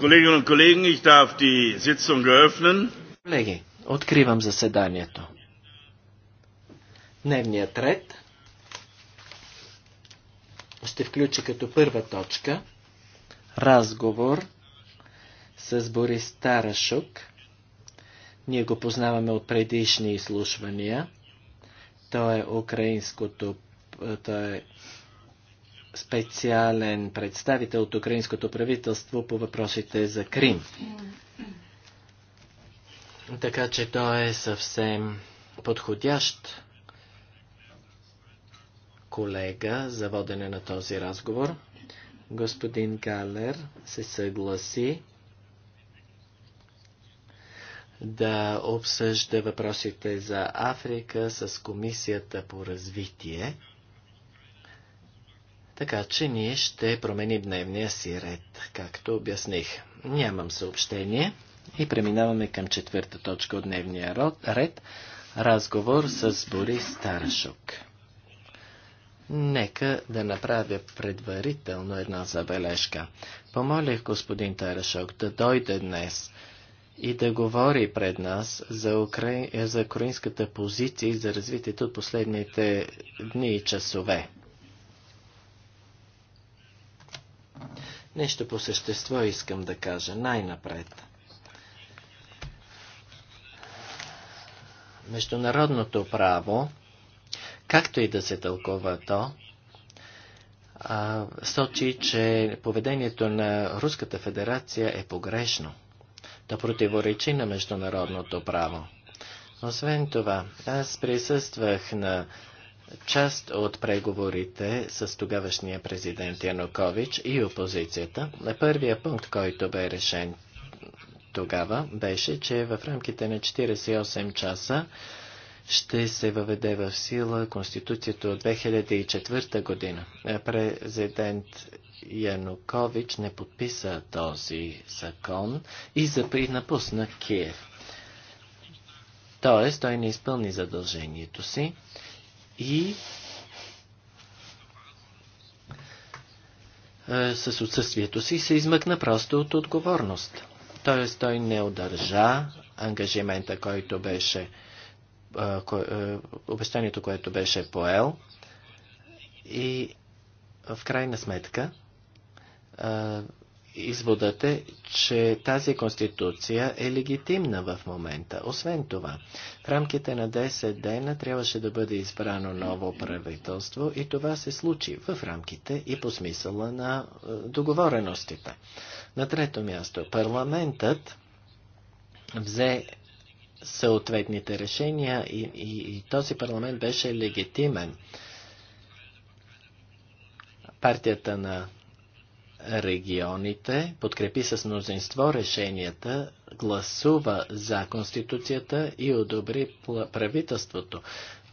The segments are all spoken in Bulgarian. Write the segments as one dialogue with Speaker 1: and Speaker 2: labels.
Speaker 1: Kolleginnen и колеги, ich darf die Sitzung eröffnen.
Speaker 2: Колеги, откривам заседанието. Дневният ред ще включи като първа точка разговор с Борис Тарашук. Ние го познаваме от предишни изслушвания. Той е украинското, той е специален представител от украинското правителство по въпросите за Крим. Така че той е съвсем подходящ колега за водене на този разговор. Господин Галер се съгласи да обсъжда въпросите за Африка с Комисията по развитие. Така че ние ще променим дневния си ред, както обясних. Нямам съобщение и преминаваме към четвърта точка от дневния ред – разговор с Борис Старашук. Нека да направя предварително една забележка. Помолих господин Тарашок да дойде днес и да говори пред нас за, укра... за украинската позиция и за развитието от последните дни и часове. Нещо по същество искам да кажа най-напред. Международното право, както и да се тълкува то, а, сочи, че поведението на Руската федерация е погрешно. Да противоречи на международното право. Освен това, аз присъствах на Част от преговорите с тогавашния президент Янукович и опозицията, на първия пункт, който бе решен тогава, беше, че в рамките на 48 часа ще се въведе в сила Конституцията от 2004 година. Е, президент Янукович не подписа този закон и запри напусна Киев. Тоест, той не изпълни задължението си и е, с отсъствието си се измъкна просто от отговорност. Тоест той не удържа ангажимента, който беше е, е, обещанието, което беше поел и в крайна сметка е, изводът е, че тази конституция е легитимна в момента. Освен това, в рамките на 10 дена трябваше да бъде избрано ново правителство и това се случи в рамките и по смисъла на е, договореностите. На трето място, парламентът взе съответните решения и, и, и този парламент беше легитимен. Партията на регионите, подкрепи с мнозинство решенията, гласува за Конституцията и одобри правителството.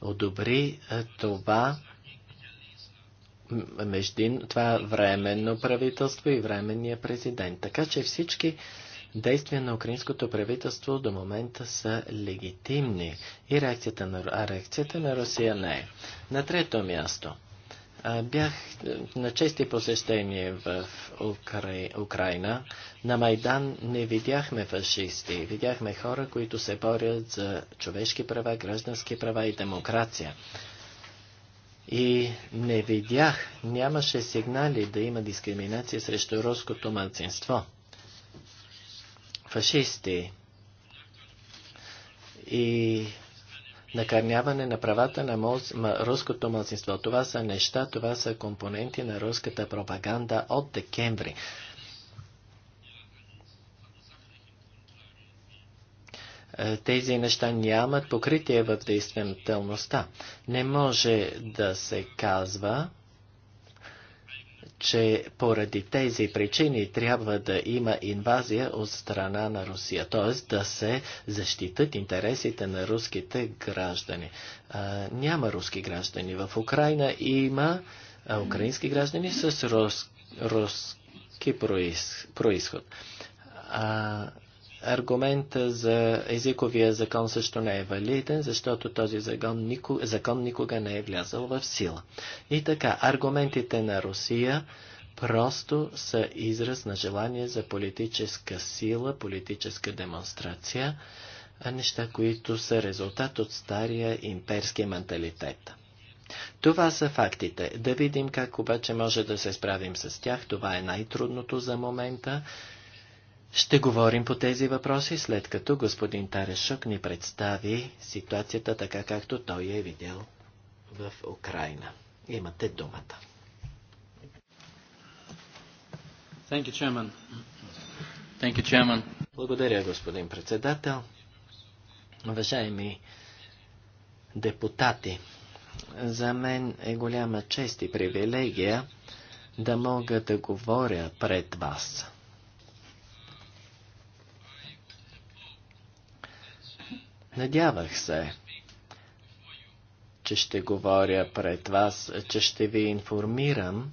Speaker 2: Одобри е, това междин, това временно правителство и временния президент. Така че всички действия на украинското правителство до момента са легитимни и реакцията на, а реакцията на Русия не е. На трето място – Бях е, на чести посещение в Укра... Украина. На Майдан не видяхме фашисти, видяхме хора, които се борят за човешки права, граждански права и демокрация. И не видях, нямаше сигнали да има дискриминация срещу руското мълцинство. Фашисти и накърняване на правата на мълз... ма, руското мълцинство. Това са неща, това са компоненти на руската пропаганда от декември. Е, тези неща нямат покритие в действителността. Не може да се казва, че поради тези причини трябва да има инвазия от страна на Русия, т.е. да се защитат интересите на руските граждани. А, няма руски граждани в Украина, има а, украински граждани с рус, руски проис, происход. А, Аргумента за езиковия закон също не е валиден, защото този закон никога, закон никога не е влязал в сила. И така, аргументите на Русия просто са израз на желание за политическа сила, политическа демонстрация, а неща, които са резултат от стария имперски менталитет. Това са фактите. Да видим как обаче може да се справим с тях. Това е най-трудното за момента. Ще говорим по тези въпроси, след като господин Тарешок ни представи ситуацията така, както той е видял в Украина. Имате думата. Thank you, Chairman. Thank you, Chairman. Благодаря, господин председател. Уважаеми депутати, за мен е голяма чест и привилегия да мога да говоря пред вас. Надявах се, че ще говоря пред вас, че ще ви информирам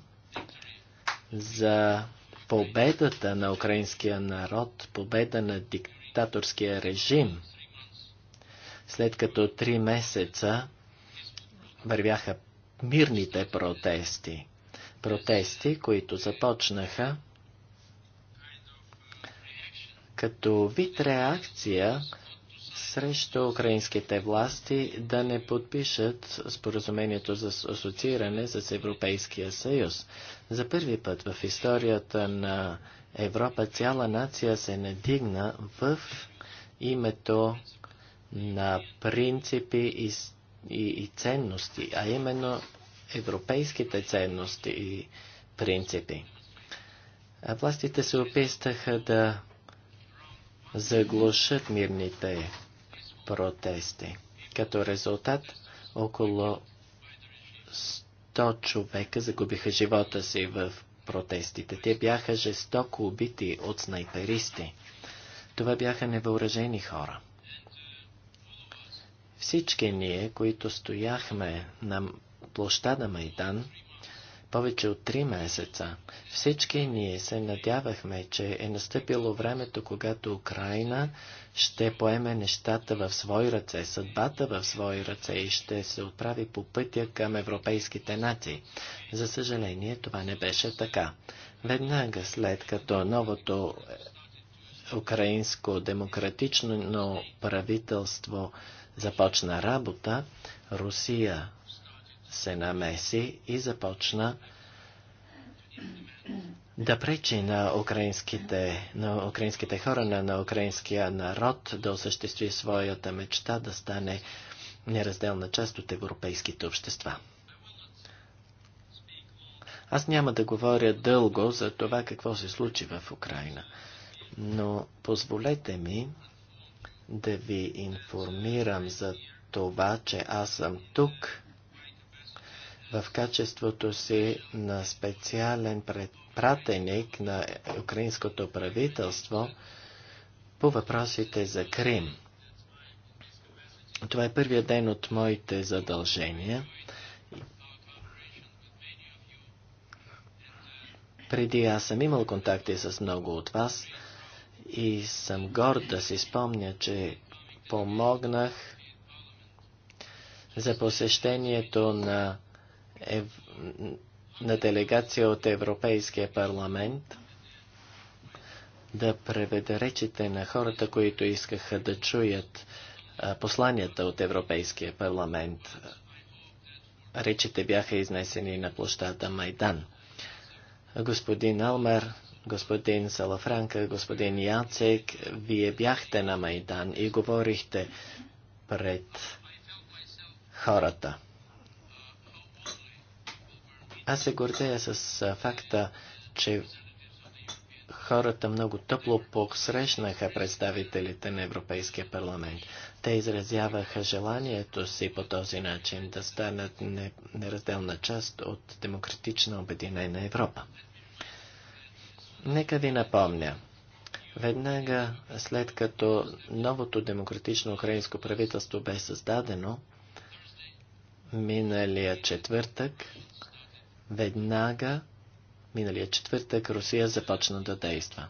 Speaker 2: за победата на украинския народ, победа на диктаторския режим. След като три месеца вървяха мирните протести. Протести, които започнаха като вид реакция срещу украинските власти да не подпишат споразумението за асоцииране с Европейския съюз. За първи път в историята на Европа цяла нация се надигна в името на принципи и, и, и ценности, а именно европейските ценности и принципи. А властите се опитаха да заглушат мирните протести. Като резултат, около 100 човека загубиха живота си в протестите. Те бяха жестоко убити от снайперисти. Това бяха невъоръжени хора. Всички ние, които стояхме на площада Майдан, повече от три месеца. Всички ние се надявахме, че е настъпило времето, когато Украина ще поеме нещата в свои ръце, съдбата в свои ръце и ще се отправи по пътя към европейските нации. За съжаление, това не беше така. Веднага след като новото украинско демократично правителство започна работа, Русия се намеси и започна да пречи на украинските, на украинските хора, на, на украинския народ да осъществи своята мечта да стане неразделна част от европейските общества. Аз няма да говоря дълго за това какво се случи в Украина, но позволете ми да ви информирам за това, че аз съм тук в качеството си на специален пратеник на украинското правителство по въпросите за Крим. Това е първият ден от моите задължения. Преди аз съм имал контакти с много от вас и съм горд да си спомня, че помогнах за посещението на е, на делегация от Европейския парламент да преведе речите на хората, които искаха да чуят посланията от Европейския парламент. Речите бяха изнесени на площада Майдан. Господин Алмер, господин Салафранка, господин Яцек, вие бяхте на Майдан и говорихте пред хората. Аз се гордея с факта, че хората много топло посрещнаха представителите на Европейския парламент. Те изразяваха желанието си по този начин да станат неразделна част от демократична обединена Европа. Нека ви напомня, веднага след като новото демократично украинско правителство бе създадено, миналия четвъртък веднага, миналия четвъртък, Русия започна да действа.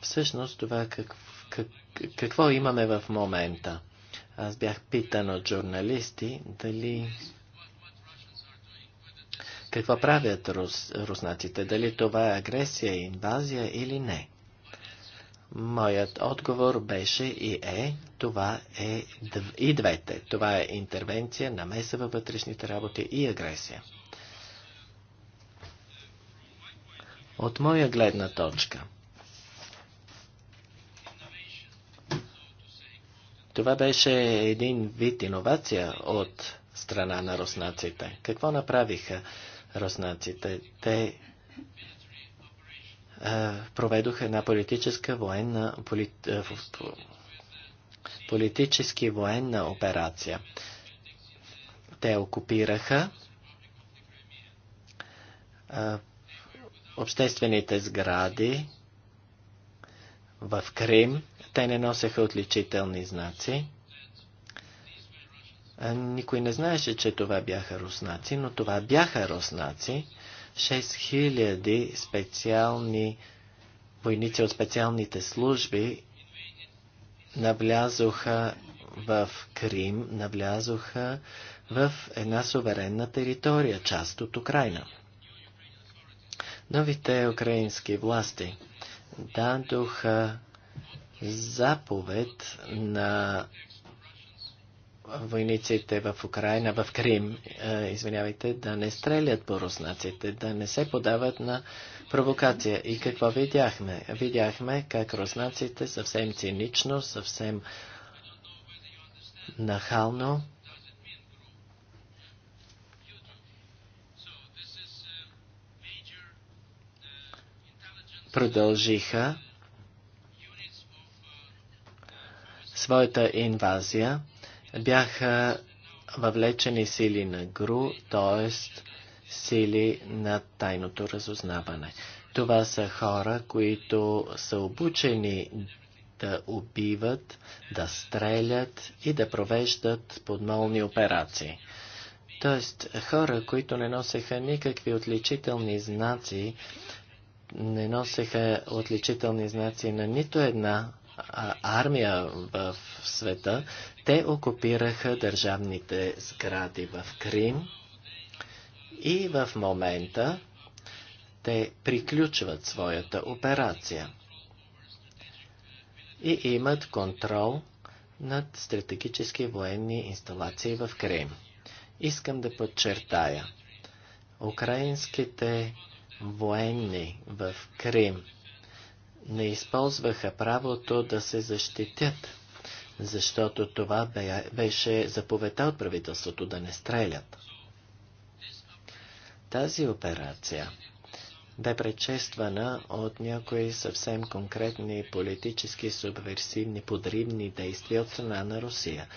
Speaker 2: Всъщност това как, как, какво имаме в момента? Аз бях питан от журналисти дали какво правят рус, руснаците, дали това е агресия, инвазия или не. Моят отговор беше и е, това е и двете. Това е интервенция, намеса във вътрешните работи и агресия. От моя гледна точка, това беше един вид иновация от страна на руснаците. Какво направиха руснаците? Те проведоха една политическа военна, политически военна операция. Те окупираха обществените сгради в Крим. Те не носеха отличителни знаци. Никой не знаеше, че това бяха руснаци, но това бяха руснаци. 6000 специални войници от специалните служби навлязоха в Крим, навлязоха в една суверенна територия, част от Украина. Новите украински власти дадоха заповед на войниците в Украина, в Крим, е, извинявайте, да не стрелят по руснаците, да не се подават на провокация. И какво видяхме? Видяхме как руснаците съвсем цинично, съвсем нахално продължиха своята инвазия. Бяха въвлечени сили на ГРУ, т.е. сили на тайното разузнаване. Това са хора, които са обучени да убиват, да стрелят и да провеждат подмолни операции. Тоест, хора, които не носеха никакви отличителни знаци не носеха отличителни знаци на нито една армия в света. Те окупираха държавните сгради в Крим и в момента те приключват своята операция и имат контрол над стратегически военни инсталации в Крим. Искам да подчертая, украинските военни в Крим не използваха правото да се защитят, защото това беше заповедта от правителството да не стрелят. Тази операция бе предшествана от някои съвсем конкретни политически субверсивни подривни действия от страна на Русия.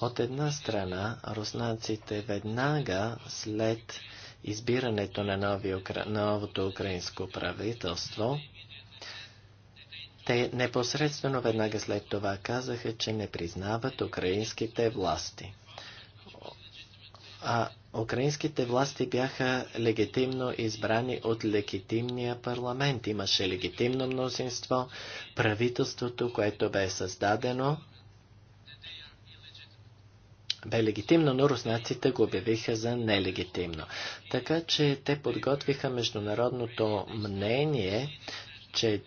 Speaker 2: От една страна, руснаците веднага след избирането на нови, новото украинско правителство, те непосредствено веднага след това казаха, че не признават украинските власти. А украинските власти бяха легитимно избрани от легитимния парламент. Имаше легитимно мнозинство. Правителството, което бе създадено, бе легитимно, но руснаците го обявиха за нелегитимно. Така че те подготвиха международното мнение, че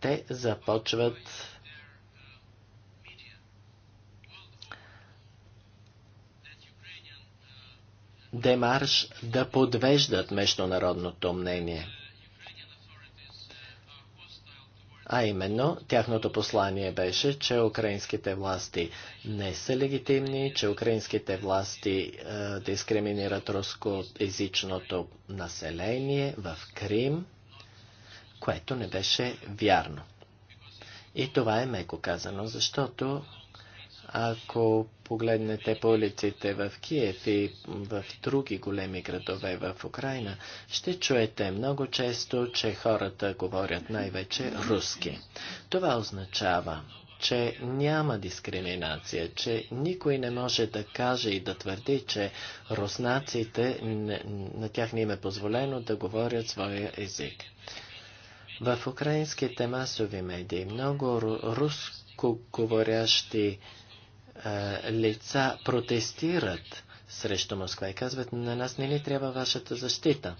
Speaker 2: те започват демарш да подвеждат международното мнение. А именно, тяхното послание беше, че украинските власти не са легитимни, че украинските власти е, дискриминират рускоязичното население в Крим, което не беше вярно. И това е меко казано, защото ако погледнете по улиците в Киев и в други големи градове в Украина, ще чуете много често, че хората говорят най-вече руски. Това означава, че няма дискриминация, че никой не може да каже и да твърди, че руснаците, на тях не им е позволено да говорят своя език. В украинските масови медии много руско говорящи е, лица протестират срещу Москва и казват, на нас не ни трябва вашата защита.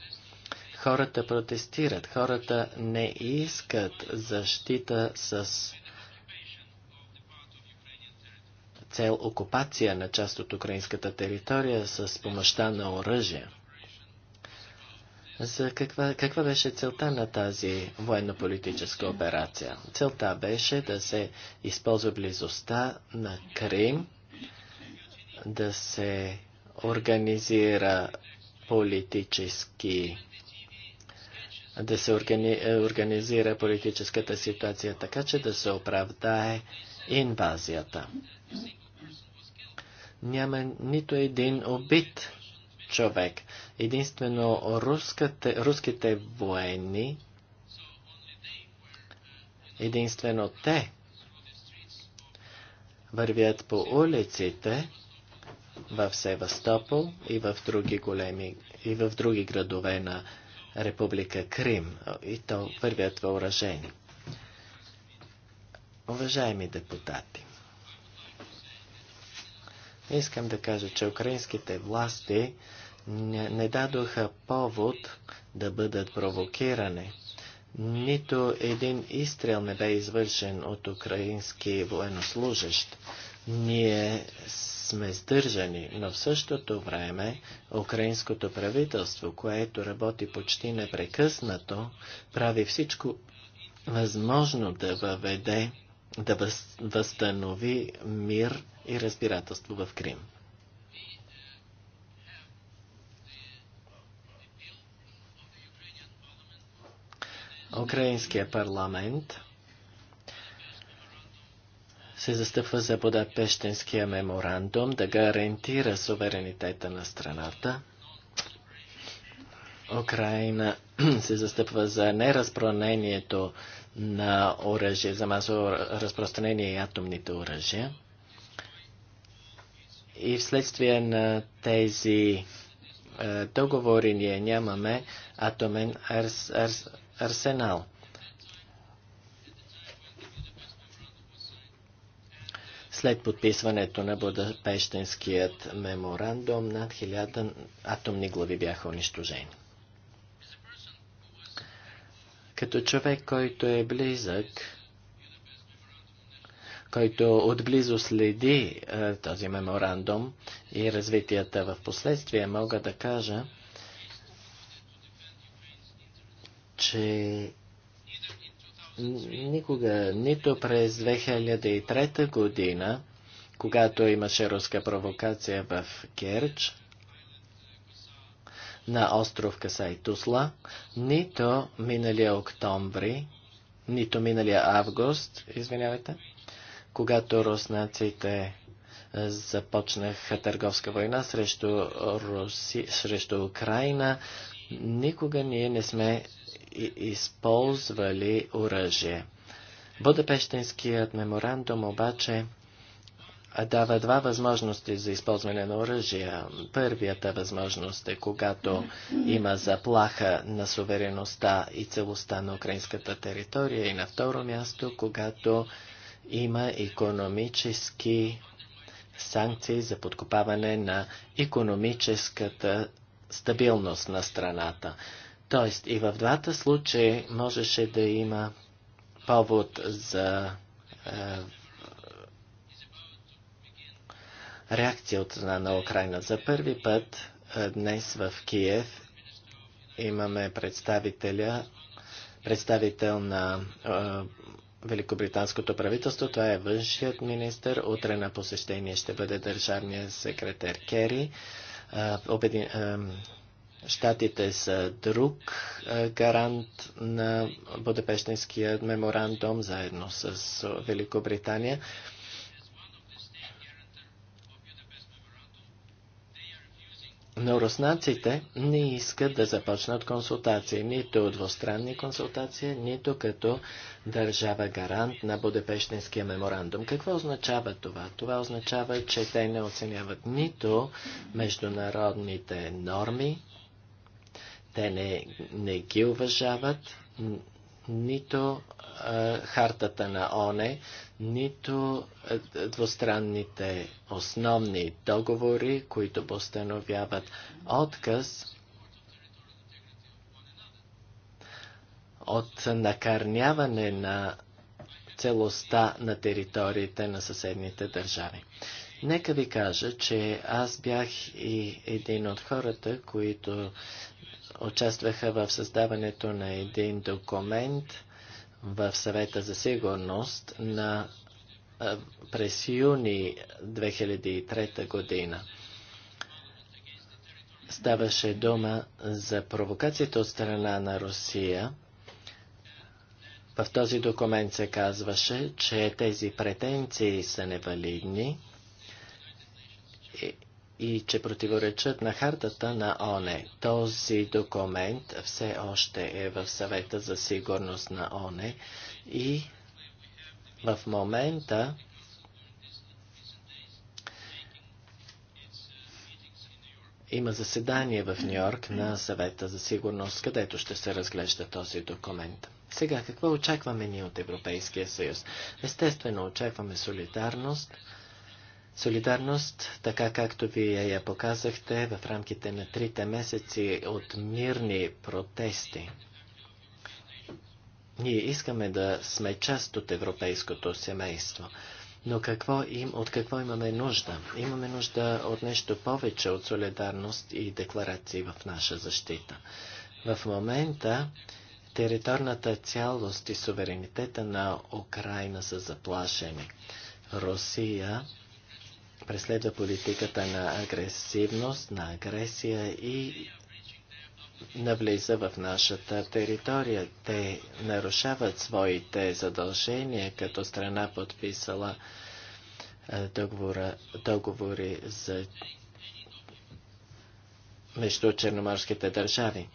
Speaker 2: Хората протестират, хората не искат защита с цел окупация на част от украинската територия с помощта на оръжие. За каква, каква беше целта на тази военно-политическа операция? Целта беше да се използва близостта на Крим, да се организира политически да се органи, е, организира политическата ситуация така, че да се оправдае инвазията. Няма нито един убит човек. Единствено руските, руските военни, единствено те вървят по улиците в Севастопол и в други големи и в други градове на Република Крим и то вървят въоръжени. Уважаеми депутати, Искам да кажа, че украинските власти не, не дадоха повод да бъдат провокирани. Нито един изстрел не бе извършен от украински военнослужащ. Ние сме сдържани, но в същото време украинското правителство, което работи почти непрекъснато, прави всичко възможно да въведе, да възстанови мир и разбирателство в Крим. Украинския парламент се застъпва за Будапештинския меморандум да гарантира суверенитета на страната. Украина се застъпва за неразпространението на оръжие, за масово разпространение и атомните оръжия. И вследствие на тези е, договори ние нямаме атомен арс, арс, арсенал. След подписването на Будапештенският меморандум, над хиляда атомни глави бяха унищожени. Като човек, който е близък който отблизо следи е, този меморандум и развитията в последствие, мога да кажа, че никога, нито през 2003 година, когато имаше руска провокация в Керч, на остров Касай Тусла, нито миналия октомври, нито миналия август, извинявайте, когато руснаците е, започнаха търговска война срещу, Руси, срещу Украина, никога ние не сме използвали оръжие. Будапештинският меморандум обаче дава два възможности за използване на оръжия. Първията възможност е когато има заплаха на сувереността и целостта на украинската територия и на второ място, когато има економически санкции за подкопаване на економическата стабилност на страната. Тоест и в двата случая можеше да има повод за е, реакция от страна на Украина. За първи път е, днес в Киев имаме представителя, представител на е, великобританското правителство. Това е външият министр. Утре на посещение ще бъде държавният секретар Кери. Обедин... Штатите са друг гарант на Будапештинския меморандум, заедно с Великобритания. Но руснаците не искат да започнат консултации, нито двустранни консултации, нито като държава гарант на Будапештинския меморандум. Какво означава това? Това означава, че те не оценяват нито международните норми, те не, не ги уважават, нито е, хартата на ОНЕ нито е, е, двустранните основни договори, които постановяват отказ от накарняване на целостта на териториите на съседните държави. Нека ви кажа, че аз бях и един от хората, които участваха в създаването на един документ – в съвета за сигурност на, през юни 2003 година. Ставаше дума за провокацията от страна на Русия. В този документ се казваше, че тези претенции са невалидни и, и че противоречат на хартата на ОНЕ. Този документ все още е в съвета за сигурност на ОНЕ и в момента има заседание в Нью-Йорк на съвета за сигурност, където ще се разглежда този документ. Сега, какво очакваме ние от Европейския съюз? Естествено, очакваме солидарност – Солидарност, така както вие я показахте в рамките на трите месеци от мирни протести. Ние искаме да сме част от европейското семейство. Но какво им, от какво имаме нужда? Имаме нужда от нещо повече от солидарност и декларации в наша защита. В момента територната цялост и суверенитета на Украина са заплашени. Русия преследва политиката на агресивност, на агресия и навлиза в нашата територия. Те нарушават своите задължения като страна подписала е, договора, договори за между черноморските държави.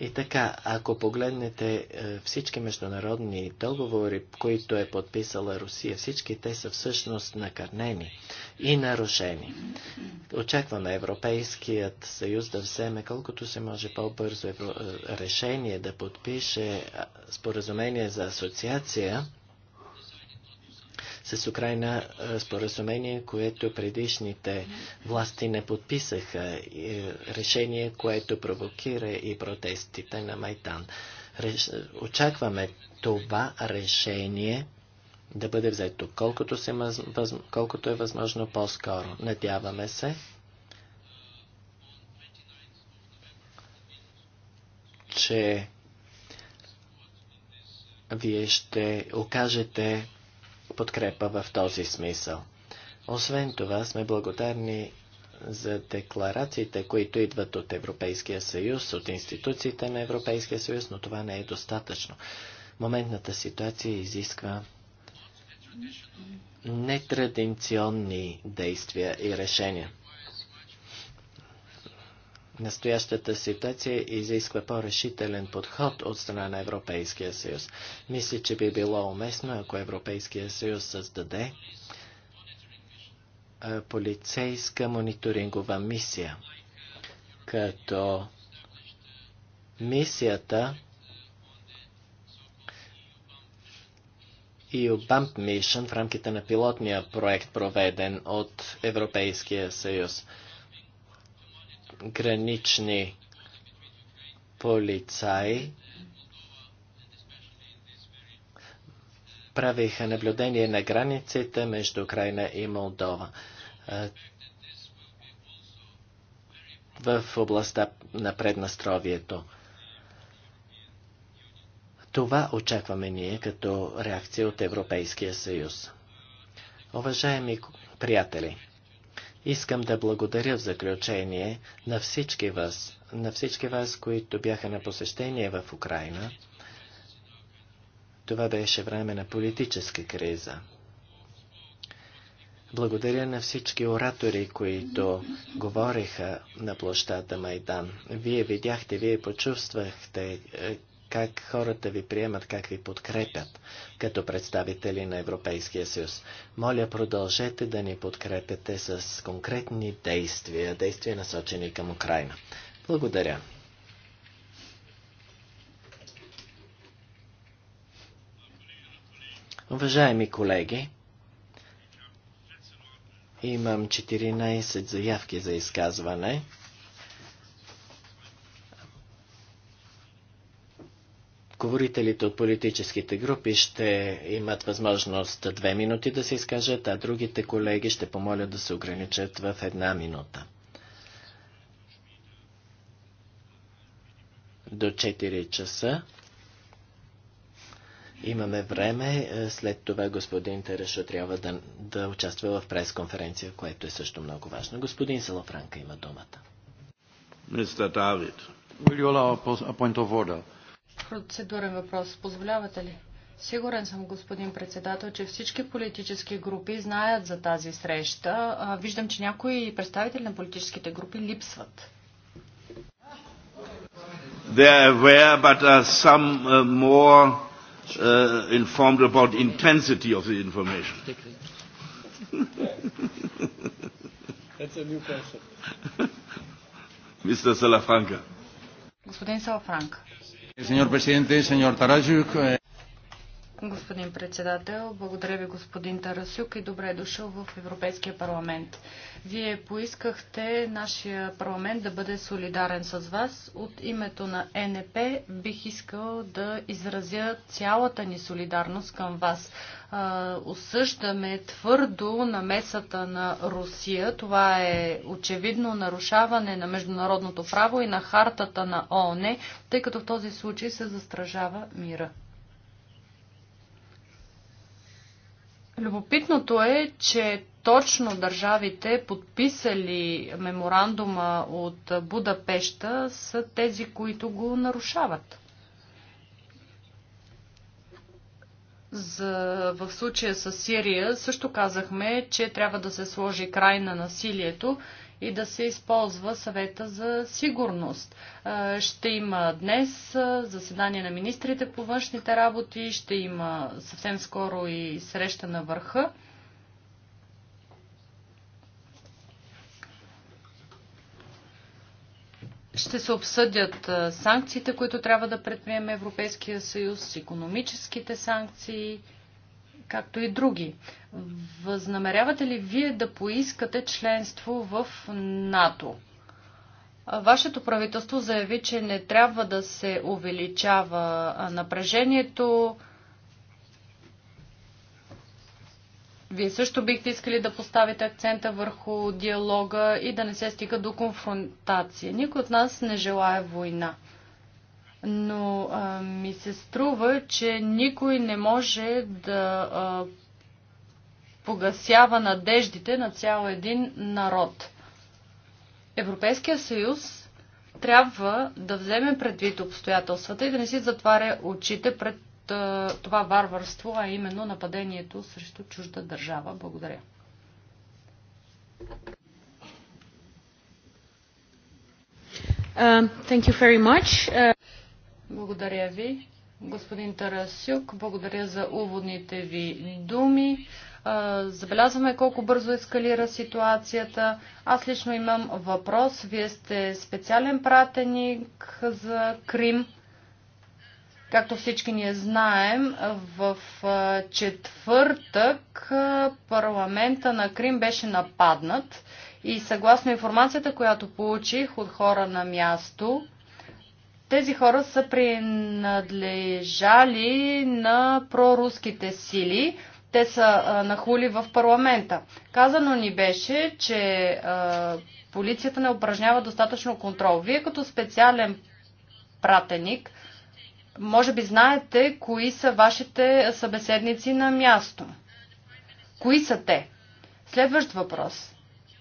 Speaker 2: И така, ако погледнете е, всички международни договори, които е подписала Русия, всички те са всъщност накърнени и нарушени. Очакваме Европейският съюз да вземе колкото се може по-бързо е, решение да подпише споразумение за асоциация с Украина споразумение, което предишните власти не подписаха. Е, решение, което провокира и протестите на Майтан. Реш... Очакваме това решение да бъде взето колкото, се, въз... колкото е възможно по-скоро. Надяваме се. че вие ще окажете подкрепа в този смисъл. Освен това, сме благодарни за декларациите, които идват от Европейския съюз, от институциите на Европейския съюз, но това не е достатъчно. Моментната ситуация изисква нетрадиционни действия и решения. Настоящата ситуация изисква по-решителен подход от страна на Европейския съюз. Мисля, че би било уместно, ако Европейския съюз създаде полицейска мониторингова мисия, като мисията EU Bump Mission в рамките на пилотния проект, проведен от Европейския съюз – гранични полицаи правиха наблюдение на границите между Украина и Молдова. В областта на преднастровието. Това очакваме ние като реакция от Европейския съюз. Уважаеми приятели, Искам да благодаря в заключение на всички вас, на всички вас, които бяха на посещение в Украина. Това беше време на политическа криза. Благодаря на всички оратори, които говориха на площада Майдан. Вие видяхте, вие почувствахте е, как хората ви приемат, как ви подкрепят като представители на Европейския съюз. Моля, продължете да ни подкрепяте с конкретни действия, действия насочени към Украина. Благодаря. Уважаеми колеги, имам 14 заявки за изказване. говорителите от политическите групи ще имат възможност две минути да се изкажат, а другите колеги ще помолят да се ограничат в една минута. До 4 часа имаме време. След това господин Терешо трябва да, да участва в пресконференция, което е също много важно. Господин Салафранка има думата. Мистер
Speaker 1: Давид. Will you allow a point of order?
Speaker 3: Процедурен въпрос. Позволявате ли? Сигурен съм, господин председател, че всички политически групи знаят за тази среща. Виждам, че някои представители на политическите групи липсват.
Speaker 1: Aware, some,
Speaker 3: Господин Салафранка.
Speaker 1: Eh,
Speaker 3: eh. Господин председател, благодаря ви господин Тарасюк и добре е дошъл в Европейския парламент. Вие поискахте нашия парламент да бъде солидарен с вас. От името на НП бих искал да изразя цялата ни солидарност към вас осъждаме твърдо намесата на Русия. Това е очевидно нарушаване на международното право и на хартата на ООН, тъй като в този случай се застражава мира. Любопитното е, че точно държавите, подписали меморандума от Будапешта, са тези, които го нарушават. за, в случая с Сирия също казахме, че трябва да се сложи край на насилието и да се използва съвета за сигурност. Ще има днес заседание на министрите по външните работи, ще има съвсем скоро и среща на върха. Ще се обсъдят санкциите, които трябва да предприеме Европейския съюз, економическите санкции, както и други. Възнамерявате ли вие да поискате членство в НАТО? Вашето правителство заяви, че не трябва да се увеличава напрежението, Вие също бихте искали да поставите акцента върху диалога и да не се стига до конфронтация. Никой от нас не желая война. Но а, ми се струва, че никой не може да а, погасява надеждите на цял един народ. Европейския съюз трябва да вземе предвид обстоятелствата и да не си затваря очите пред това варварство, а именно нападението срещу чужда държава. Благодаря. Uh, thank you very much. Uh... Благодаря ви, господин Тарасюк. Благодаря за уводните ви думи. Uh, забелязваме колко бързо ескалира ситуацията. Аз лично имам въпрос. Вие сте специален пратеник за Крим. Както всички ние знаем, в четвъртък парламента на Крим беше нападнат и съгласно информацията, която получих от хора на място, тези хора са принадлежали на проруските сили. Те са нахули в парламента. Казано ни беше, че полицията не упражнява достатъчно контрол. Вие като специален пратеник може би знаете кои са вашите събеседници на място. Кои са те? Следващ въпрос.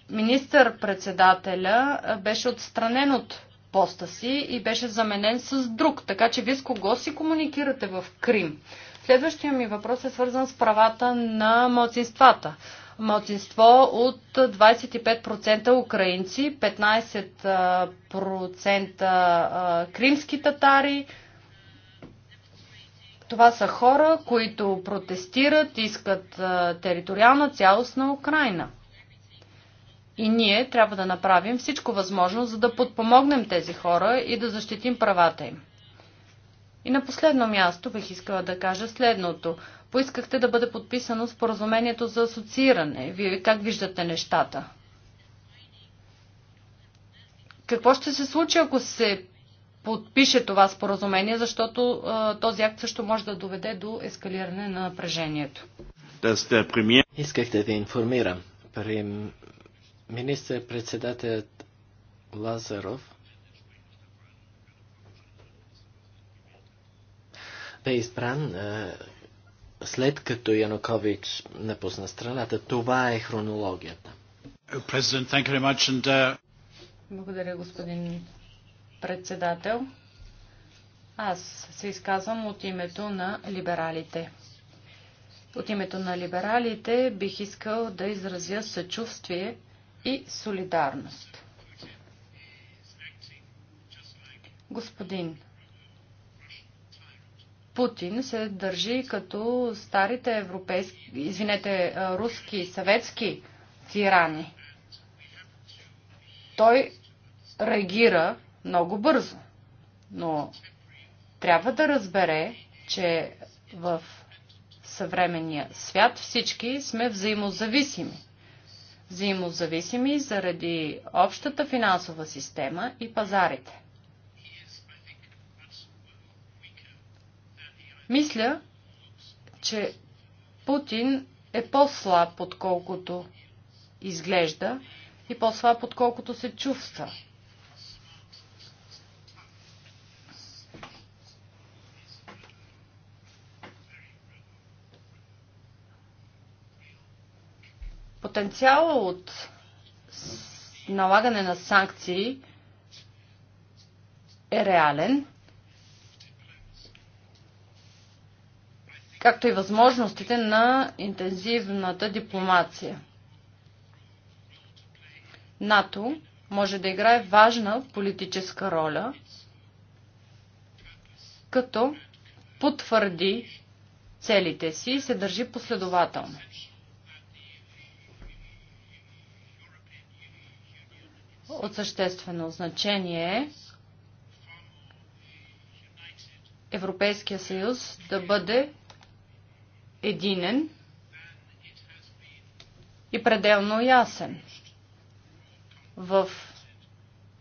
Speaker 3: Министър-председателя беше отстранен от поста си и беше заменен с друг, така че вие с кого си комуникирате в Крим? Следващия ми въпрос е свързан с правата на младсинствата. Младсинство от 25% украинци, 15% кримски татари, това са хора, които протестират, искат териториална цялост на Украина. И ние трябва да направим всичко възможно, за да подпомогнем тези хора и да защитим правата им. И на последно място бих искала да кажа следното. Поискахте да бъде подписано споразумението за асоцииране. Вие как виждате нещата? Какво ще се случи, ако се подпише това споразумение, защото този акт също може да доведе до ескалиране на напрежението.
Speaker 2: Исках да ви информирам. При министър-председателят Лазаров бе избран след като Янукович напусна страната. Това е хронологията. Uh,
Speaker 3: Благодаря, господин председател. Аз се изказвам от името на либералите. От името на либералите бих искал да изразя съчувствие и солидарност. Господин Путин се държи като старите европейски, извинете, руски и съветски тирани. Той реагира много бързо. Но трябва да разбере, че в съвременния свят всички сме взаимозависими. Взаимозависими заради общата финансова система и пазарите. Мисля, че Путин е по-слаб, отколкото изглежда и по-слаб, отколкото се чувства. потенциала от налагане на санкции е реален, както и възможностите на интензивната дипломация. НАТО може да играе важна политическа роля, като потвърди целите си и се държи последователно. от съществено значение Европейския съюз да бъде единен и пределно ясен в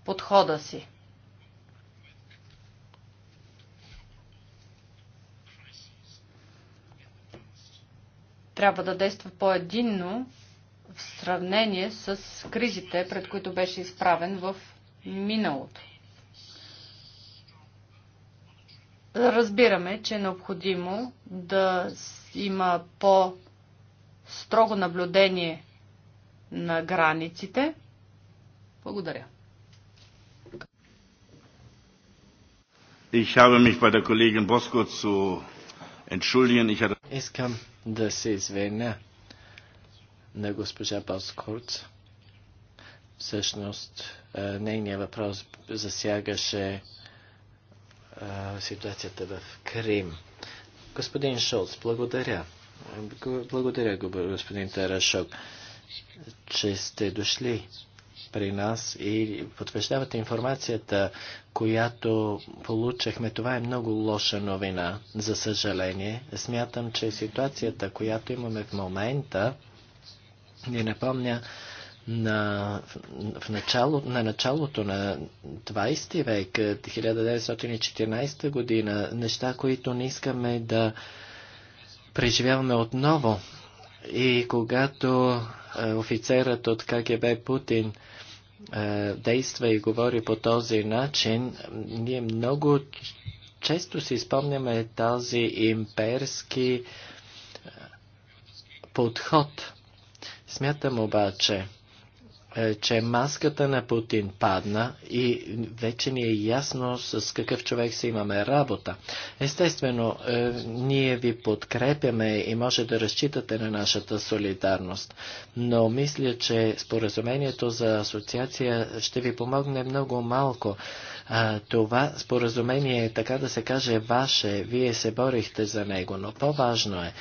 Speaker 3: подхода си. Трябва да действа по-единно в сравнение с кризите, пред които беше изправен в миналото. Разбираме, че е необходимо да има по-строго наблюдение на границите. Благодаря.
Speaker 1: Ich habe mich bei der Kollegin Bosco zu
Speaker 2: entschuldigen. Ich hatte Искам да се извиня на госпожа Боскорт. Всъщност, е, нейният въпрос засягаше е, ситуацията в Крим. Господин Шолц, благодаря. Благодаря, господин Тарашок, че сте дошли при нас и потвърждавате информацията, която получихме. Това е много лоша новина, за съжаление. Смятам, че ситуацията, която имаме в момента, ни напомня на, в начало, на началото на 20 век, 1914 година, неща, които не искаме да преживяваме отново. И когато е, офицерът от КГБ Путин е, действа и говори по този начин, ние много често си спомняме тази имперски е, подход – Смятам обаче, е, че маската на Путин падна и вече ни е ясно с какъв човек си имаме работа. Естествено, е, ние ви подкрепяме и може да разчитате на нашата солидарност, но мисля, че споразумението за асоциация ще ви помогне много малко. Това споразумение е, така да се каже, ваше, вие се борихте за него, но по-важно е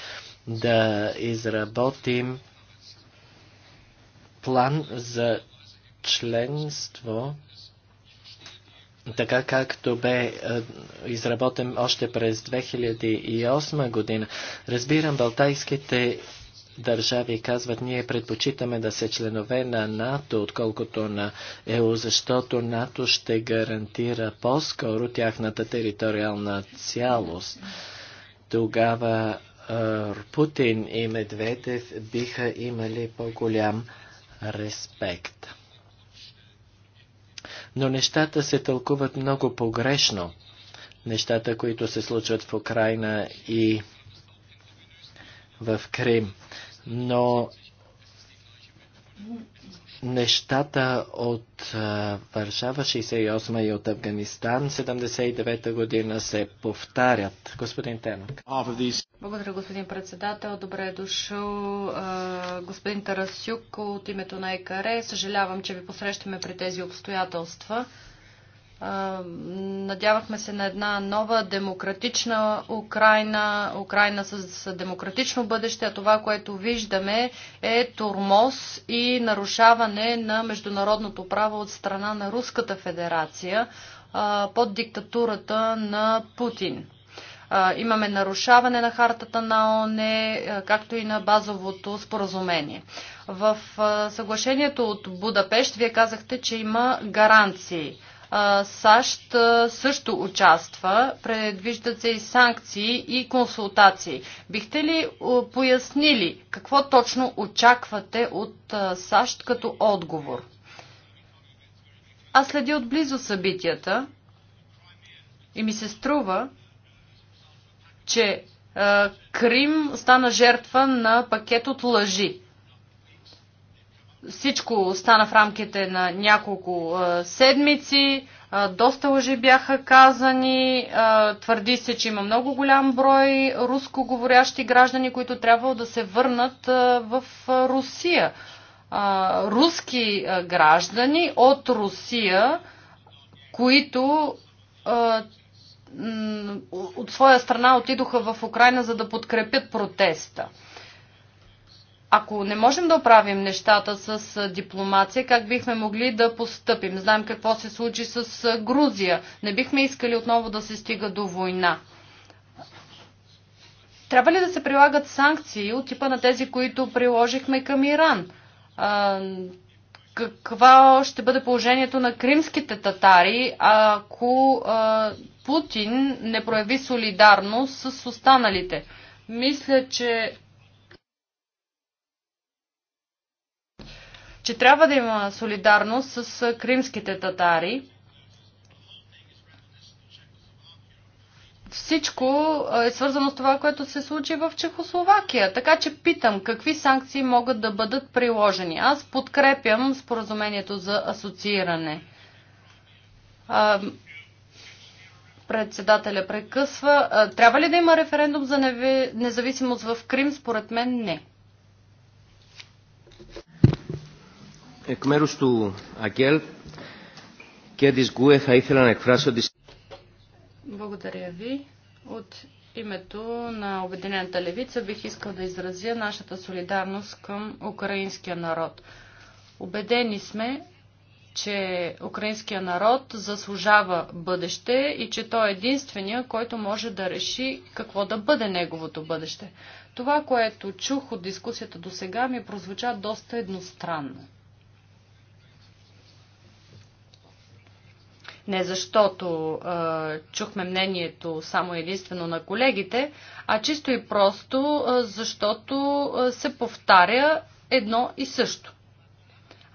Speaker 2: да изработим план за членство, така както бе е, изработен още през 2008 година. Разбирам, балтайските държави казват, ние предпочитаме да се членове на НАТО, отколкото на ЕО, защото НАТО ще гарантира по-скоро тяхната териториална цялост. Тогава е, Путин и Медведев биха имали по-голям респект. Но нещата се тълкуват много погрешно. Нещата, които се случват в Украина и в Крим. Но нещата от Варшава 68 и от Афганистан 79 година се повтарят. Господин Тенок.
Speaker 3: Благодаря, господин председател. Добре е дошъл господин Тарасюк от името на ЕКАРЕ. Съжалявам, че ви посрещаме при тези обстоятелства. Надявахме се на една нова демократична Украина, Украина с демократично бъдеще, а това, което виждаме е турмоз и нарушаване на международното право от страна на Руската федерация под диктатурата на Путин. Имаме нарушаване на хартата на ОНЕ, както и на базовото споразумение. В съглашението от Будапешт вие казахте, че има гаранции САЩ също участва. Предвиждат се и санкции и консултации. Бихте ли пояснили какво точно очаквате от САЩ като отговор? Аз следи отблизо събитията и ми се струва, че Крим стана жертва на пакет от лъжи. Всичко стана в рамките на няколко седмици. Доста лъжи бяха казани. Твърди се, че има много голям брой рускоговорящи граждани, които трябва да се върнат в Русия. Руски граждани от Русия, които от своя страна отидоха в Украина, за да подкрепят протеста. Ако не можем да оправим нещата с дипломация, как бихме могли да постъпим? Знаем какво се случи с Грузия. Не бихме искали отново да се стига до война. Трябва ли да се прилагат санкции от типа на тези, които приложихме към Иран? А, каква ще бъде положението на кримските татари, ако а, Путин не прояви солидарност с останалите? Мисля, че че трябва да има солидарност с кримските татари. Всичко е свързано с това, което се случи в Чехословакия. Така че питам, какви санкции могат да бъдат приложени? Аз подкрепям споразумението за асоцииране. Председателя прекъсва. Трябва ли да има референдум за независимост в Крим? Според мен не.
Speaker 2: Εκ μέρους του ΑΚΕΛ και της ΓΚΟΕ θα ήθελα να εκφράσω τις...
Speaker 3: Благодаря ви. От името на Обединената левица бих искал да изразя нашата солидарност към украинския народ. Обедени сме, че украинския народ заслужава бъдеще и че той е единствения, който може да реши какво да бъде неговото бъдеще. Това, което чух от дискусията до сега, ми прозвуча доста едностранно. не защото а, чухме мнението само единствено на колегите, а чисто и просто а, защото а, се повтаря едно и също.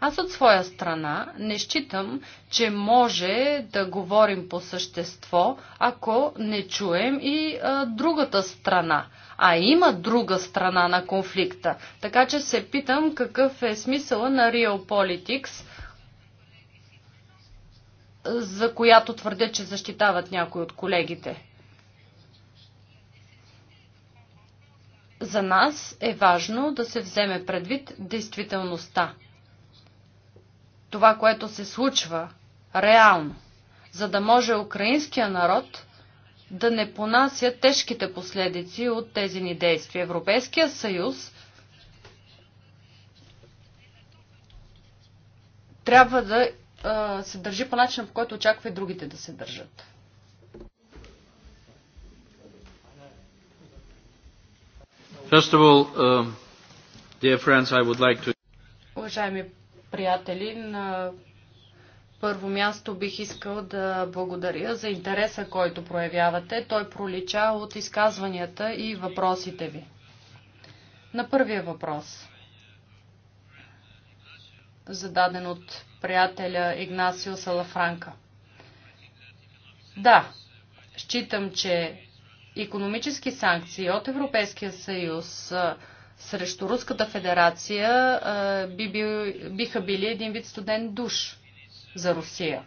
Speaker 3: Аз от своя страна не считам, че може да говорим по същество, ако не чуем и а, другата страна. А има друга страна на конфликта. Така че се питам какъв е смисъла на Real Politics – за която твърдя, че защитават някои от колегите. За нас е важно да се вземе предвид действителността. Това, което се случва реално, за да може украинския народ да не понася тежките последици от тези ни действия. Европейския съюз трябва да а, се държи по начина, по който очаква и другите да се държат.
Speaker 1: First of all, uh, dear friends, I would like to...
Speaker 3: Уважаеми приятели, на първо място бих искал да благодаря за интереса, който проявявате. Той пролича от изказванията и въпросите ви. На първия въпрос – зададен от приятеля Игнасио Салафранка. Да, считам, че економически санкции от Европейския съюз срещу Руската федерация би, би, биха били един вид студен душ за Русия.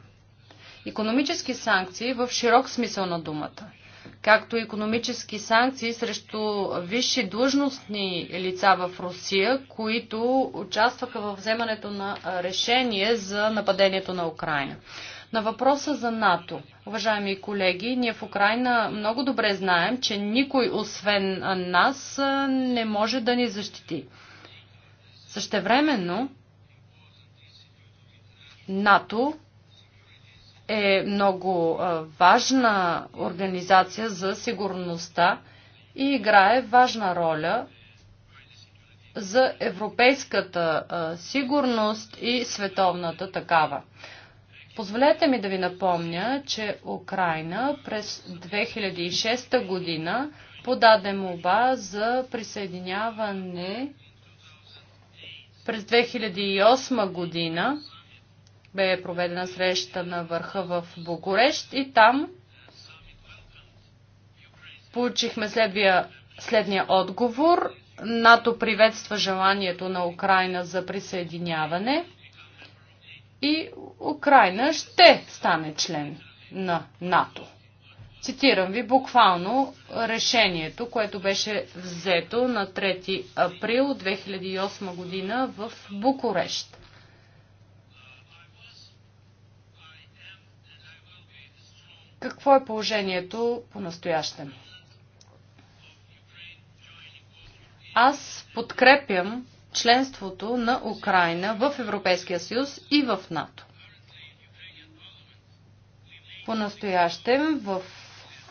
Speaker 3: Економически санкции в широк смисъл на думата – както и економически санкции срещу висши длъжностни лица в Русия, които участваха в вземането на решение за нападението на Украина. На въпроса за НАТО, уважаеми колеги, ние в Украина много добре знаем, че никой освен нас не може да ни защити. Същевременно, НАТО е много важна организация за сигурността и играе важна роля за европейската сигурност и световната такава. Позволете ми да ви напомня, че Украина през 2006 година подаде моба за присъединяване през 2008 година бе проведена среща на върха в Букурещ и там получихме следния, следния отговор. НАТО приветства желанието на Украина за присъединяване и Украина ще стане член на НАТО. Цитирам ви буквално решението, което беше взето на 3 април 2008 година в Букурещ. Какво е положението по-настоящем? Аз подкрепям членството на Украина в Европейския съюз и в НАТО. По-настоящем в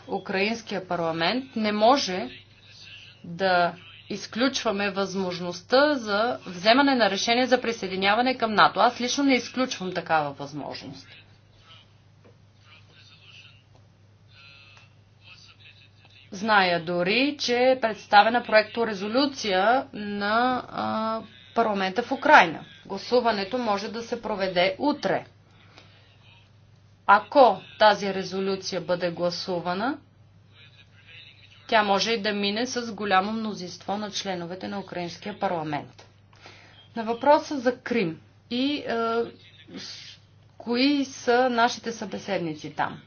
Speaker 3: Украинския парламент не може да изключваме възможността за вземане на решение за присъединяване към НАТО. Аз лично не изключвам такава възможност. Зная дори, че е представена проекторезолюция на парламента в Украина. Гласуването може да се проведе утре. Ако тази резолюция бъде гласувана, тя може и да мине с голямо мнозинство на членовете на Украинския парламент. На въпроса за Крим и е, кои са нашите събеседници там.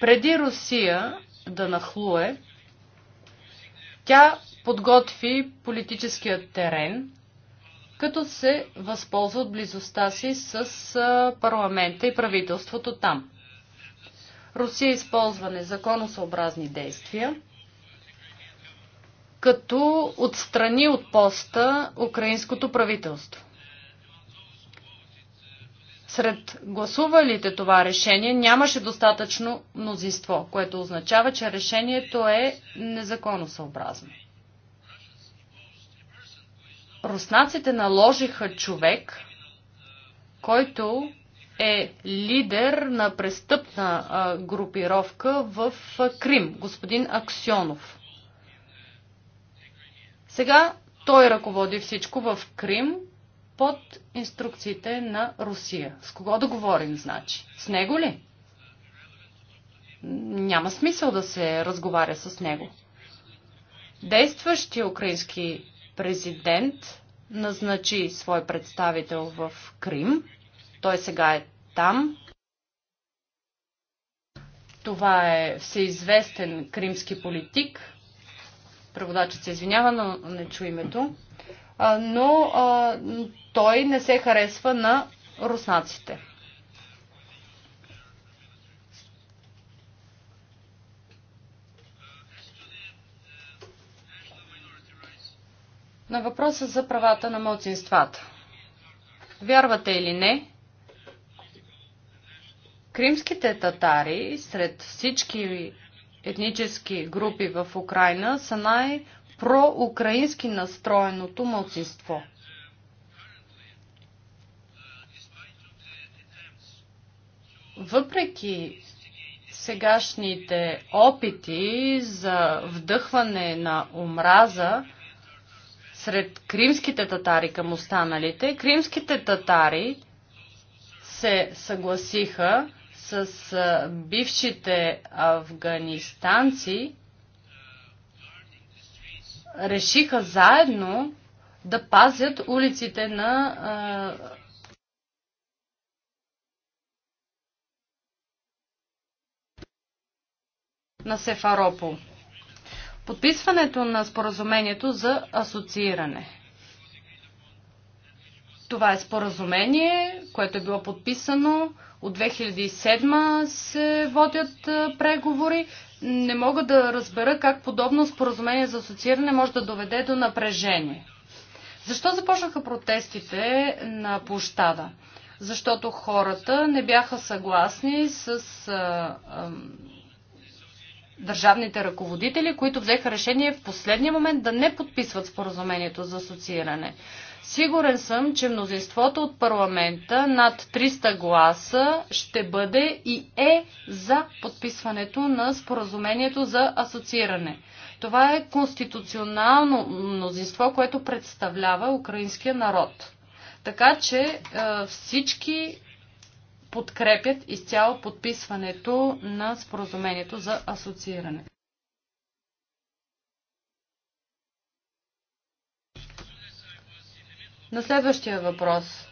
Speaker 3: Преди Русия да нахлуе, тя подготви политическият терен, като се възползва от близостта си с парламента и правителството там. Русия използва незаконосъобразни действия, като отстрани от поста украинското правителство. Сред гласувалите това решение нямаше достатъчно мнозинство, което означава, че решението е незаконосъобразно. Руснаците наложиха човек, който е лидер на престъпна групировка в Крим, господин Аксионов. Сега той ръководи всичко в Крим под инструкциите на Русия. С кого да говорим, значи? С него ли? Няма смисъл да се разговаря с него. Действащия украински президент назначи свой представител в Крим. Той сега е там. Това е всеизвестен кримски политик. Преводачът се извинява, но не чу името но той не се харесва на руснаците. На въпроса за правата на младсинствата. Вярвате или не, кримските татари сред всички етнически групи в Украина са най- проукраински настроеното мълцинство. Въпреки сегашните опити за вдъхване на омраза сред кримските татари към останалите, кримските татари се съгласиха с бившите афганистанци решиха заедно да пазят улиците на а, на Сефаропол. Подписването на споразумението за асоцииране. Това е споразумение, което е било подписано. От 2007 се водят преговори не мога да разбера как подобно споразумение за асоцииране може да доведе до напрежение. Защо започнаха протестите на площада? Защото хората не бяха съгласни с а, а, държавните ръководители, които взеха решение в последния момент да не подписват споразумението за асоцииране. Сигурен съм, че мнозинството от парламента над 300 гласа ще бъде и е за подписването на споразумението за асоцииране. Това е конституционално мнозинство, което представлява украинския народ. Така че е, всички подкрепят изцяло подписването на споразумението за асоцииране. На следващия въпрос.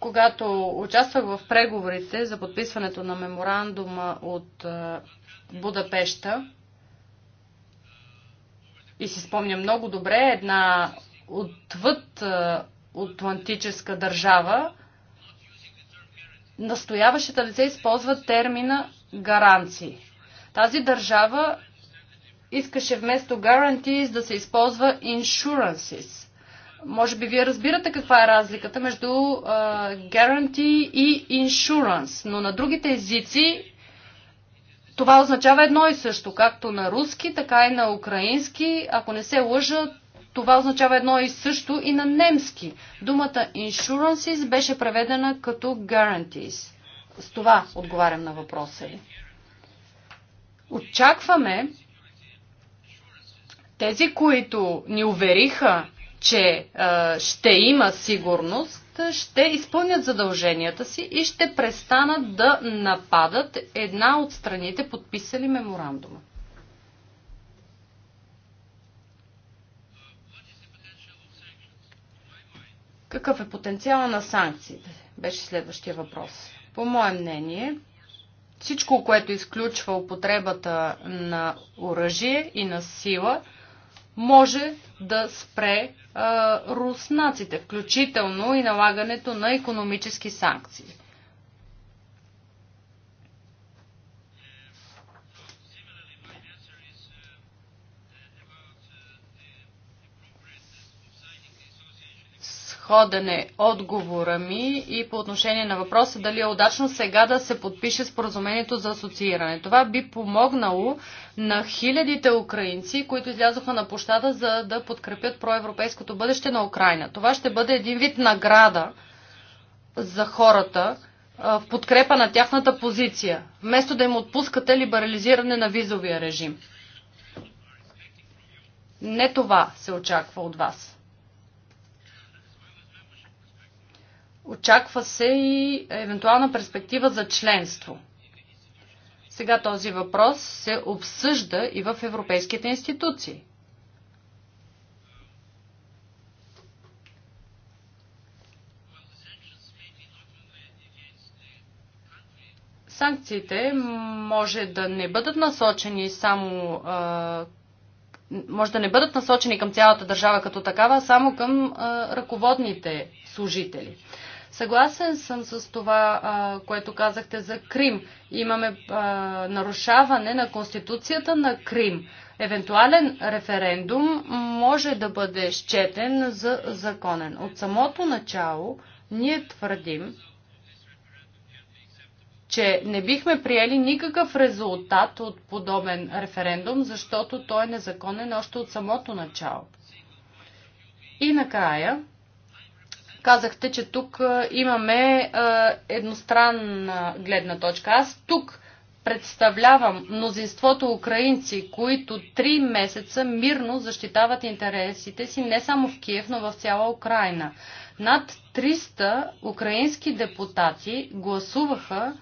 Speaker 3: Когато участвах в преговорите за подписването на меморандума от Будапешта, и си спомня много добре, една отвъд атлантическа държава настояваше да не се използва термина гаранции. Тази държава искаше вместо guarantees да се използва insurances. Може би вие разбирате каква е разликата между uh, guarantee и insurance, но на другите езици това означава едно и също, както на руски, така и на украински. Ако не се лъжа, това означава едно и също и на немски. Думата insurances беше преведена като guarantees. С това отговарям на въпроса ви. Очакваме тези, които ни увериха, че а, ще има сигурност, ще изпълнят задълженията си и ще престанат да нападат една от страните, подписали меморандума. Какъв е потенциала на санкциите? Беше следващия въпрос. По мое мнение, всичко, което изключва употребата на оръжие и на сила, може да спре руснаците, включително и налагането на економически санкции. сходен отговора ми и по отношение на въпроса дали е удачно сега да се подпише споразумението за асоцииране. Това би помогнало на хилядите украинци, които излязоха на площада за да подкрепят проевропейското бъдеще на Украина. Това ще бъде един вид награда за хората в подкрепа на тяхната позиция, вместо да им отпускате либерализиране на визовия режим. Не това се очаква от вас. Очаква се и евентуална перспектива за членство. Сега този въпрос се обсъжда и в европейските институции. Санкциите може да не бъдат насочени само може да не бъдат насочени към цялата държава като такава, а само към ръководните служители. Съгласен съм с това, което казахте за Крим. Имаме нарушаване на конституцията на Крим. Евентуален референдум може да бъде счетен за законен. От самото начало ние твърдим, че не бихме приели никакъв резултат от подобен референдум, защото той е незаконен още от самото начало. И накрая, Казахте, че тук имаме едностранна гледна точка. Аз тук представлявам мнозинството украинци, които три месеца мирно защитават интересите си не само в Киев, но в цяла Украина. Над 300 украински депутати гласуваха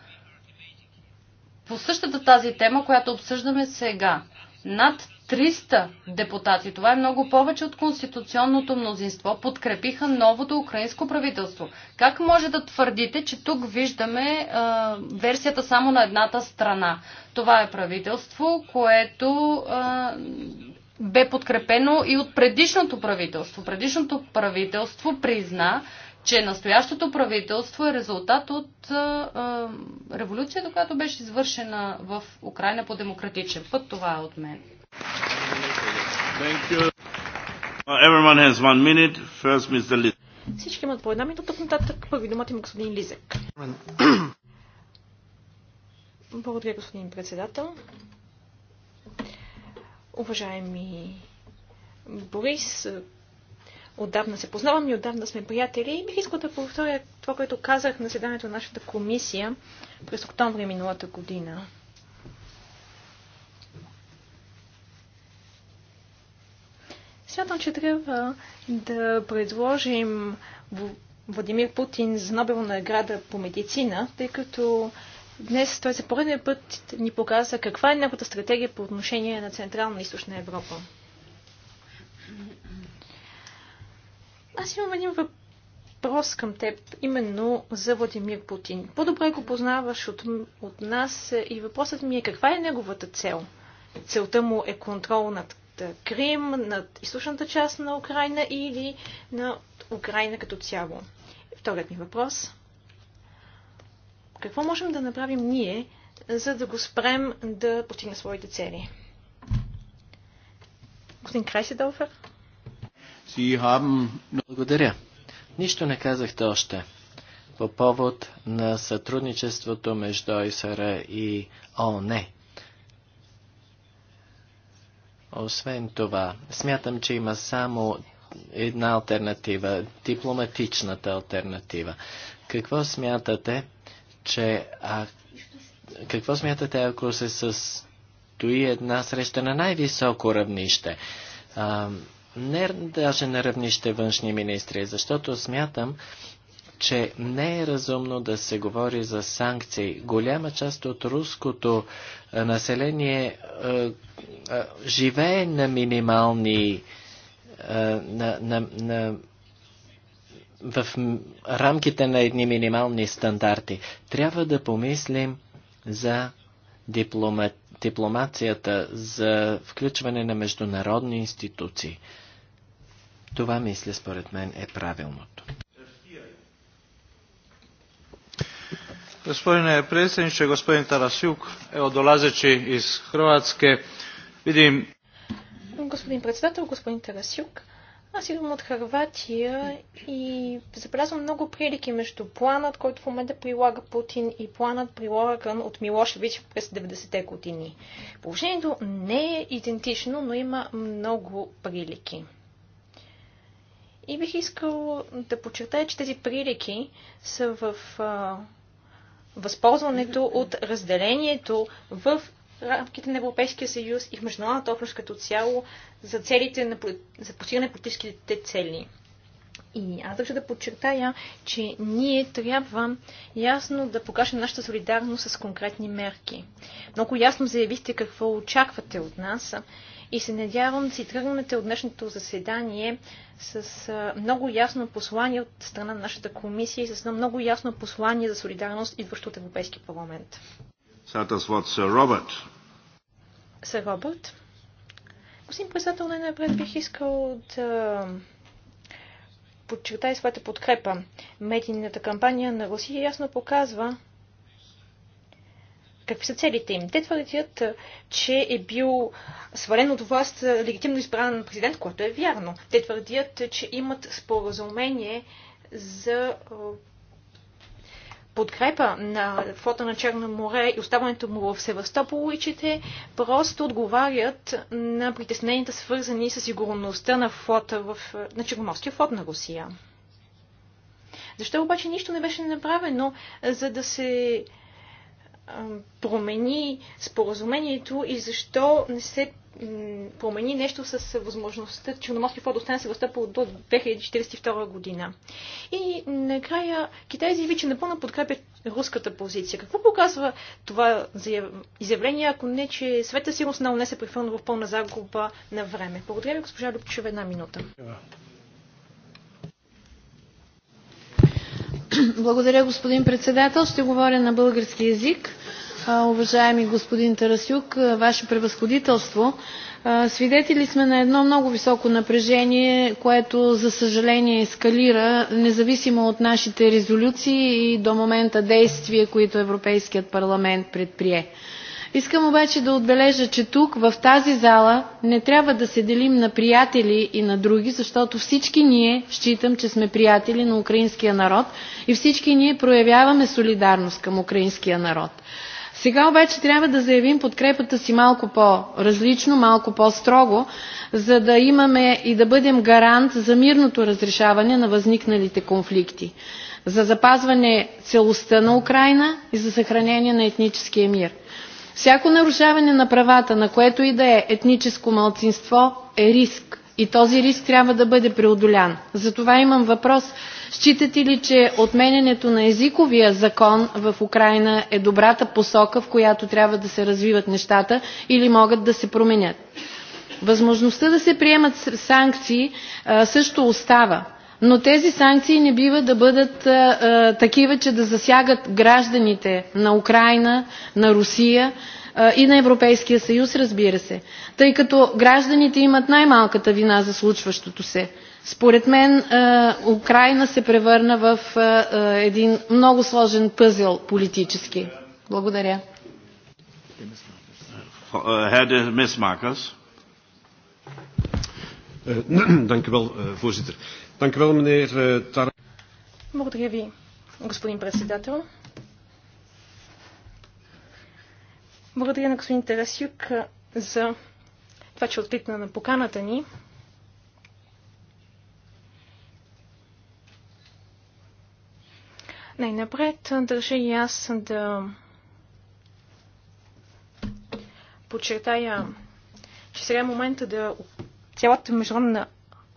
Speaker 3: по същата тази тема, която обсъждаме сега. Над 300 депутати, това е много повече от конституционното мнозинство, подкрепиха новото украинско правителство. Как може да твърдите, че тук виждаме а, версията само на едната страна? Това е правителство, което а, бе подкрепено и от предишното правителство. Предишното правителство призна, че настоящото правителство е резултат от а, а, революцията, която беше извършена в Украина по демократичен път. Това е от мен.
Speaker 1: Uh,
Speaker 4: Всички имат по една минута, нататък първи думата има господин Лизек. Благодаря, господин председател. Уважаеми Борис, отдавна се познавам и отдавна сме приятели. И бих искал да повторя това, което казах на седанието на нашата комисия през октомври миналата година. Смятам, че трябва да предложим Владимир Путин за Нобелна награда по медицина, тъй като днес той за пореден път ни показа каква е неговата стратегия по отношение на Централна и Източна Европа. Аз имам един въпрос към теб, именно за Владимир Путин. По-добре го познаваш от, от нас и въпросът ми е каква е неговата цел? Целта му е контрол над Крим, над източната част на Украина или на Украина като цяло. Вторият ми въпрос. Какво можем да направим ние, за да го спрем да постигне своите цели? Господин Крайседолфер?
Speaker 2: Благодаря. Нищо не казахте още по повод на сътрудничеството между ОИСР и ООН. Освен това, смятам, че има само една альтернатива, дипломатичната альтернатива. Какво смятате, че а, какво смятате, ако се състои една среща на най-високо равнище? А, не даже на равнище външни министри, защото смятам, че не е разумно да се говори за санкции. Голяма част от руското население живее на минимални на, на, на, в рамките на едни минимални стандарти. Трябва да помислим за дипломат, дипломацията, за включване на международни институции. Това, мисля, според мен е правилното.
Speaker 5: Gospodine predsjedniče, gospodin Tarasjuk, evo dolazeći iz Hrvatske, vidim...
Speaker 4: Господин председател, господин Тарасюк, аз идвам от Харватия и забелязвам много прилики между планът, който в момента прилага Путин и планът прилаган от Милошевич през 90-те години. Положението не е идентично, но има много прилики. И бих искал да подчертая, че тези прилики са в възползването от разделението в рамките на Европейския съюз и в международната общност като цяло за целите на, за постигане на политическите цели. И аз държа да подчертая, че ние трябва ясно да покажем нашата солидарност с конкретни мерки. Много ясно заявихте какво очаквате от нас и се надявам да си тръгнете от днешното заседание с много ясно послание от страна на нашата комисия и с едно много ясно послание за солидарност, идващо от Европейски парламент.
Speaker 1: Сър Робърт.
Speaker 4: Сър Робърт. Господин председател, най-напред бих искал да подчертая своята подкрепа. Медийната кампания на Русия ясно показва, какви са целите им. Те твърдят, че е бил свален от власт легитимно избран президент, което е вярно. Те твърдят, че имат споразумение за подкрепа на флота на Черно море и оставането му в Севастопол и че те просто отговарят на притесненията, свързани с сигурността на флота в, на Черноморския флот на Русия. Защо обаче нищо не беше направено, за да се промени споразумението и защо не се промени нещо с възможността Черноморски флот да остане Севастопол до 2042 година. И накрая Китай заяви, че напълно подкрепя руската позиция. Какво показва това изявление, ако не, че света сигурност на ОНЕ се прехвърна в пълна загуба на време? Благодаря ви, госпожа Любчева, една минута. Е,
Speaker 5: Благодаря, господин председател. Ще говоря на български язик. Уважаеми господин Тарасюк, Ваше превъзходителство, свидетели сме на едно много високо напрежение, което за съжаление ескалира, независимо от нашите резолюции и до момента действия, които Европейският парламент предприе. Искам обаче да отбележа, че тук, в тази зала, не трябва да се делим на приятели и на други, защото всички ние считам, че сме приятели на украинския народ и всички ние проявяваме солидарност към украинския народ. Сега обаче трябва да заявим подкрепата си малко по-различно, малко по-строго, за да имаме и да бъдем гарант за мирното разрешаване на възникналите конфликти, за запазване целостта на Украина и за съхранение на етническия мир. Всяко нарушаване на правата, на което и да е етническо малцинство, е риск. И този риск трябва да бъде преодолян. Затова имам въпрос. Считате ли, че отменянето на езиковия закон в Украина е добрата посока, в която трябва да се развиват нещата или могат да се променят? Възможността да се приемат санкции също остава но тези санкции не бива да бъдат а, а, такива, че да засягат гражданите на Украина, на Русия а, и на Европейския съюз, разбира се, тъй като гражданите имат най-малката вина за случващото се. Според мен Украина се превърна в един много сложен пъзел политически. Благодаря.
Speaker 1: Dank u wel, eh, voorzitter. Eh,
Speaker 4: Благодаря ви, господин председател. Благодаря на господин Тарасюк за това, че откликна на поканата ни. Най-напред държа и аз да подчертая, че сега е момента да цялата международна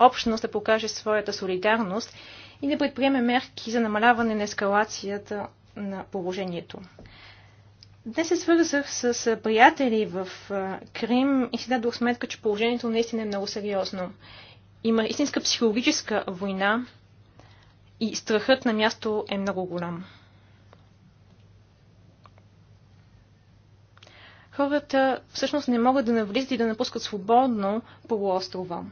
Speaker 4: общност да покаже своята солидарност и да предприеме мерки за намаляване на ескалацията на положението. Днес се свързах с приятели в Крим и си дадох сметка, че положението наистина е много сериозно. Има истинска психологическа война и страхът на място е много голям. Хората всъщност не могат да навлизат и да напускат свободно полуострова.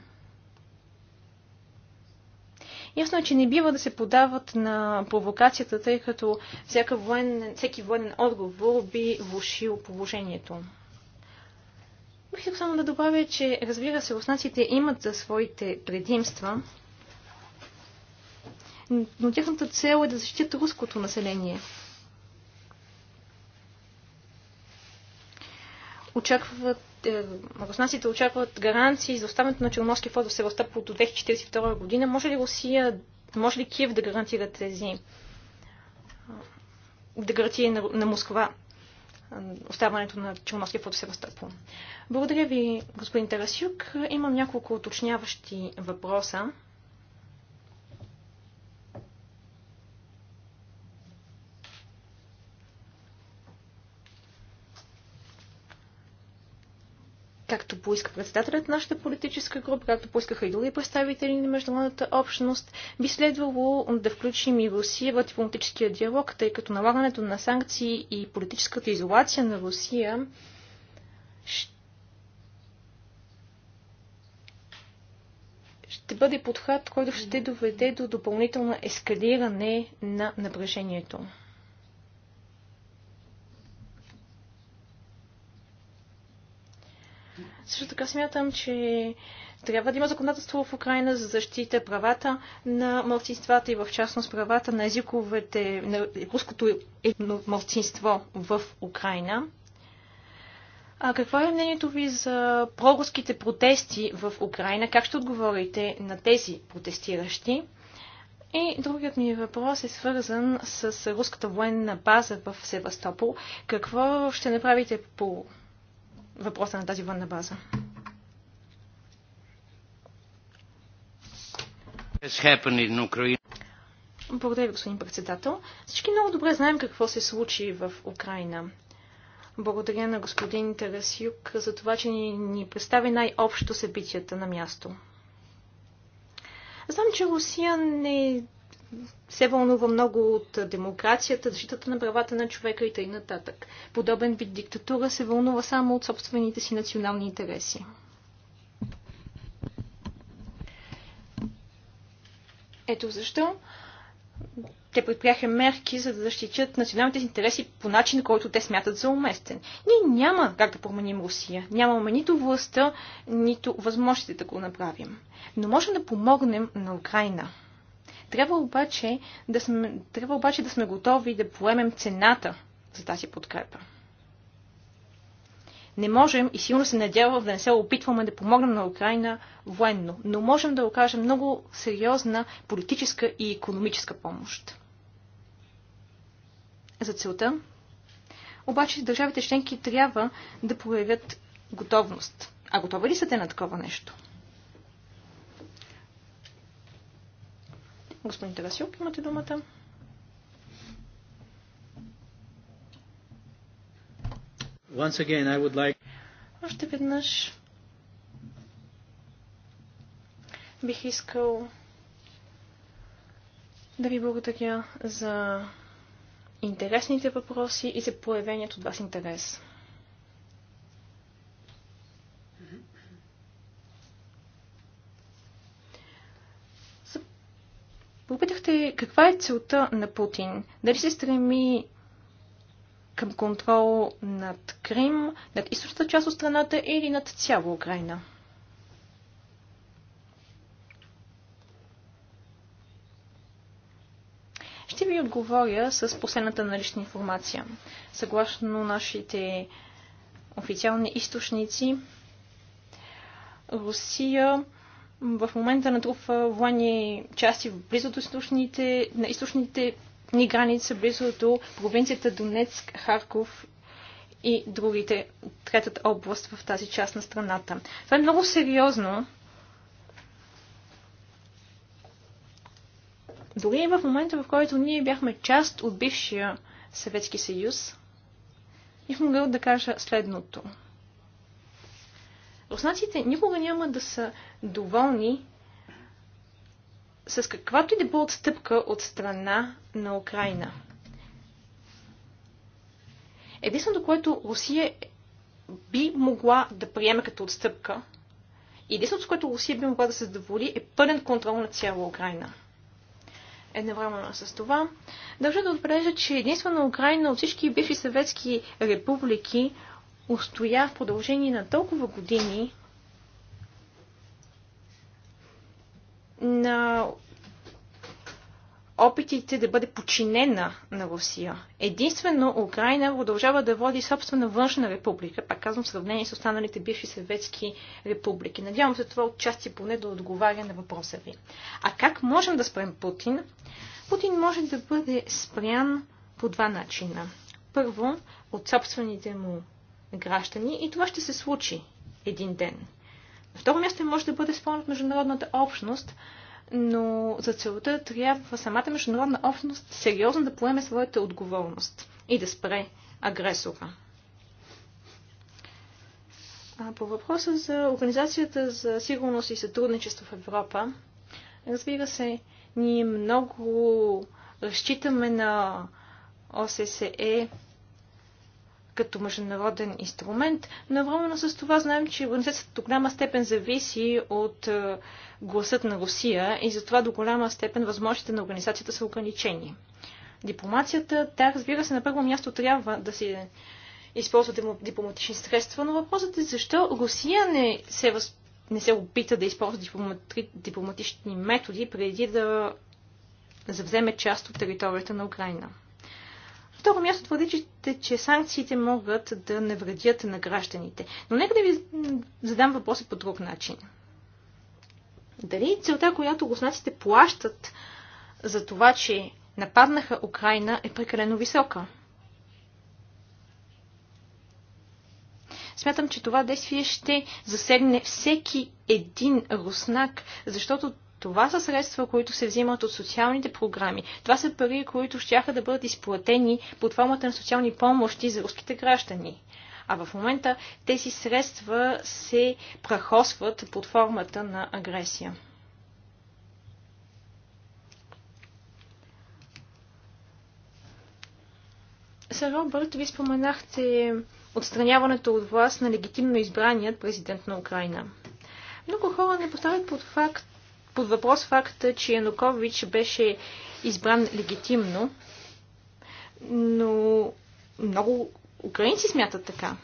Speaker 4: Ясно е, че не бива да се подават на провокацията, тъй като всяка военен, всеки военен отговор би влушил положението. Бих само да добавя, че разбира се, руснаците имат своите предимства, но тяхната цел е да защитят руското население. очакват, е, руснаците очакват гаранции за оставането на Черноморския флот в Севастопол до 2042 година. Може ли Русия, може ли Киев да гарантира тези да гарантира на, на Москва оставането на Черноморския флот в Севастопол? Благодаря ви, господин Тарасюк. Имам няколко уточняващи въпроса. както поиска председателят на нашата политическа група, както поискаха и други представители на международната общност, би следвало да включим и Русия в дипломатическия диалог, тъй като налагането на санкции и политическата изолация на Русия ще бъде подход, който ще доведе до допълнително ескалиране на напрежението. Също така смятам, че трябва да има законодателство в Украина за защита правата на малцинствата и в частност правата на езиковете, на руското малцинство в Украина. А какво е мнението ви за проруските протести в Украина? Как ще отговорите на тези протестиращи? И другият ми въпрос е свързан с руската военна база в Севастопол. Какво ще направите по въпроса на тази вънна база. Благодаря ви, господин председател. Всички много добре знаем какво се случи в Украина. Благодаря на господин Тарасюк за това, че ни, ни представи най-общо събитията на място. Знам, че Русия не се вълнува много от демокрацията, защитата на правата на човека и т.н. Подобен вид диктатура се вълнува само от собствените си национални интереси. Ето защо те предприяха мерки, за да защитят националните си интереси по начин, който те смятат за уместен. Ние няма как да променим Русия. Нямаме нито властта, нито възможностите да го направим. Но можем да помогнем на Украина – трябва обаче да сме, трябва обаче да сме готови да поемем цената за тази подкрепа. Не можем и силно се надявам да не се опитваме да помогнем на Украина военно, но можем да окажем много сериозна политическа и економическа помощ. За целта, обаче държавите членки трябва да проявят готовност. А готови ли са те на такова нещо? Господин Тарасюк, имате думата.
Speaker 2: Once again, I would like...
Speaker 4: Още веднъж бих искал да ви благодаря за интересните въпроси и за появеният от вас интерес. попитахте каква е целта на Путин. Дали се стреми към контрол над Крим, над източната част от страната или над цяла Украина? Ще ви отговоря с последната налична информация. Съгласно нашите официални източници, Русия в момента натрупва военни части в близо до източните, на източните ни граница, близо до провинцията Донецк, Харков и другите, третата област в тази част на страната. Това е много сериозно. Дори и в момента, в който ние бяхме част от бившия Съветски съюз, бих могъл да кажа следното – руснаците никога няма да са доволни с каквато и да бъде отстъпка от страна на Украина. Единственото, което Русия би могла да приеме като отстъпка, и единственото, с което Русия би могла да се задоволи, е пълен контрол на цяла Украина. Едновременно с това, държа да отбележа, че единствено Украина от всички бивши съветски републики устоя в продължение на толкова години на опитите да бъде подчинена на Русия. Единствено Украина продължава да води собствена външна република, пак казвам в сравнение с останалите бивши съветски републики. Надявам се това отчасти поне да отговаря на въпроса ви. А как можем да спрем Путин? Путин може да бъде спрян по два начина. Първо, от собствените му граждани и това ще се случи един ден. На второ място може да бъде спомнят международната общност, но за целта трябва самата международна общност сериозно да поеме своята отговорност и да спре агресора. А по въпроса за Организацията за сигурност и сътрудничество в Европа, разбира се, ние много разчитаме на ОССЕ като международен инструмент, но с това знаем, че организацията до голяма степен зависи от е, гласът на Русия и затова до голяма степен възможностите на организацията са ограничени. Дипломацията, да, разбира се, на първо място трябва да се използва дипломатични средства, но въпросът е защо Русия не се, въз... не се опита да използва дипломати... дипломатични методи преди да завземе част от територията на Украина второ място твърдите, че санкциите могат да не вредят на гражданите. Но нека да ви задам въпроса по друг начин. Дали целта, която руснаците плащат за това, че нападнаха Украина, е прекалено висока? Смятам, че това действие ще засегне всеки един руснак, защото това са средства, които се взимат от социалните програми. Това са пари, които ще да бъдат изплатени под формата на социални помощи за руските граждани. А в момента тези средства се прахосват под формата на агресия. Сър Робърт, ви споменахте отстраняването от власт на легитимно избраният президент на Украина. Много хора не поставят под факт под въпрос факта, че Янукович беше избран легитимно, но много украинци смятат така.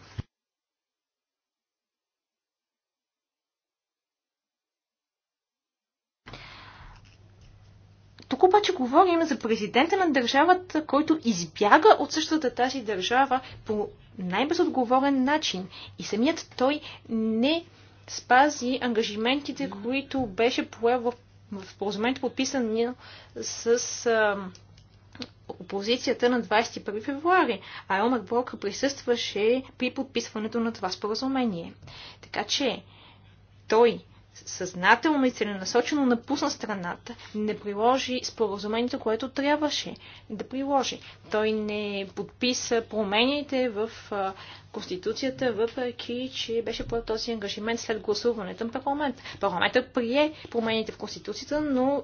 Speaker 4: Тук обаче говорим за президента на държавата, който избяга от същата тази държава по най-безотговорен начин. И самият той не спази ангажиментите, които беше поел в, в споразумението подписани с а, опозицията на 21 февруари, а Елмар Брок присъстваше при подписването на това споразумение. Така че той съзнателно и целенасочено напусна страната, не приложи споразумението, което трябваше да приложи. Той не подписа промените в Конституцията, въпреки, че беше по този ангажимент след гласуването на парламента. Парламентът прие промените в Конституцията, но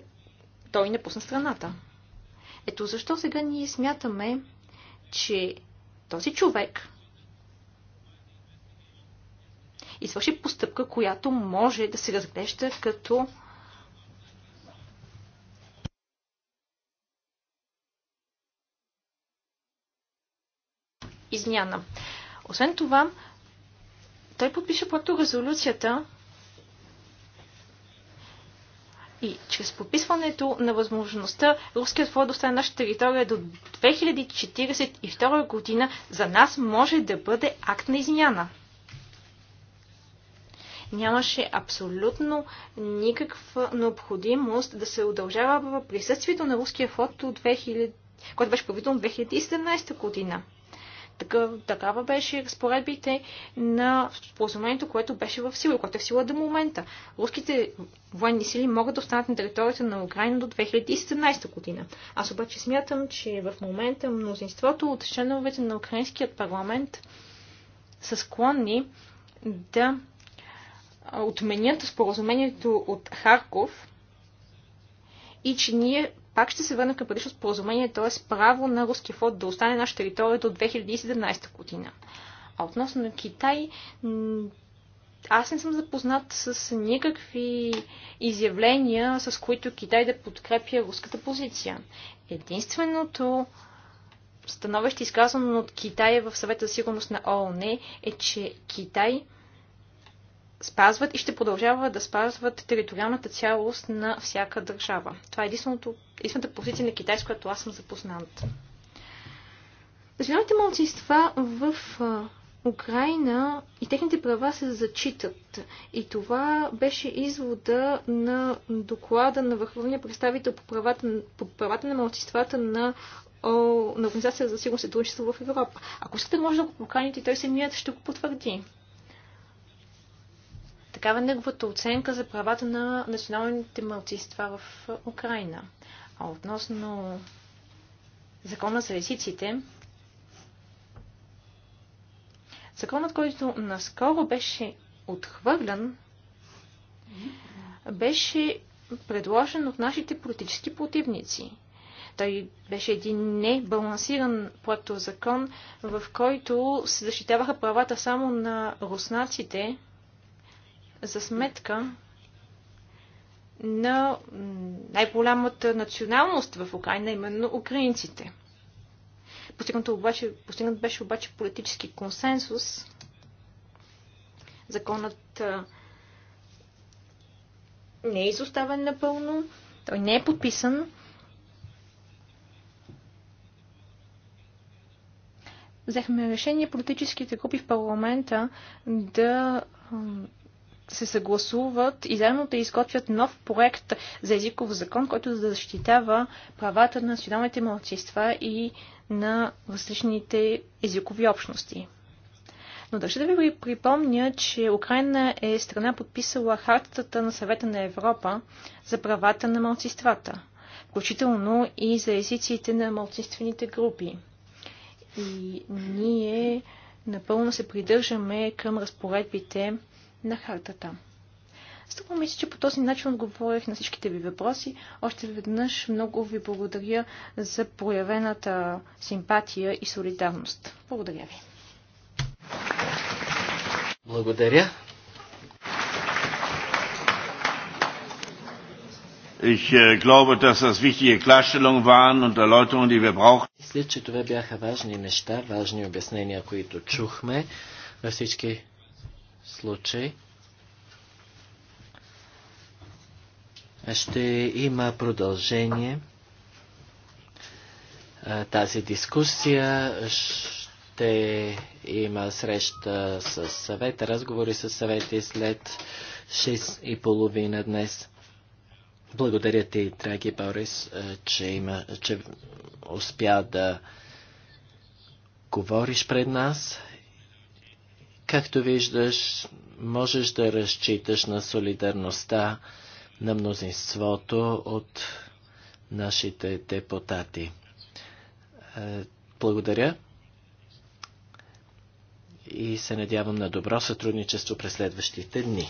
Speaker 4: той не пусна страната. Ето защо сега ние смятаме, че този човек, извърши постъпка, която може да се разглежда като измяна. Освен това, той подпише проекто резолюцията и чрез подписването на възможността руският флот да остане нашата територия до 2042 година за нас може да бъде акт на измяна. Нямаше абсолютно никаква необходимост да се удължава присъствието на руския флот от 2000, който беше правително 2017 година. такава беше разпоредбите на споразумението, което беше в сила, което е в сила до момента. Руските военни сили могат да останат на територията на Украина до 2017 година. Аз обаче смятам, че в момента мнозинството от членовете на Украинският парламент са склонни да отменят споразумението от Харков и че ние пак ще се върнем към предишно споразумение, т.е. право на руски флот да остане наша територия до 2017 година. А относно на Китай, аз не съм запознат с никакви изявления, с които Китай да подкрепя руската позиция. Единственото становище, изказано от Китай в съвета за сигурност на ООН, е, че Китай спазват и ще продължават да спазват териториалната цялост на всяка държава. Това е единствената позиция на Китай, с която аз съм запознат. Националните младсинства в Украина и техните права се зачитат. И това беше извода на доклада на върховния представител по правата, по правата на младсинствата на на Организация за сигурност и в Европа. Ако искате, може да го поканите, той самият ще го потвърди. Такава е неговата оценка за правата на националните мълцинства в Украина. А относно закона за езиците, законът, който наскоро беше отхвърлен, беше предложен от нашите политически противници. Той беше един небалансиран проектозакон, закон, в който се защитаваха правата само на руснаците, за сметка на най-голямата националност в Украина, именно украинците. Постигнат, обаче, постигнат беше обаче политически консенсус. Законът не е изоставен напълно, той не е подписан. Взехме решение политическите групи в парламента да се съгласуват и заедно да изготвят нов проект за езиков закон, който да защитава правата на националните малцинства и на различните езикови общности. Но държа да ви припомня, че Украина е страна подписала хартата на съвета на Европа за правата на малцинствата, включително и за езиците на малцинствените групи. И ние напълно се придържаме към разпоредбите на хартата. Струва мисля, че по този начин отговорих на всичките ви въпроси. Още веднъж много ви благодаря за проявената симпатия и солидарност. Благодаря ви.
Speaker 2: Благодаря.
Speaker 1: Ich äh, glaube, dass das wichtige Klarstellungen waren und Erläuterungen, die wir brauchen.
Speaker 2: Мисля, че това бяха важни неща, важни обяснения, които чухме във всички случай ще има продължение. Тази дискусия ще има среща с съвета, разговори с съвети след 6 и половина днес. Благодаря ти, драги Борис, че, има, че успя да говориш пред нас Както виждаш, можеш да разчиташ на солидарността на мнозинството от нашите депутати. Е, благодаря и се надявам на добро сътрудничество през следващите дни.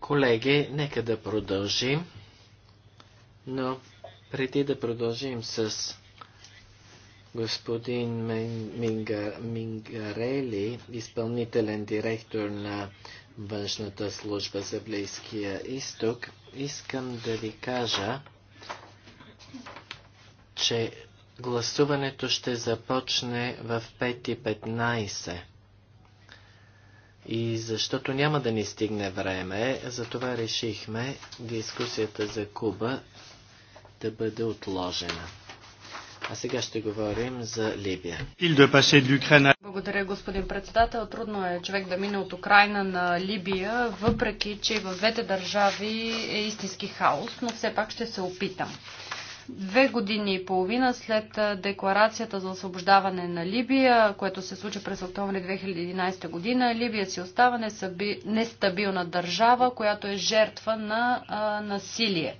Speaker 2: Колеги, нека да продължим. Но преди да продължим с господин Мингарели, изпълнителен директор на външната служба за Близкия изток, искам да ви кажа, че гласуването ще започне в 5.15. И защото няма да ни стигне време, затова решихме дискусията за Куба да бъде отложена. А сега ще говорим за Либия.
Speaker 3: Благодаря, господин председател. Трудно е човек да мине от Украина на Либия, въпреки че в двете държави е истински хаос, но все пак ще се опитам две години и половина след декларацията за освобождаване на Либия, което се случи през октомври 2011 година, Либия си остава нестабилна държава, която е жертва на насилие.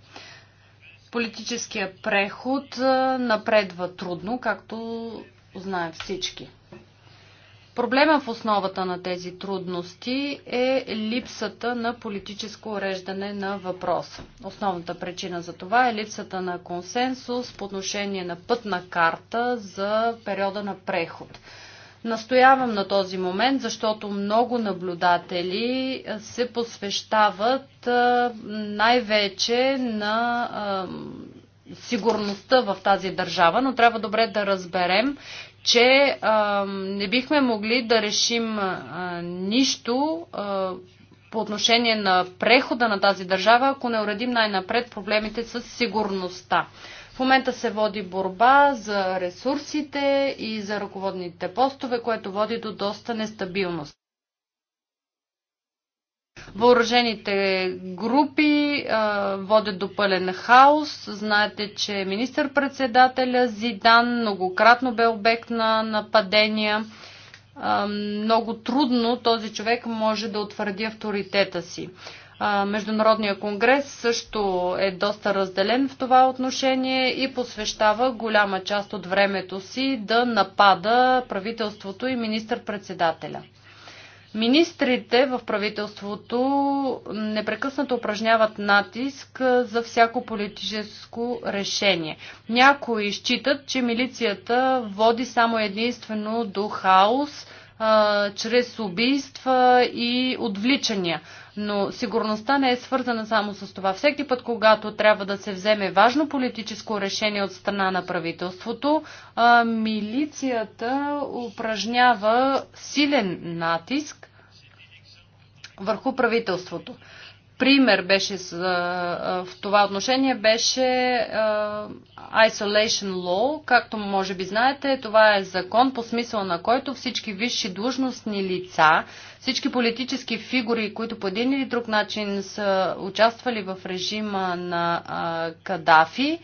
Speaker 3: Политическия преход напредва трудно, както знаем всички. Проблема в основата на тези трудности е липсата на политическо уреждане на въпроса. Основната причина за това е липсата на консенсус по отношение на пътна карта за периода на преход. Настоявам на този момент, защото много наблюдатели се посвещават най-вече на сигурността в тази държава, но трябва добре да разберем че а, не бихме могли да решим а, нищо а, по отношение на прехода на тази държава, ако не уредим най-напред проблемите с сигурността. В момента се води борба за ресурсите и за ръководните постове, което води до доста нестабилност. Въоръжените групи а, водят до пълен хаос. Знаете, че министър-председателя Зидан многократно бе обект на нападения. А, много трудно този човек може да утвърди авторитета си. А, Международния конгрес също е доста разделен в това отношение и посвещава голяма част от времето си да напада правителството и министър-председателя. Министрите в правителството непрекъснато упражняват натиск за всяко политическо решение. Някои считат, че милицията води само единствено до хаос, а, чрез убийства и отвличания. Но сигурността не е свързана само с това. Всеки път, когато трябва да се вземе важно политическо решение от страна на правителството, милицията упражнява силен натиск върху правителството пример беше за, в това отношение беше Isolation Law. Както може би знаете, това е закон по смисъла на който всички висши длъжностни лица, всички политически фигури, които по един или друг начин са участвали в режима на Кадафи,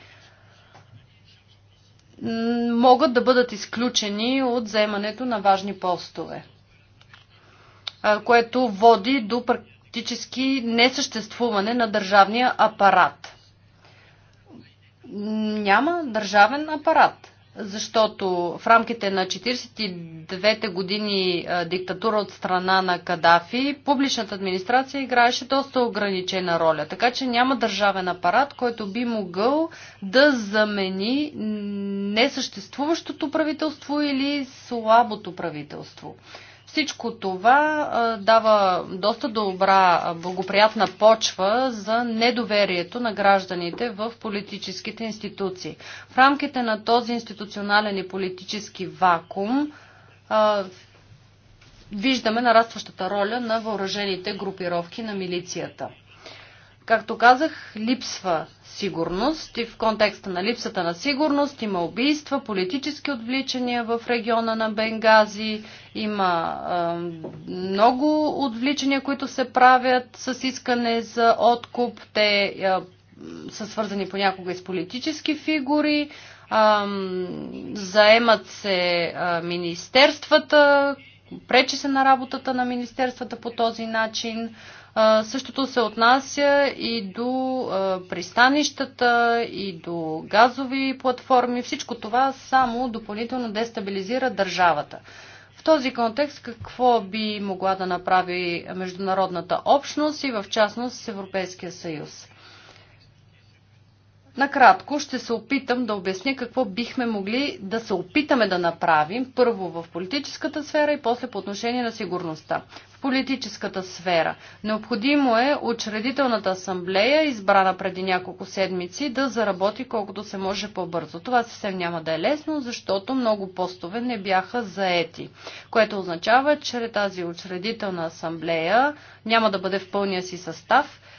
Speaker 3: могат да бъдат изключени от вземането на важни постове което води до фактически несъществуване на държавния апарат. Няма държавен апарат, защото в рамките на 42-те години диктатура от страна на Кадафи, публичната администрация играеше доста ограничена роля. Така че няма държавен апарат, който би могъл да замени несъществуващото правителство или слабото правителство. Всичко това а, дава доста добра, благоприятна почва за недоверието на гражданите в политическите институции. В рамките на този институционален и политически вакуум а, виждаме нарастващата роля на въоръжените групировки на милицията. Както казах, липсва сигурност и в контекста на липсата на сигурност има убийства, политически отвличания в региона на Бенгази, има е, много отвличания, които се правят с искане за откуп. Те е, са свързани понякога и с политически фигури, е, заемат се е, министерствата, пречи се на работата на министерствата по този начин. Е, Същото се отнася и до пристанищата, и до газови платформи. Всичко това само допълнително дестабилизира държавата. В този контекст какво би могла да направи международната общност и в частност Европейския съюз? Накратко ще се опитам да обясня какво бихме могли да се опитаме да направим първо в политическата сфера и после по отношение на сигурността. В политическата сфера необходимо е учредителната асамблея, избрана преди няколко седмици, да заработи колкото се може по-бързо. Това съвсем няма да е лесно, защото много постове не бяха заети, което означава, че тази учредителна асамблея няма да бъде в пълния си състав –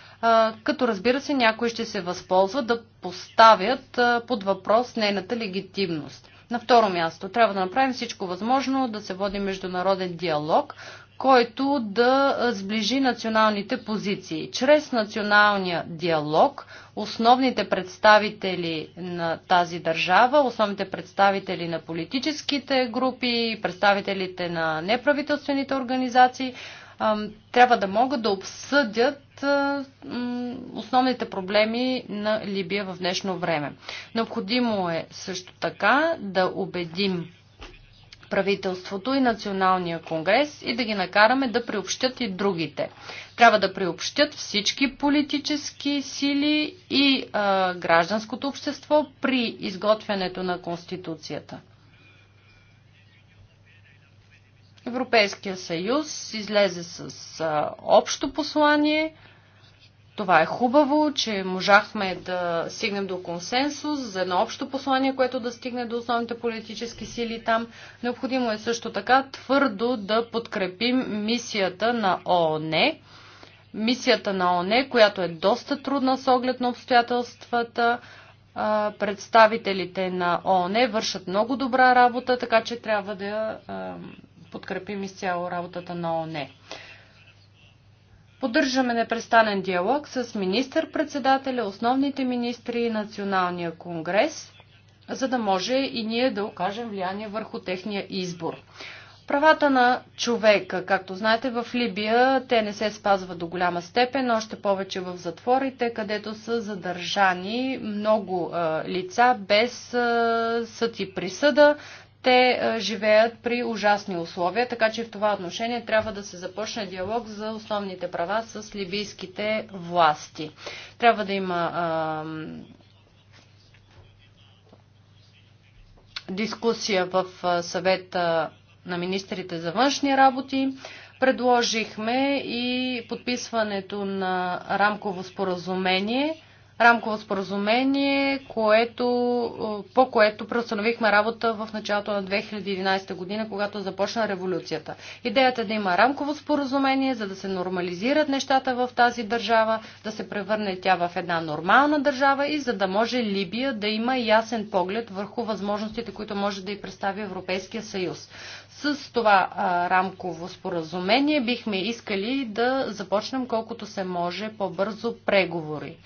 Speaker 3: като разбира се някои ще се възползват да поставят под въпрос нейната легитимност. На второ място, трябва да направим всичко възможно да се води международен диалог, който да сближи националните позиции. Чрез националния диалог основните представители на тази държава, основните представители на политическите групи, представителите на неправителствените организации трябва да могат да обсъдят основните проблеми на Либия в днешно време. Необходимо е също така да убедим правителството и Националния конгрес и да ги накараме да приобщят и другите. Трябва да приобщят всички политически сили и а, гражданското общество при изготвянето на Конституцията. Европейския съюз излезе с а, общо послание. Това е хубаво, че можахме да стигнем до консенсус за едно общо послание, което да стигне до основните политически сили там. Необходимо е също така твърдо да подкрепим мисията на ООН. Мисията на ООН, която е доста трудна с оглед на обстоятелствата. Представителите на ООН вършат много добра работа, така че трябва да подкрепим изцяло работата на ОНЕ. Поддържаме непрестанен диалог с министър-председателя, основните министри и Националния конгрес, за да може и ние да окажем влияние върху техния избор. Правата на човека, както знаете, в Либия те не се спазват до голяма степен, още повече в затворите, където са задържани много лица без съд и присъда, те живеят при ужасни условия, така че в това отношение трябва да се започне диалог за основните права с либийските власти. Трябва да има а, дискусия в съвета на министрите за външни работи. Предложихме и подписването на рамково споразумение – рамково споразумение, което, по което преустановихме работа в началото на 2011 година, когато започна революцията. Идеята е да има рамково споразумение, за да се нормализират нещата в тази държава, да се превърне тя в една нормална държава и за да може Либия да има ясен поглед върху възможностите, които може да й представи Европейския съюз. С това а, рамково споразумение бихме искали да започнем колкото се може по-бързо преговори.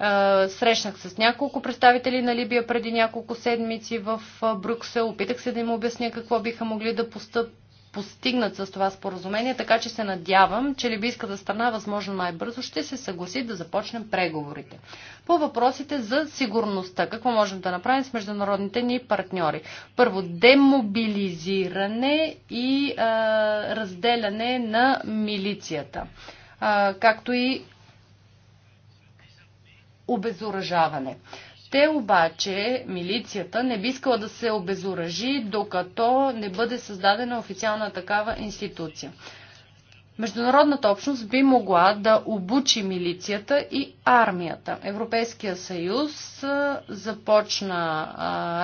Speaker 3: Е, срещнах с няколко представители на Либия преди няколко седмици в е, Брюксел. Опитах се да им обясня какво биха могли да постъп, постигнат с това споразумение, така че се надявам, че либийската страна възможно най-бързо ще се съгласи да започнем преговорите. По въпросите за сигурността, какво можем да направим с международните ни партньори? Първо, демобилизиране и а, е, разделяне на милицията, а, както и обезоръжаване. Те обаче, милицията, не би искала да се обезоръжи, докато не бъде създадена официална такава институция. Международната общност би могла да обучи милицията и армията. Европейския съюз започна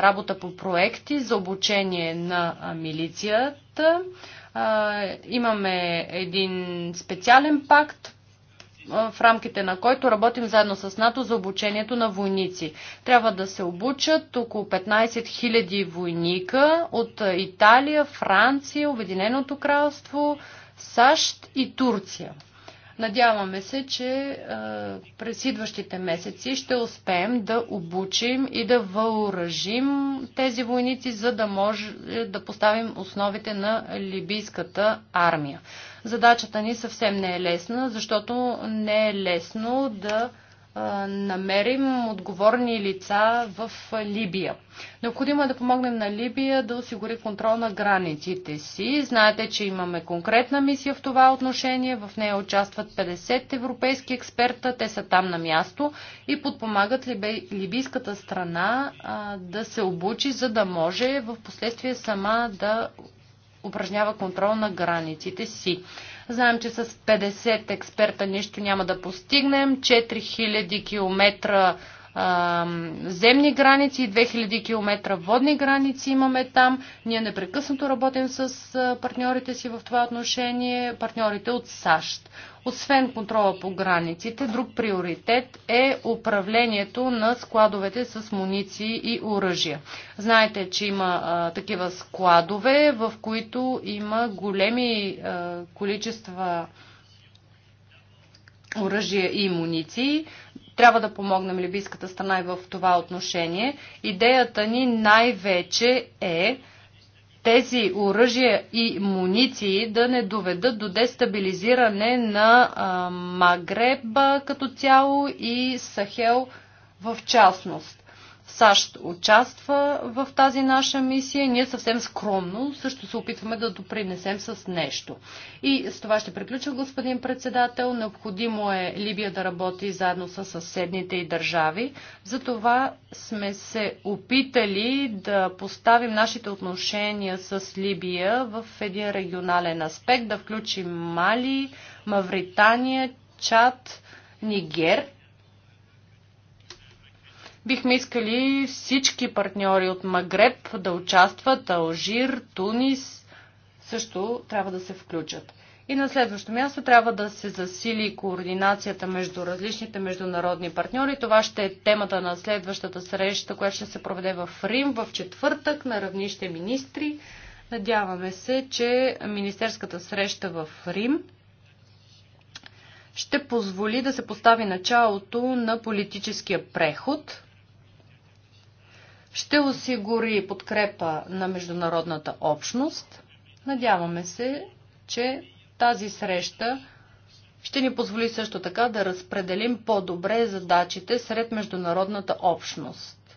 Speaker 3: работа по проекти за обучение на милицията. Имаме един специален пакт в рамките на който работим заедно с НАТО за обучението на войници. Трябва да се обучат около 15 000 войника от Италия, Франция, Обединеното кралство, САЩ и Турция. Надяваме се, че е, през идващите месеци ще успеем да обучим и да въоръжим тези войници, за да може е, да поставим основите на либийската армия. Задачата ни съвсем не е лесна, защото не е лесно да намерим отговорни лица в Либия. Необходимо е да помогнем на Либия да осигури контрол на границите си. Знаете, че имаме конкретна мисия в това отношение. В нея участват 50 европейски експерта. Те са там на място и подпомагат либийската страна да се обучи, за да може в последствие сама да упражнява контрол на границите си. Знаем, че с 50 експерта нищо няма да постигнем. 4000 км земни граници, 2000 км водни граници имаме там. Ние непрекъснато работим с партньорите си в това отношение, партньорите от САЩ. Освен контрола по границите, друг приоритет е управлението на складовете с муниции и оръжия. Знаете, че има а, такива складове, в които има големи а, количества оръжия и муниции. Трябва да помогнем либийската страна и в това отношение. Идеята ни най-вече е тези оръжия и муниции да не доведат до дестабилизиране на Магреба като цяло и Сахел в частност. САЩ участва в тази наша мисия ние съвсем скромно също се опитваме да допринесем с нещо. И с това ще приключа, господин председател. Необходимо е Либия да работи заедно с съседните и държави. Затова сме се опитали да поставим нашите отношения с Либия в един регионален аспект, да включим Мали, Мавритания, Чад, Нигер – Бихме искали всички партньори от Магреб да участват, Алжир, Тунис също трябва да се включат. И на следващо място трябва да се засили координацията между различните международни партньори. Това ще е темата на следващата среща, която ще се проведе в Рим в четвъртък на равнище министри. Надяваме се, че министерската среща в Рим ще позволи да се постави началото на политическия преход ще осигури подкрепа на международната общност. Надяваме се, че тази среща ще ни позволи също така да разпределим по-добре задачите сред международната общност.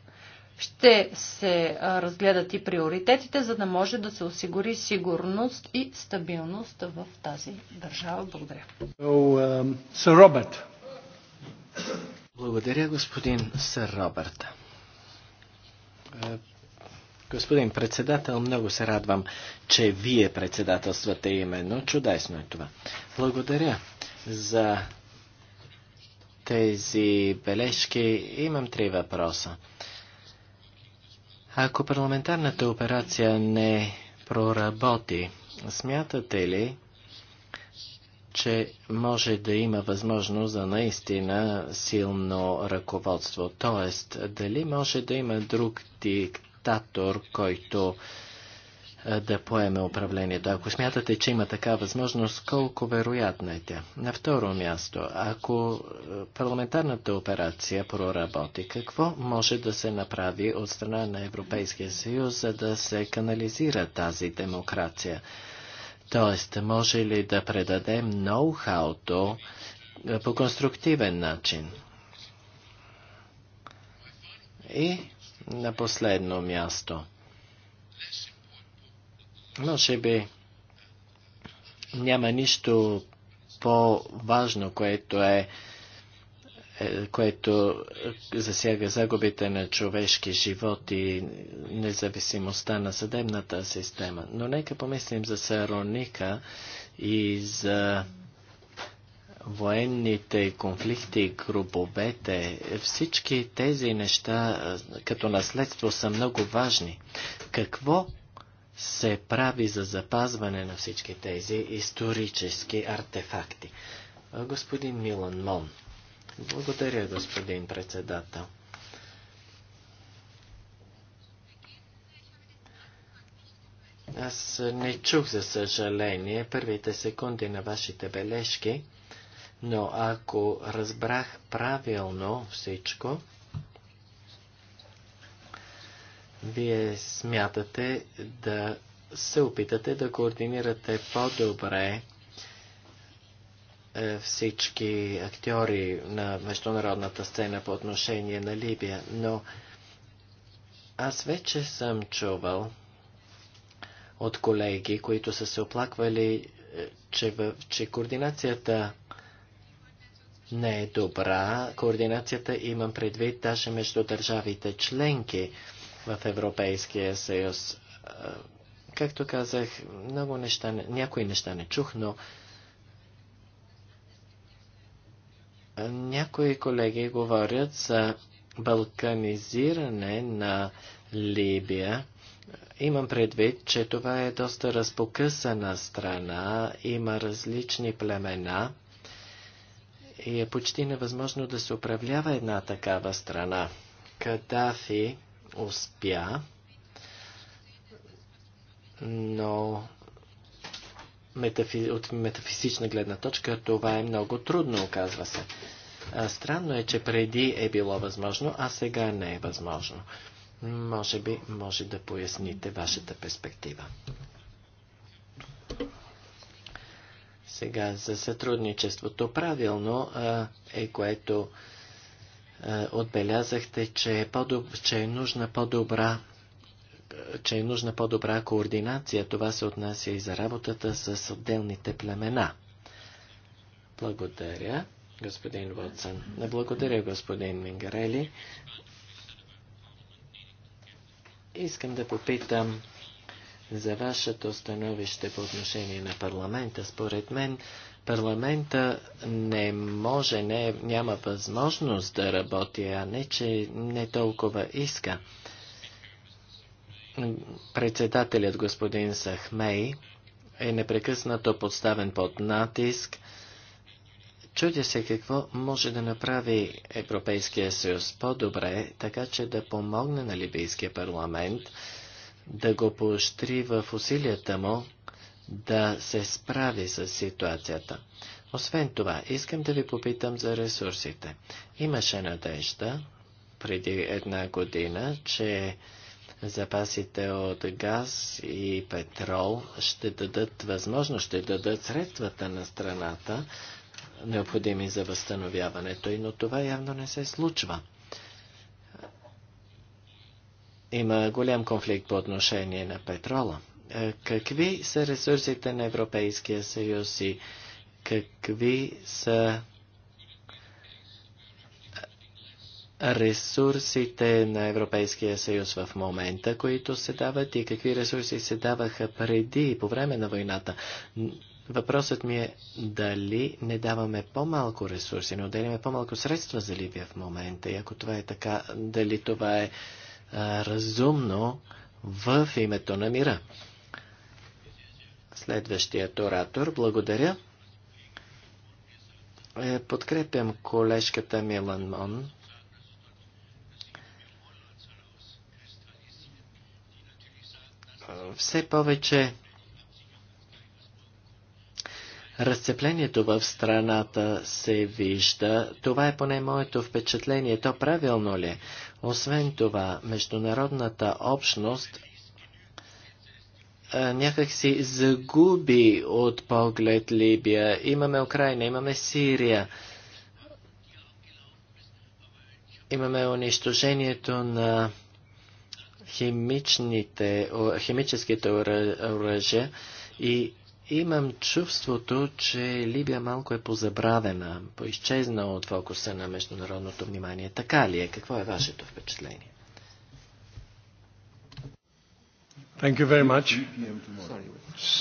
Speaker 3: Ще се разгледат и приоритетите, за да може да се осигури сигурност и стабилност в тази държава. Благодаря.
Speaker 6: Сър Робърт.
Speaker 2: Um, Благодаря, господин Сър Робърт. Господин председател, много се радвам, че вие председателствате именно. Чудесно е това. Благодаря за тези бележки. Имам три въпроса. Ако парламентарната операция не проработи, смятате ли, че може да има възможност за наистина силно ръководство. Тоест, дали може да има друг диктатор, който е, да поеме управлението. Ако смятате, че има така възможност, колко вероятна е тя? На второ място, ако е, парламентарната операция проработи, какво може да се направи от страна на Европейския съюз, за да се канализира тази демокрация? Тоест, може ли да предадем ноу-хауто е, по конструктивен начин? И на последно място. Може би няма нищо по-важно, което е което е, засяга загубите на човешки живот и независимостта на съдебната система. Но нека помислим за Сароника и за военните конфликти, грубовете, всички тези неща е, като наследство са много важни. Какво се прави за запазване на всички тези исторически артефакти? Господин Милан Мон. Благодаря, господин председател. Аз не чух, за съжаление, първите секунди на вашите бележки, но ако разбрах правилно всичко, вие смятате да се опитате да координирате по-добре е, всички актьори на международната сцена по отношение на Либия, но аз вече съм чувал от колеги, които са се оплаквали, е, че, в, че координацията не е добра. Координацията имам предвид даже между държавите членки в Европейския съюз. Е, както казах, много неща, някои неща не чух, но Някои колеги говорят за балканизиране на Либия. Имам предвид, че това е доста разпокъсана страна, има различни племена и е почти невъзможно да се управлява една такава страна. Кадафи успя, но метафи... от метафизична гледна точка това е много трудно, оказва се. А, странно е, че преди е било възможно, а сега не е възможно. Може би може да поясните вашата перспектива. Сега за сътрудничеството правилно а, е което а, отбелязахте, че е, по че е нужна по-добра че е нужна по-добра координация. Това се отнася и за работата с отделните племена. Благодаря, господин Вотсън. Не благодаря, господин Мингарели. Искам да попитам за вашето становище по отношение на парламента. Според мен, парламента не може, не, няма възможност да работи, а не, че не толкова иска. Председателят господин Сахмей е непрекъснато подставен под натиск. Чудя се какво може да направи Европейския съюз по-добре, така че да помогне на Либийския парламент да го поощри в усилията му да се справи с ситуацията. Освен това, искам да ви попитам за ресурсите. Имаше надежда преди една година, че запасите от газ и петрол ще дадат възможност, ще дадат средствата на страната, необходими за възстановяването но това явно не се случва. Има голям конфликт по отношение на петрола. Е, какви са ресурсите на Европейския съюз и какви са ресурсите на Европейския съюз в момента, които се дават и какви ресурси се даваха преди и по време на войната. Въпросът ми е дали не даваме по-малко ресурси, не отделяме по-малко средства за Либия в момента и ако това е така, дали това е а, разумно в името на мира. Следващият оратор, благодаря. Е, подкрепям колежката Милан Мон все повече разцеплението в страната се вижда. Това е поне моето впечатление. То правилно ли е? Освен това, международната общност някак си загуби от поглед Либия. Имаме Украина, имаме Сирия. Имаме унищожението на химичните, химическите оръжия и имам чувството, че Либия малко е позабравена, поизчезна от фокуса на международното внимание. Така ли е? Какво е вашето впечатление? Thank you very much.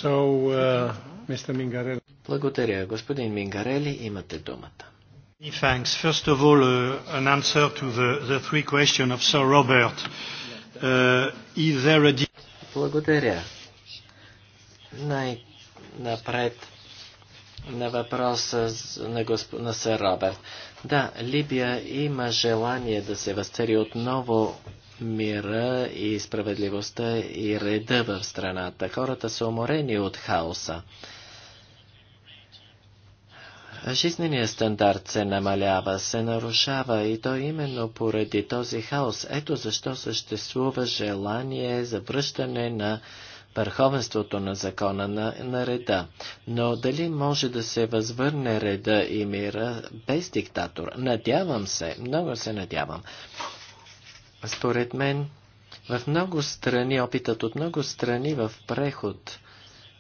Speaker 2: So, uh, Mr. Mingarelli. Благодаря. Господин Мингарели, имате думата.
Speaker 1: Thanks. First of all, uh,
Speaker 5: an answer to the, the three questions of Sir Robert. Uh, Uh, Благодаря. Най-напред
Speaker 2: на въпроса на, госп... на сър Роберт. Да, Либия има желание да се възцари отново мира и справедливостта и реда в страната. Хората са уморени от хаоса. Жизненият стандарт се намалява, се нарушава и то именно поради този хаос. Ето защо съществува желание за връщане на върховенството на закона на, на реда. Но дали може да се възвърне реда и мира без диктатор? Надявам се, много се надявам. Според мен, в много страни, опитът от много страни в преход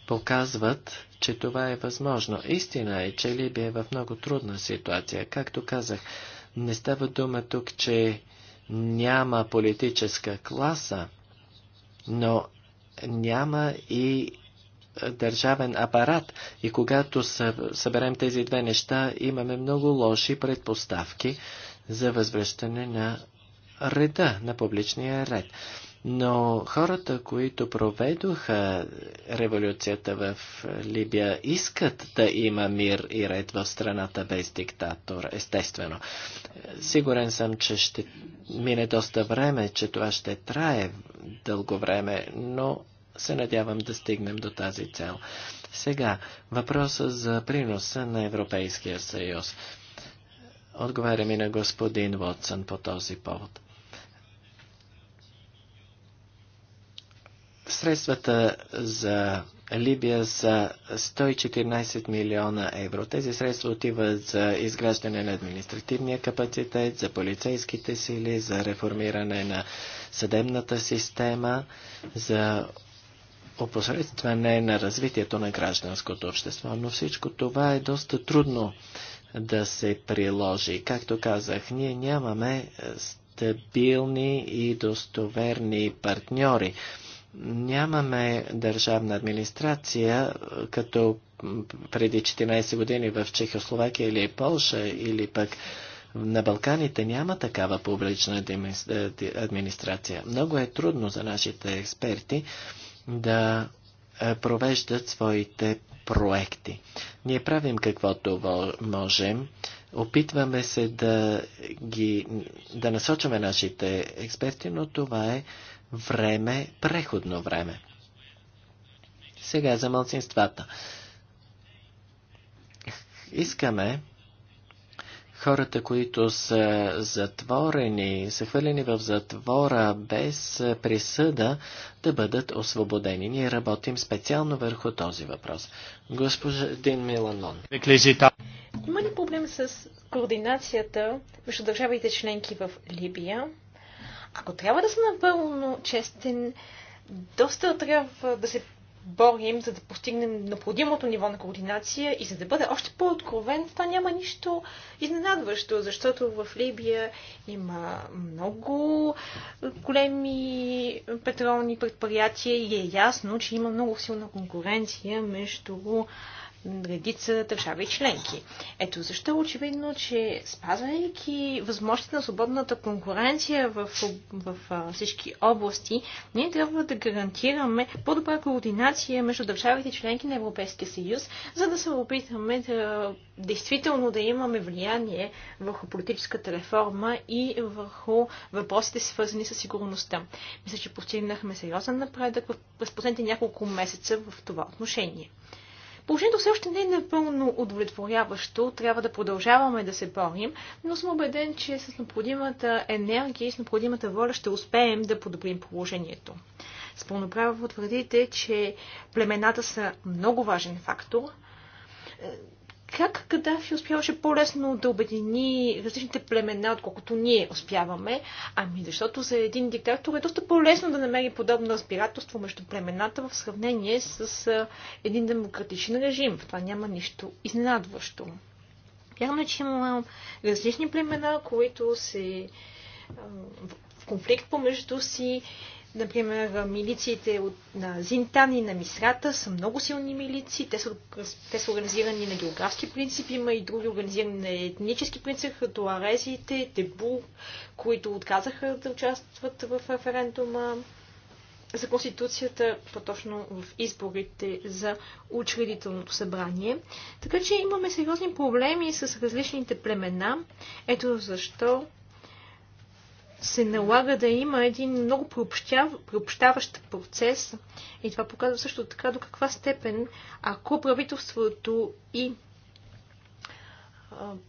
Speaker 2: показват, че това е възможно. Истина е, че Либия е в много трудна ситуация. Както казах, не става дума тук, че няма политическа класа, но няма и държавен апарат. И когато съберем тези две неща, имаме много лоши предпоставки за възвръщане на реда, на публичния ред. Но хората, които проведоха революцията в Либия, искат да има мир и ред в страната без диктатор, естествено. Сигурен съм, че ще мине доста време, че това ще трае дълго време, но се надявам да стигнем до тази цел. Сега, въпроса за приноса на Европейския съюз. Отговаряме на господин Вотсън по този повод. Средствата за Либия са 114 милиона евро. Тези средства отиват за изграждане на административния капацитет, за полицейските сили, за реформиране на съдебната система, за опосредстване на развитието на гражданското общество. Но всичко това е доста трудно да се приложи. Както казах, ние нямаме е, стабилни и достоверни партньори. Нямаме държавна администрация, е, като преди 14 години в Чехословакия или Полша, или пък на Балканите няма такава публична е, администрация. Много е трудно за нашите експерти да е, провеждат своите проекти. Ние правим каквото можем. Опитваме се да, ги, да насочваме нашите експерти, но това е време, преходно време. Сега за мълцинствата. Искаме хората, които са затворени, са хвърлени в затвора без присъда, да бъдат освободени. Ние работим специално върху този въпрос. Господин Миланон.
Speaker 4: Има ли проблем с координацията между държавите членки в Либия? Ако трябва да съм напълно честен, доста трябва да се борим, за да постигнем необходимото ниво на координация и за да бъде още по-откровен, това няма нищо изненадващо, защото в Либия има много големи петролни предприятия и е ясно, че има много силна конкуренция между редица държави членки. Ето защо очевидно, че спазвайки възможности на свободната конкуренция в, в, в, в всички области, ние трябва да гарантираме по-добра координация между държавите членки на Европейския съюз, за да се опитаме да действително да имаме влияние върху политическата реформа и върху въпросите свързани с сигурността. Мисля, че постигнахме сериозен напредък през последните няколко месеца в това отношение. Положението все още не е напълно удовлетворяващо, трябва да продължаваме да се борим, но съм убеден, че с необходимата енергия и с необходимата воля ще успеем да подобрим положението. С пълноправо твърдите, че племената са много важен фактор как Кадафи успяваше по-лесно да обедини различните племена, отколкото ние успяваме? Ами защото за един диктатор е доста по-лесно да намери подобно разбирателство между племената в сравнение с един демократичен режим. В това няма нищо изненадващо. Вярно е, че има различни племена, които се в конфликт помежду си Например, милициите от, на Зинтан и на Мисрата са много силни милиции. Те са, те са организирани на географски принцип. Има и други организирани на етнически принцип, като арезиите, Тебу, които отказаха да участват в референдума за Конституцията, по-точно в изборите за учредителното събрание. Така че имаме сериозни проблеми с различните племена. Ето защо се налага да има един много приобщаващ процес и това показва също така до каква степен, ако правителството и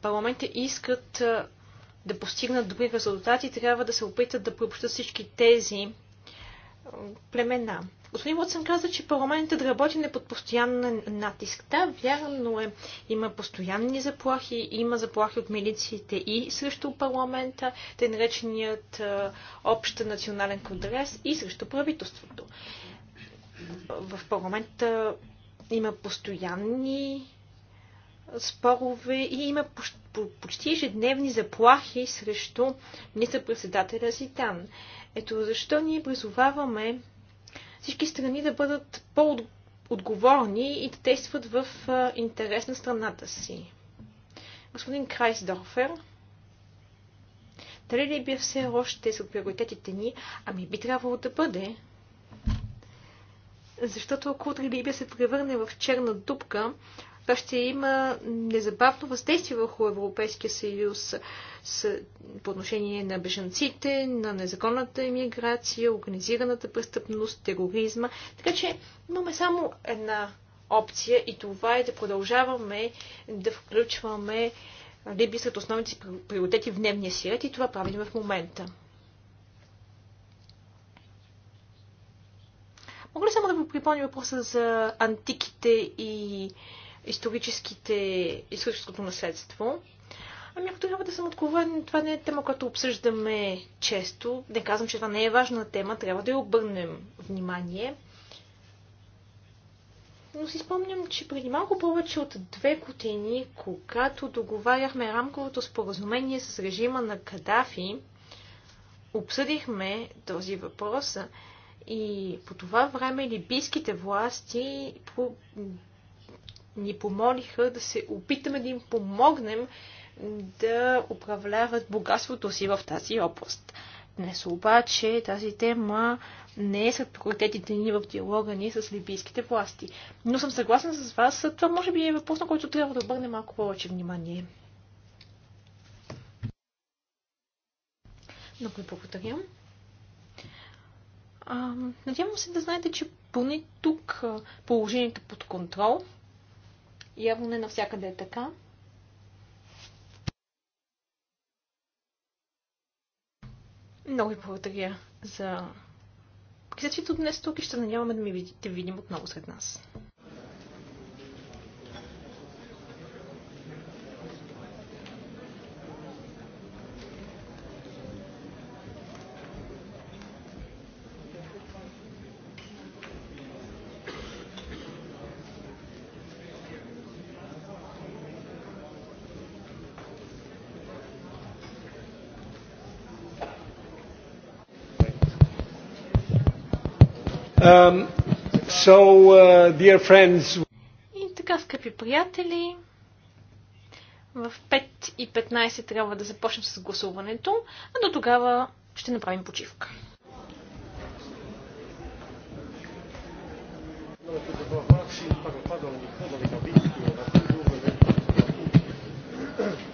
Speaker 4: парламентите искат да постигнат добри резултати, трябва да се опитат да приобщат всички тези племена. Господин Уотсън каза, че парламентът работи не под постоянен натиск. Да, вярно е. Има постоянни заплахи, има заплахи от милициите и срещу парламента, те нареченият общ национален конгрес и срещу правителството. В парламента има постоянни спорове и има почти ежедневни заплахи срещу министър-председателя Зитан. Ето защо ние призоваваме всички страни да бъдат по-отговорни и да действат в интерес на страната си. Господин Крайсдорфер, дали ли би все още сред приоритетите ни? Ами би трябвало да бъде. Защото ако утре Либия се превърне в черна дупка, това ще има незабавно въздействие върху Европейския съюз с, по отношение на бежанците, на незаконната иммиграция, организираната престъпност, тероризма. Така че имаме само една опция и това е да продължаваме да включваме Либи сред основните приоритети в дневния си ред и това правим в момента. Мога ли само да ви припомня въпроса за антиките и историческите, историческото наследство. Ами ако трябва да съм откровен, това не е тема, която обсъждаме често. Не казвам, че това не е важна тема, трябва да я обърнем внимание. Но си спомням, че преди малко повече от две години, когато договаряхме рамковото споразумение с режима на Кадафи, обсъдихме този въпрос и по това време либийските власти ни помолиха да се опитаме да им помогнем да управляват богатството си в тази област. Днес обаче тази тема не е сред приоритетите ни в диалога ни с либийските власти. Но съм съгласна с вас, това може би е въпрос, на който трябва да обърне малко повече внимание. Много ви благодаря. надявам се да знаете, че поне тук положението е под контрол. Явно не навсякъде е така. Много ви благодаря за присъствието днес тук и ще надяваме да ми видите, видим отново сред нас.
Speaker 6: Um, so, uh, dear friends...
Speaker 4: И така, скъпи приятели, в 5 и 15 трябва да започнем с гласуването, а до тогава ще направим почивка. Thank you.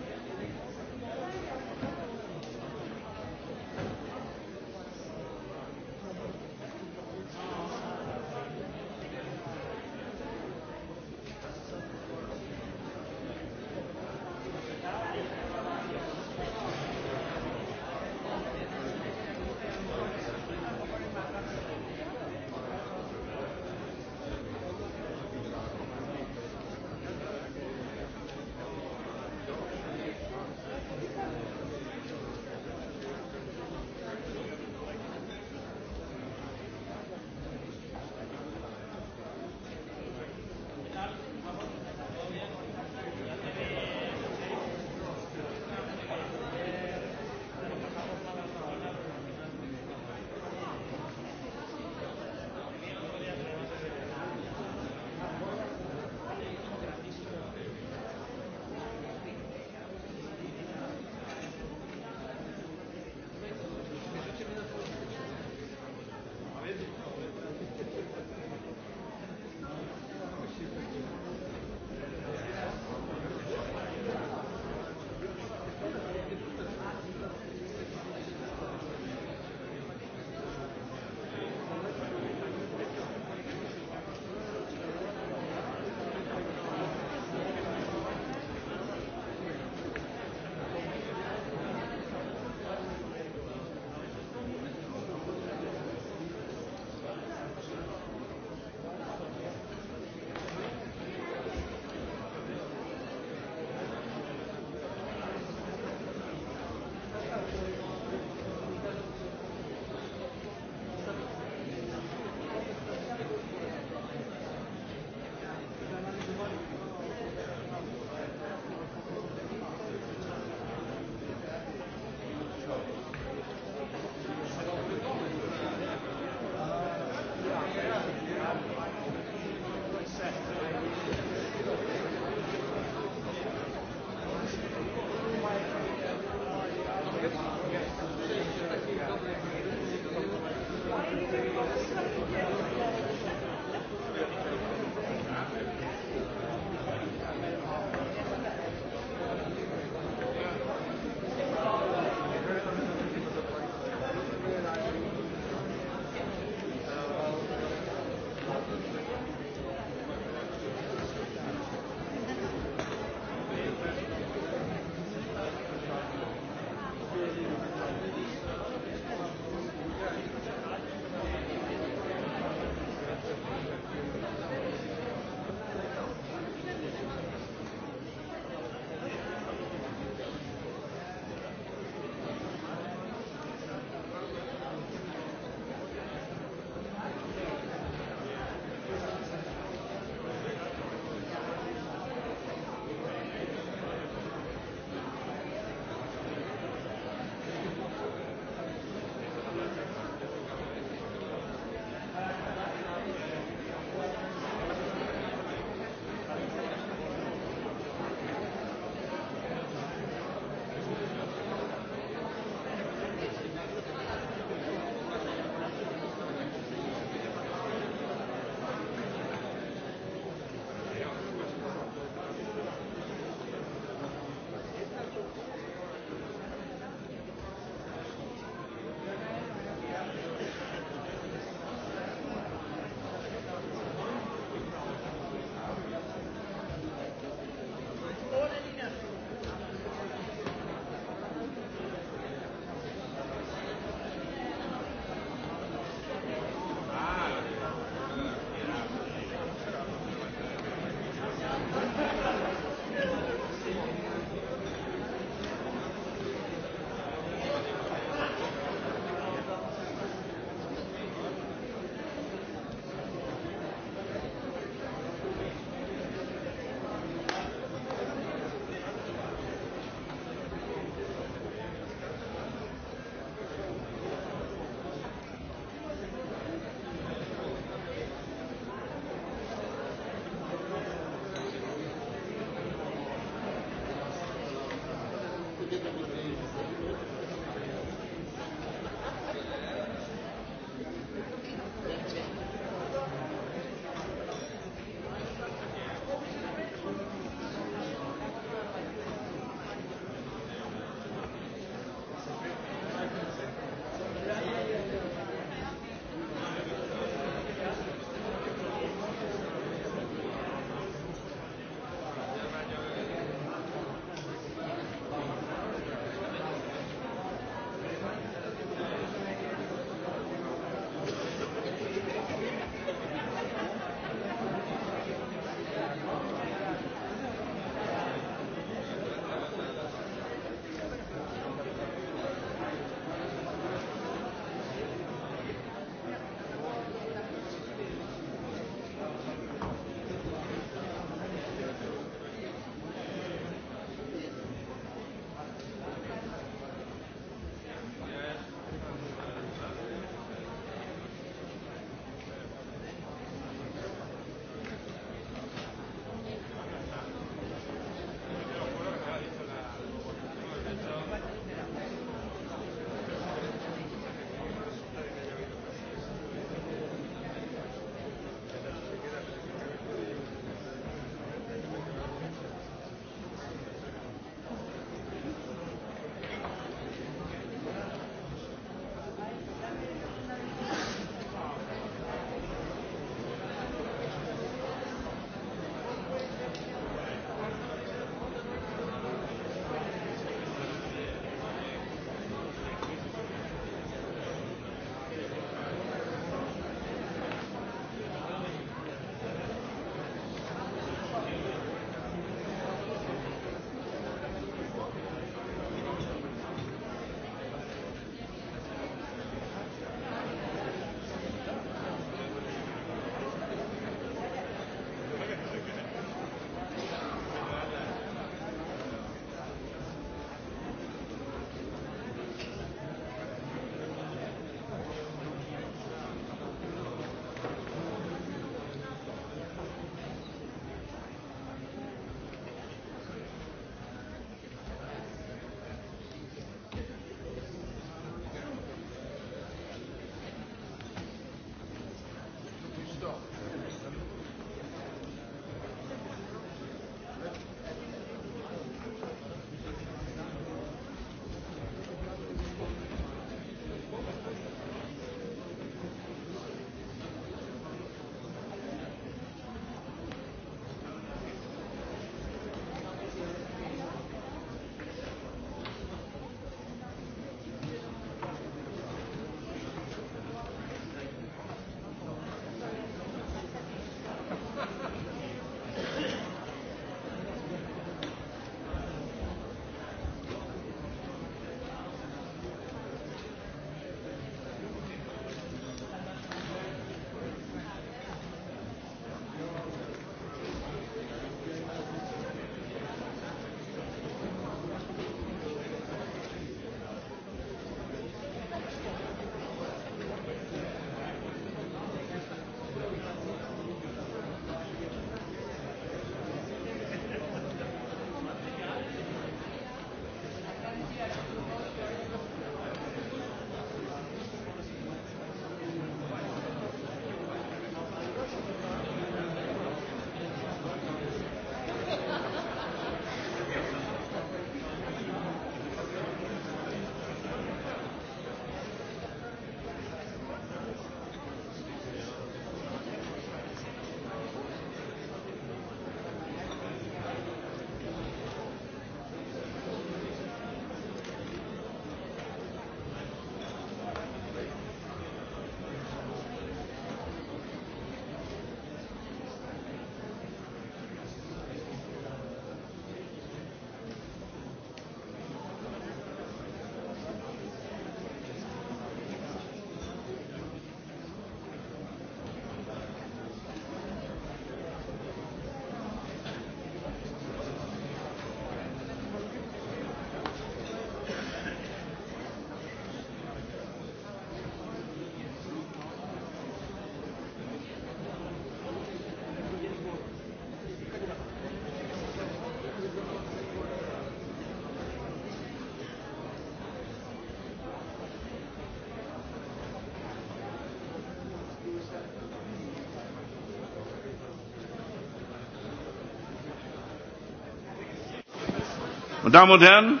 Speaker 1: Дамо ден.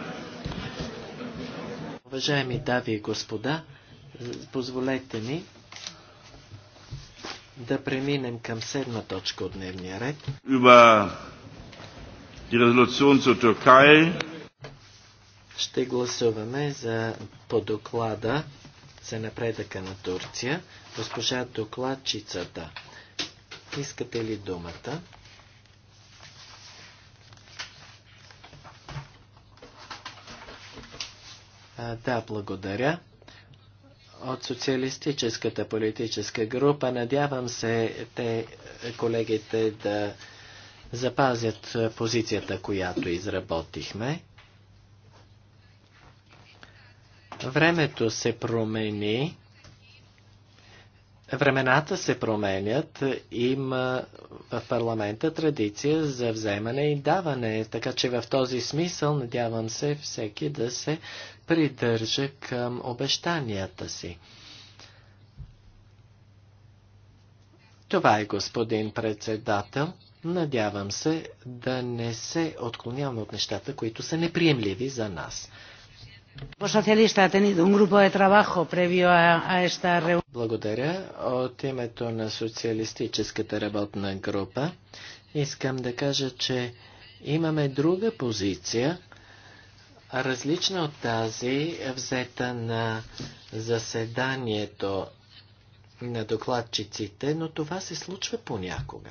Speaker 2: Уважаеми дави и господа, позволете ми да преминем към седма точка от дневния ред.
Speaker 1: Über die Resolution zur Türkei.
Speaker 2: Ще гласуваме за по доклада за напредъка на Турция, госпожа докладчицата. Искате ли думата? Да, благодаря. От социалистическата политическа група надявам се те, колегите, да запазят позицията, която изработихме. Времето се промени Времената се променят, има в парламента традиция за вземане и даване, така че в този смисъл надявам се всеки да се придържа към обещанията си. Това е господин председател. Надявам се да не се отклоняваме от нещата, които са неприемливи за нас.
Speaker 5: Благодаря.
Speaker 2: От името на социалистическата работна група искам да кажа, че имаме друга позиция, различна от тази, взета на заседанието на докладчиците, но това се случва понякога.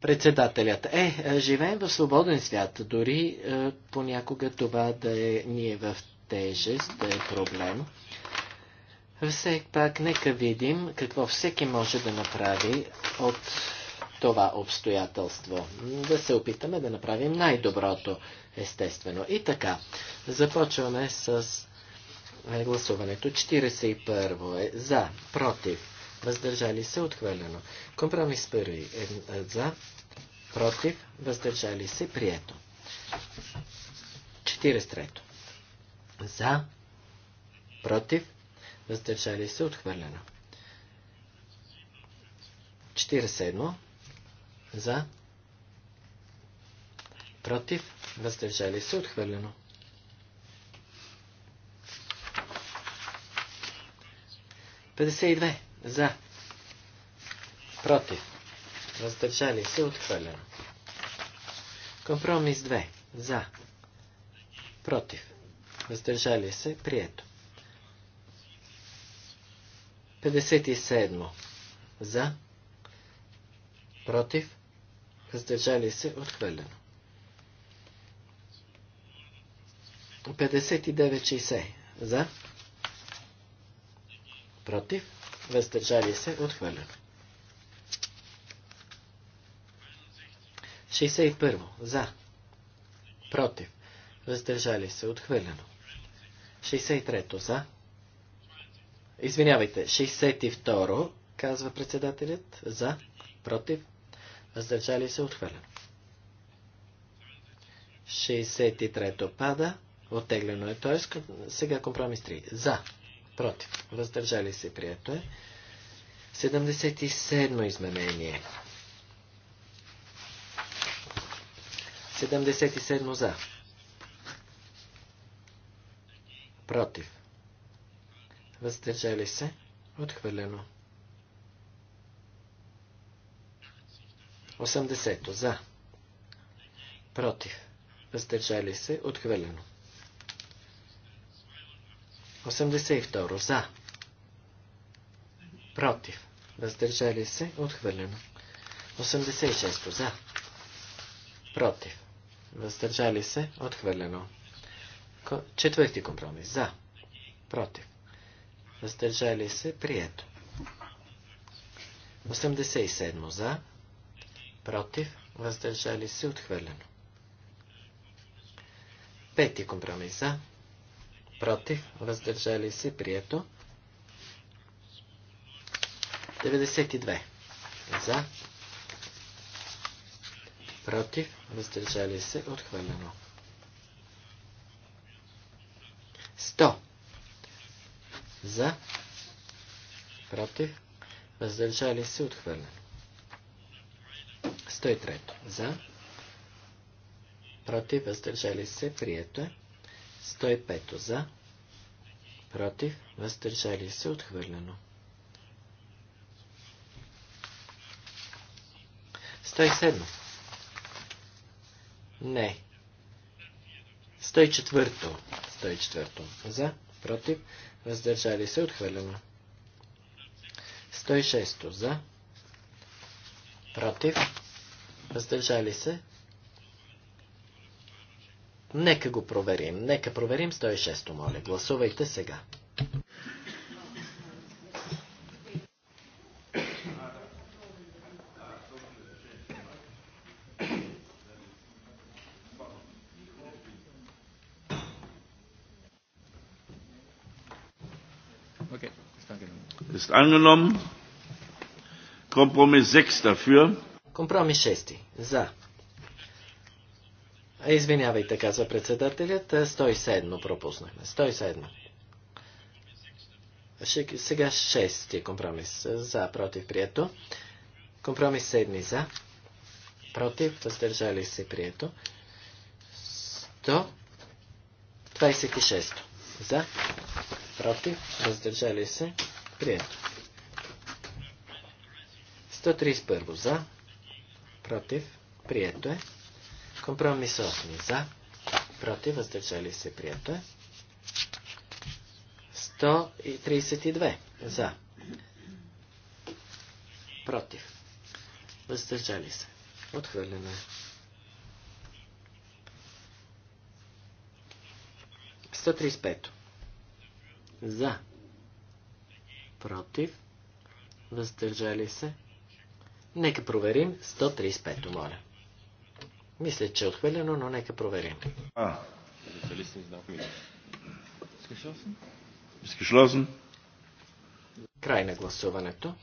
Speaker 2: Председателят е, е, живеем в свободен свят, дори е, понякога това да е ние в тежест, да е проблем. Все пак, нека видим какво всеки може да направи от това обстоятелство. Да се опитаме да направим най-доброто, естествено. И така, започваме с е, гласуването. 41 е за, против, въздържали се, отхвърлено. Компромис първи е за, против, въздържали се, прието. 43. За, против, въздържали се, отхвърлено. 41. За, против, въздържали се, отхвърлено. 52. За. Против. Въздържали се. Отхвърлено. Компромис 2. За. Против. Въздържали се. Прието. 57. За. Против. Въздържали се. Отхвърлено. 59.60. За. Против въздържали се, отхвърлено. 61. За. Против. Въздържали се. Отхвърлено. 63. За. Извинявайте. 62. Казва председателят. За. Против. Въздържали се. Отхвърлено. 63. Пада. Оттеглено е. Т.е. сега компромис 3. За против, въздържали се, прието е. 77 изменение. 77 за. Против. Въздържали се. Отхвърлено. 80 за. Против. Въздържали се. Отхвърлено. 82 за. Против. Въздържали се. Отхвърлено. 86 за. Против. Въздържали се. Отхвърлено. Четвърти компромис. За. Против. Въздържали се. Прието. 87 за. Против. Въздържали се. Отхвърлено. Пети компромис. За против, въздържали се, прието. 92 за, против, въздържали се, отхвърлено. 100 за, против, въздържали се, отхвърлено. 103 за, против, въздържали се, прието е. 105 за, против, въздържали се, отхвърлено. 107. Не. 104. 104. За, против, въздържали се, отхвърлено. 106. За, против, въздържали се, Нека го проверим. Нека проверим 106-то, моля. Гласувайте сега.
Speaker 1: Ist angenommen. Kompromiss 6 dafür.
Speaker 2: Kompromiss 6. За. Е, извинявайте, казва председателят. 107 е, пропуснахме. 107. Сега 6 компромис. За, против, прието. Компромис 7 за. Против, въздържали се, прието. 126. За, против, въздържали се, прието. 131 за, против, прието е. Компромис 8 за, против, въздържали се, прията. 132 е. за, против, въздържали се, отхвърлено е. 135 за, против, въздържали се. Нека проверим 135, моля. Мисля, че е отхвърлено, но нека проверим. А. Изкишлозен. Край на гласуването.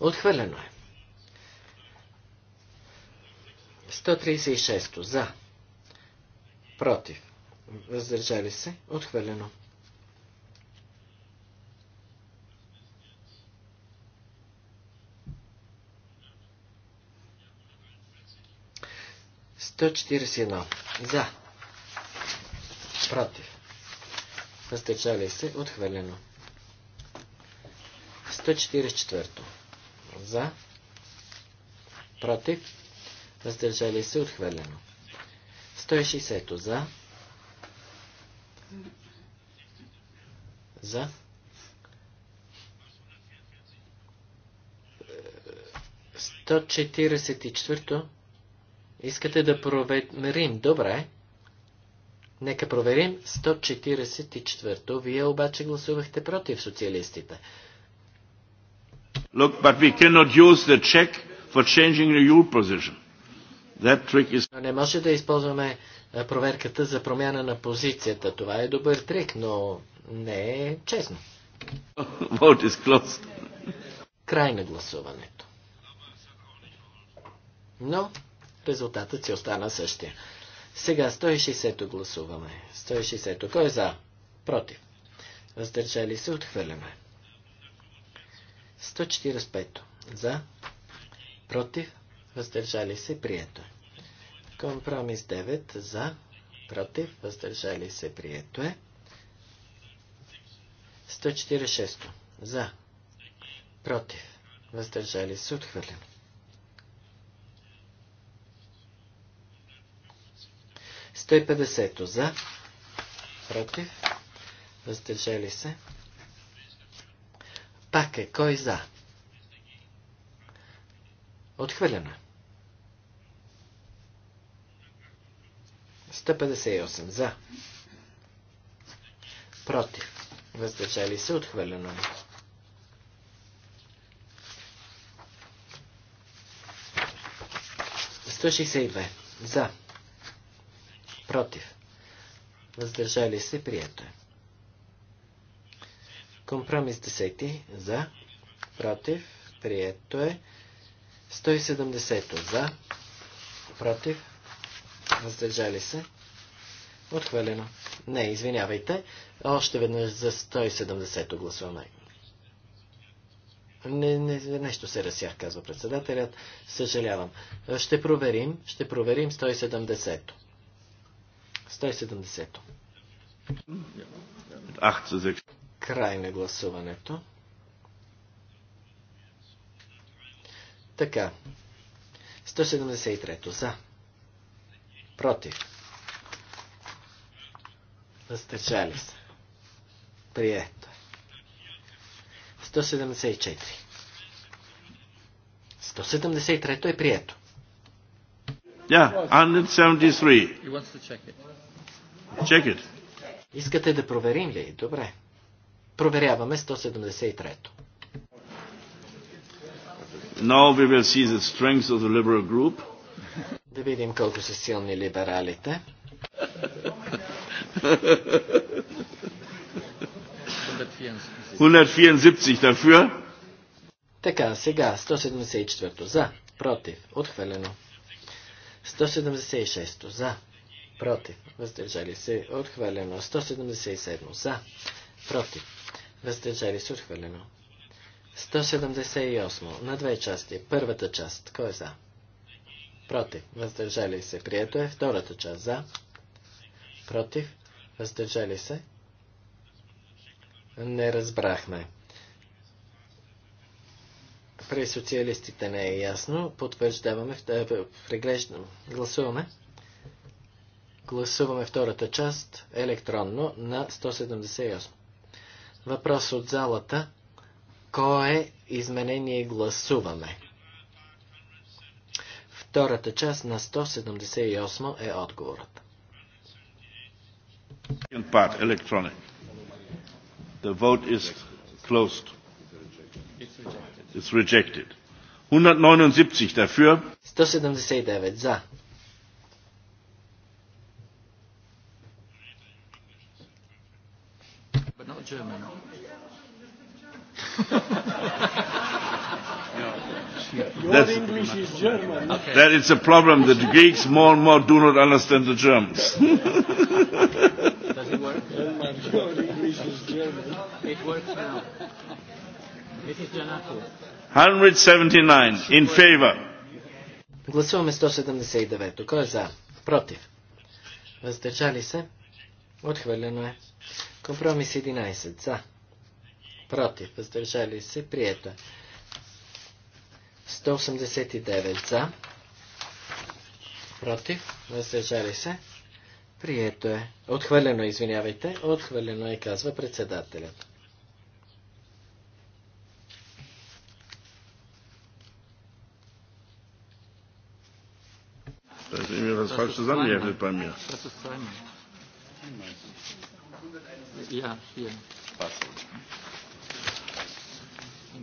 Speaker 2: Отхвърлено е. 136 за. Против. Въздържали се. Отхвърлено. 141. За. Против. Въстечали се. Отхвърлено. 144. За. Против. Въздържали се. Отхвърлено. 160. За. За. Сто четиридесет и четвърто. Искате да проверим? Добре. Нека проверим 144-то. Вие обаче гласувахте против социалистите.
Speaker 1: Look, but we cannot use the check for changing the position. That trick is...
Speaker 2: Но не може да използваме проверката за промяна на позицията. Това е добър трик, но не е честно. Vote is closed. Край на гласуването. Но резултатът си остана същия. Сега 160-то гласуваме. 160-то. Кой е за? Против. Въздържали се, отхвърляме. 145-то. За? Против. Въздържали се, прието. Компромис 9. За? Против. Въздържали се, прието е. 146-то. Е. За? Против. Въздържали се, отхвърляме. 150 за, против, въздържали се. Пак е кой за? Отхвърляме. 158 за. Против. Въздържали се. Отхвърлено. Е. Сто за. Против. Въздържали се. Прието е. Компромис 10. За. Против. Прието е. 170. За. Против. Въздържали се. Отхвърлено. Не, извинявайте. Още веднъж за 170 гласуваме. Не, не, нещо се разсях, казва председателят. Съжалявам. Ще проверим. Ще проверим 170. 170 Край на гласуването. Така. 173 За. Против. Въздържали се. Прието. 174. Е. 173-то е прието.
Speaker 1: Yeah, 173. check it.
Speaker 2: Искате да проверим ли? Добре. Проверяваме 173-то.
Speaker 1: Now we will see the strength of the liberal group.
Speaker 2: Да видим колко са силни либералите. Така, сега 174 за, против, отхвърлено. 176 за, против, въздържали се, отхвърлено. 177 за, против, въздържали се, отхвърлено. 178 на две части. Първата част, кой е за? Против, въздържали се, прието е. Втората част за, против, въздържали се. Не разбрахме при социалистите не е ясно. Потвърждаваме, е, преглеждам. Гласуваме. Гласуваме втората част електронно на 178. Въпрос от залата. Кое изменение гласуваме? Втората част на 178 е отговорът.
Speaker 1: Part The vote is closed. It's rejected. 179 dafür.
Speaker 2: 179 za.
Speaker 6: But not German. That's, English is German. Okay. That is a problem that
Speaker 1: the Greeks more and more do not understand the Germans. Does it work?
Speaker 6: Your English is German. It works now.
Speaker 1: 179 in favor.
Speaker 2: Гласуваме 179. Кой е за? Против. Въздържали се? Отхвърлено е. Компромис 11. За. Против. Въздържали се? Прието. 189. Е. За. Против. Въздържали се? Прието е. Отхвърлено, извинявайте. Отхвърлено е, казва председателят.
Speaker 1: das falsch zusammengerechnet bei mir.
Speaker 6: Das ist zweimal. Ja, hier.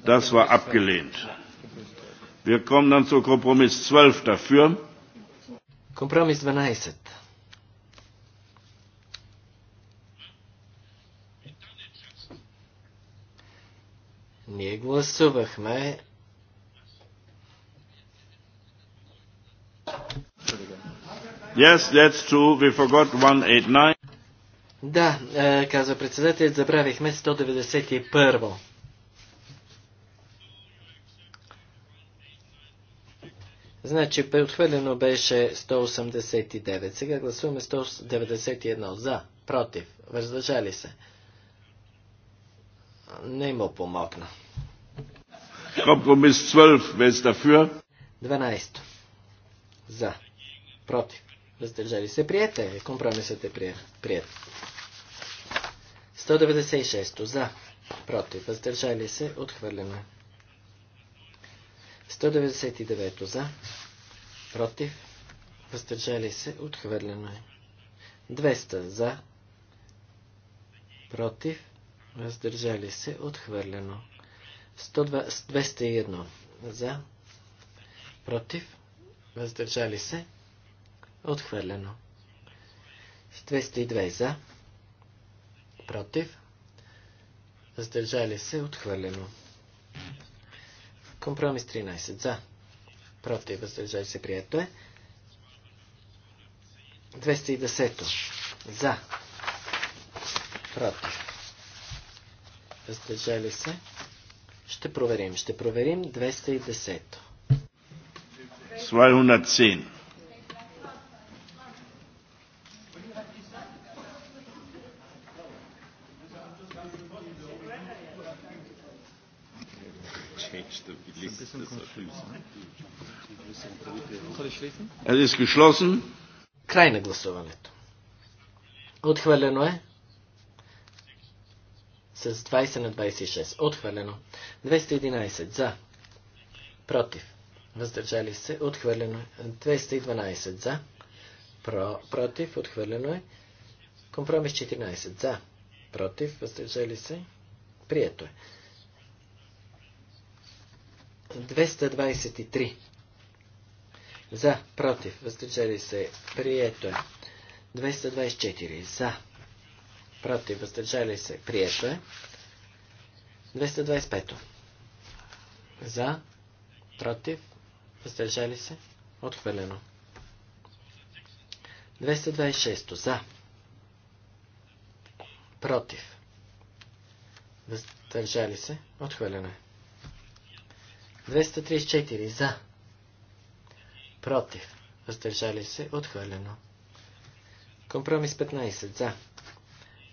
Speaker 1: Das war abgelehnt. Wir kommen dann zu Kompromiss 12 dafür.
Speaker 2: Kompromiss 12. Ние гласувахме
Speaker 1: Yes, that's true. We forgot 189.
Speaker 2: Да, е, казва председателят, забравихме 191. Значи, преотхвърлено беше 189. Сега гласуваме 191. За, против, въздържали се. Не му помогна.
Speaker 1: Компромис 12,
Speaker 2: 12. За, против, Въздържали се. Приете. Компромисът е прият. 196 за. Против. Въздържали се. Отхвърлено. 199 за. Против. Въздържали се. Отхвърлено е. 200 за. Против. Въздържали се. Отхвърлено. 201 е. за. Против. Въздържали се. Отхвърлено. 202 за. Против. Въздържали се. Отхвърлено. Компромис 13 за. Против. Въздържали се. Прието е. 210 за. Против. Въздържали се. Ще проверим. Ще проверим 210.
Speaker 1: 210.
Speaker 2: Край на гласуването. Отхвърлено е с 20 на 26. Отхвърлено. 211 за. Против. Въздържали се. Отхвърлено е. 212 за. Про, против. Отхвърлено е. Компромис 14 за. Против. Въздържали се. Прието е. 223 за, против, въздържали се, прието е. 224 за, против, въздържали се, прието е. 225 за, против, въздържали се, отхвърлено. 226 за, против, въздържали се, отхвърлено е. 234 за, против, въздържали се, отхвърлено. Компромис 15 за,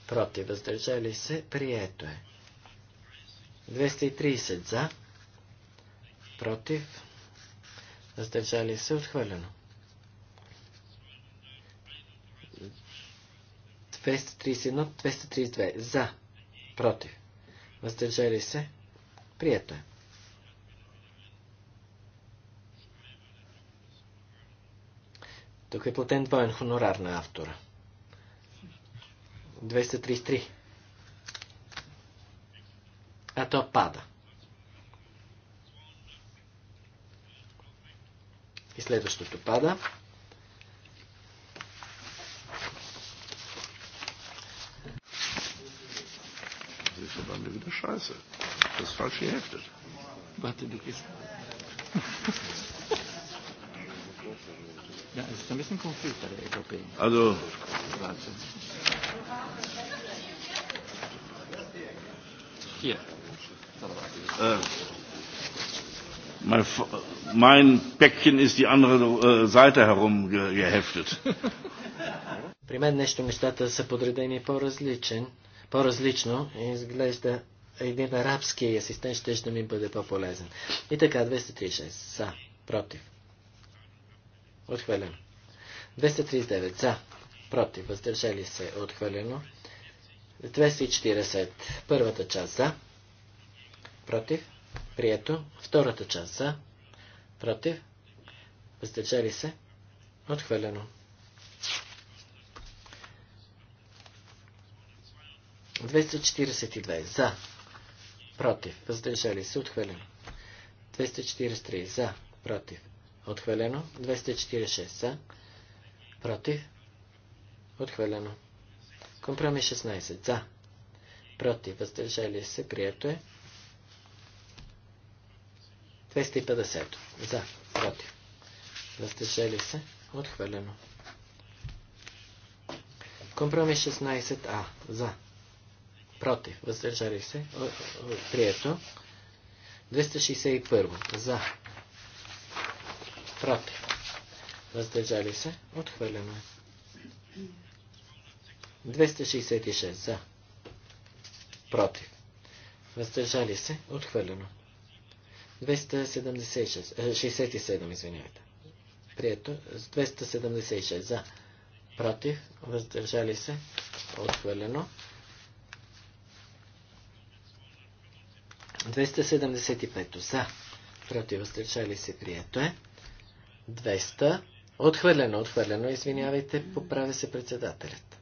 Speaker 2: против, въздържали се, прието е. 230 за, против, въздържали се, отхвърлено. 231, 232 за, против, въздържали се, прието е. Тук е платен двоен хонорар на автора. 233. А то пада. И следващото пада.
Speaker 1: Das falsche Heftet. Warte, du gehst.
Speaker 6: Ja, es ist ein bisschen konfus bei der EVP. Also. Warte. Hier. Äh,
Speaker 1: mein, mein Päckchen ist die andere äh, Seite herum ge geheftet.
Speaker 2: При мен нещо нещата са подредени по-различен, по-различно и изглежда един арабски асистент ще, ще ми бъде по-полезен. И така, 236 са против. Отхвърлено. 239 за. Против. Въздържали се. Отхвърлено. 240. Първата част за. Против. Прието. Втората част за. Против. Въздържали се. Отхвърлено. Двеста за. Против. Въздържали се. Отхвърлено. 243 за. Против. Отхвелено. 246 за. Против. Отхвелено. Компромис 16 за. Против. Въздържали се. Прието е. 250 за. Против. Въздържали се. Отхвелено. Компромис 16а. За. Против. Въздържали се. Прието. 261. За против, въздържали се, отхвърлено е. 266 за, против, въздържали се, отхвърлено. 267, е, извинявайте. Прието, 276 за, против, въздържали се, отхвърлено. 275 за, против, въздържали се, прието е. 200. Отхвърлено, отхвърлено, извинявайте, поправя се председателят.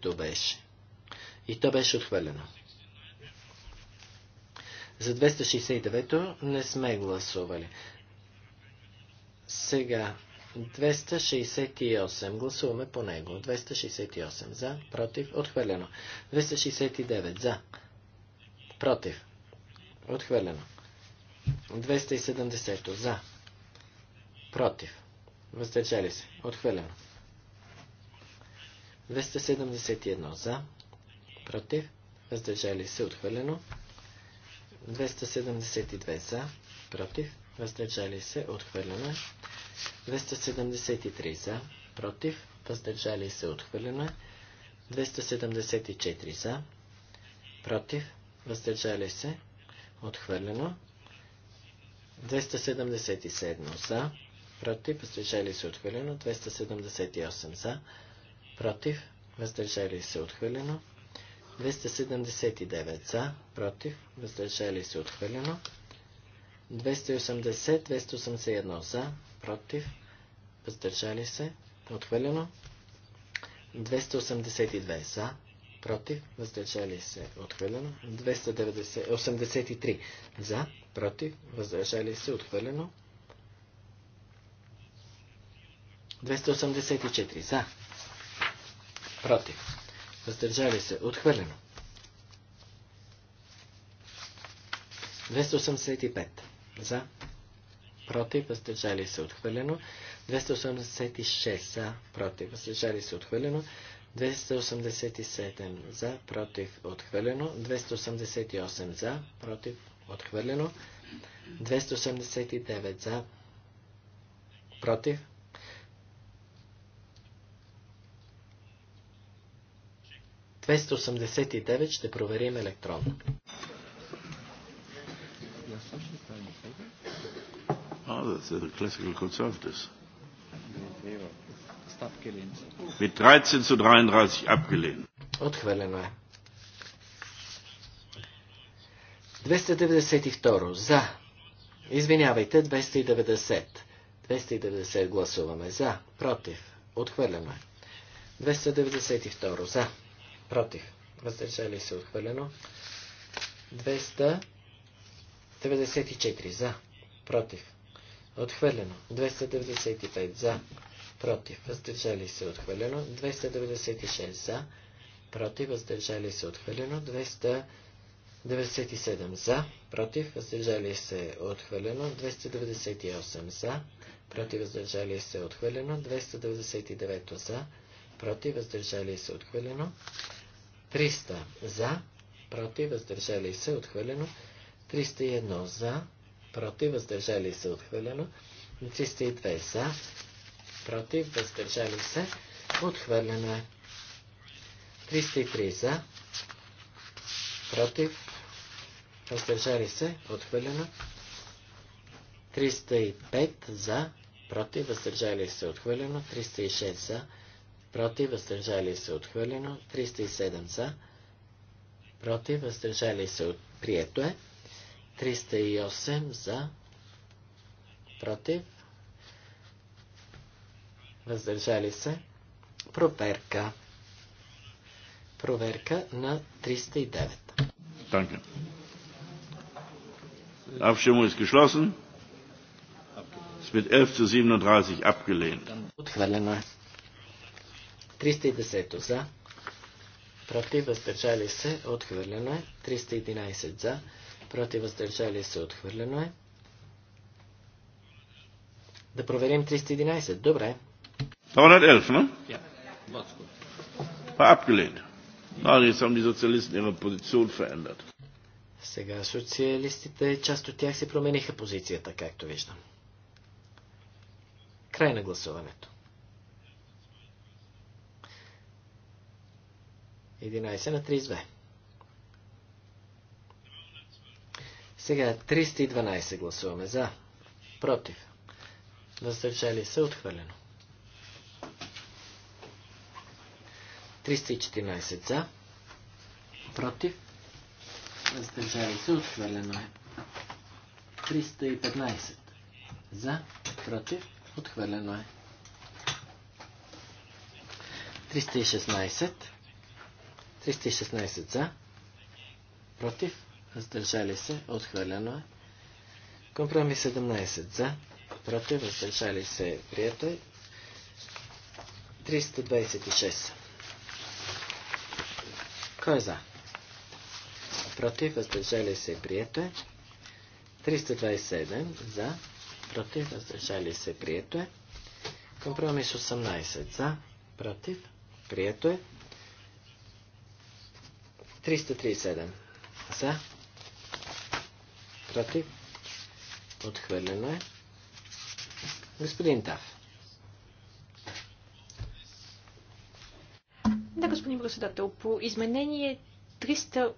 Speaker 2: то беше. И то беше отхвърлено. За 269-то не сме гласували. Сега, 268. Гласуваме по него. 268 за, против, отхвърлено. 269 за, Против. Отхвърлено. 270 за. Против. Въздържали се. Отхвърлено. 271 за. Против. Въздържали се. Отхвърлено. 272 за. Против. Въздържали се. Отхвърлено. 273 за. Против. Въздържали се. Отхвърлено. 274 за. Против въздържали се, отхвърлено. 277 за, против, въздържали се, отхвърлено. 278 за, против, въздържали се, отхвърлено. 279 за, против, въздържали се, отхвърлено. 280, 281 за, против, въздържали се, отхвърлено. 282 за, против, въздържали се, отхвърлено. 290, 83 за, против, въздържали се, отхвърлено. 284 за, против, въздържали се, отхвърлено. 285 за, против, въздържали се, отхвърлено. 286 за, против, въздържали се, отхвърлено. 287 за, против, отхвърлено. 288 за, против, отхвърлено. 289 за, против. Двеста осемдесет и девет ще проверим електронно.
Speaker 1: Ah, that's the classical conservatives.
Speaker 6: Mit 13
Speaker 1: zu 33 abgelehnt.
Speaker 2: Отхвърлено е. 292 за. Извинявайте, 290. 290 гласуваме за. Против. Отхвърлено е. 292 за. Против. Въздържали се отхвърлено. 294 за. Против. Отхвърлено. 295 за против, въздържали се отхвърлено, 296 за, против, въздържали се отхвърлено, 297 за, против, въздържали се отхвърлено, 298 за, против, въздържали се отхвърлено, 299 за, против, въздържали се отхвърлено, 300 за, против, въздържали се отхвърлено, 301 за, против, въздържали се отхвърлено, 302 за, против, въздържали се, отхвърлено е. 303 за, против, въздържали се, отхвърлено. 305 за, против, въздържали се, отхвърлено. 306 за, против, въздържали се, отхвърлено. 307 за, против, въздържали се, прието е. 308 за, против, въздържали се, проверка. Проверка на 309.
Speaker 1: Танка. Abstimmung е скишлосен. Ist mit 11 Отхвърлено е.
Speaker 2: 310 за. Против въздържали се. Отхвърлено е. 311 за. Против въздържали се. Отхвърлено е. Да проверим 311. Добре.
Speaker 1: 311, ne? Ja, War abgelehnt. Na, jetzt haben die Sozialisten ihre Position verändert.
Speaker 2: Сега социалистите, част от тях се промениха позицията, както виждам. Край на гласуването. 11 на 32. Сега 312 гласуваме за, против, въздържали се, отхвърлено. 314 за. Против. Въздържали се. Отхвърлено е. 315 за. Против. Отхвърлено е. 316. 316 за. Против. Въздържали се. Отхвърлено е. Компромис 17 за. Против. Въздържали се. Прието е. 326. Кой е за? Против, въздържали се, прието е. 327 за, против, въздържали се, прието е. Компромис 18 за, против, прието е. 337 за, против, отхвърлено е. Господин Тав.
Speaker 4: господин председател. По изменение 380,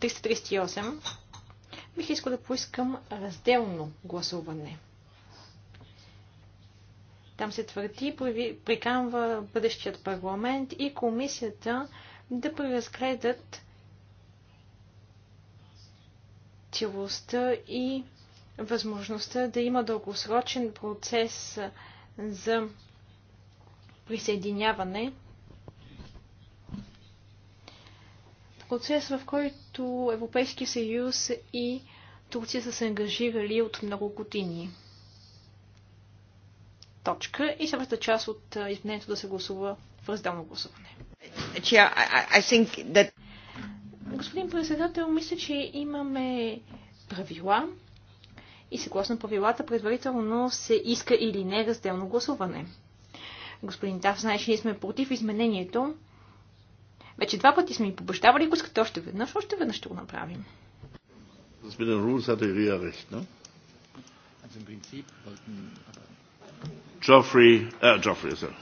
Speaker 4: 338 бих искал да поискам разделно гласуване. Там се твърди, приканва бъдещият парламент и комисията да преразгледат целостта и възможността да има дългосрочен процес за присъединяване. Процес, в който Европейския съюз и Турция са се ангажирали от много години. Точка. И следващата част от изменението да се гласува в разделно гласуване. Господин председател, мисля, че имаме правила и съгласно правилата предварително се иска или не разделно гласуване. Господин Тав, знаеш, ние сме против изменението. Вече два пъти сме ми побъщавали, го искате още веднъж, още веднъж ще го направим.
Speaker 1: Господин Рулс, а ти рехт, не? Джофри, а, Джофри, сър.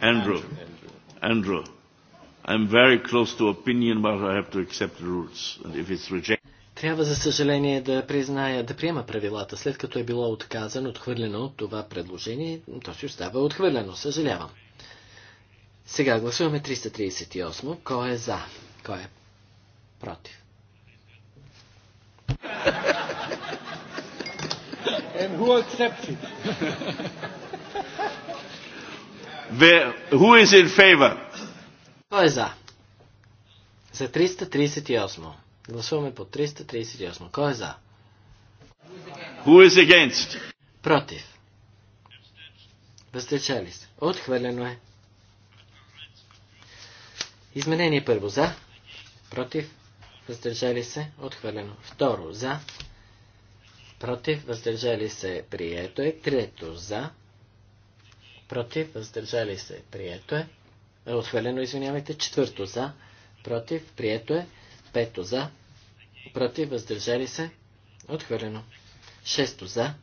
Speaker 1: Андрю, Андрю, I'm very close to opinion, but I have to accept the rules. And if it's rejected...
Speaker 2: Трябва, за съжаление, да призная, да приема правилата. След като е било отказано, отхвърлено това предложение, то си остава отхвърлено. Съжалявам. Сега гласуваме 338. Кой е за? Кой е против?
Speaker 6: And who accepts it?
Speaker 1: who is in favor?
Speaker 2: Кой е за? За 338. Гласуваме по 338. Кой е за?
Speaker 1: Who is against?
Speaker 2: Против. Въздържали се. Отхвърлено е. Изменение първо за. Против. Въздържали се. Отхвърлено. Второ за. Против. Въздържали се. Прието е. Трето за. Против. Въздържали се. Прието е. е отхвърлено, извинявайте. Четвърто за. Против. Прието е. Пето за. Против. Въздържали се. Отхвърлено. Шесто за.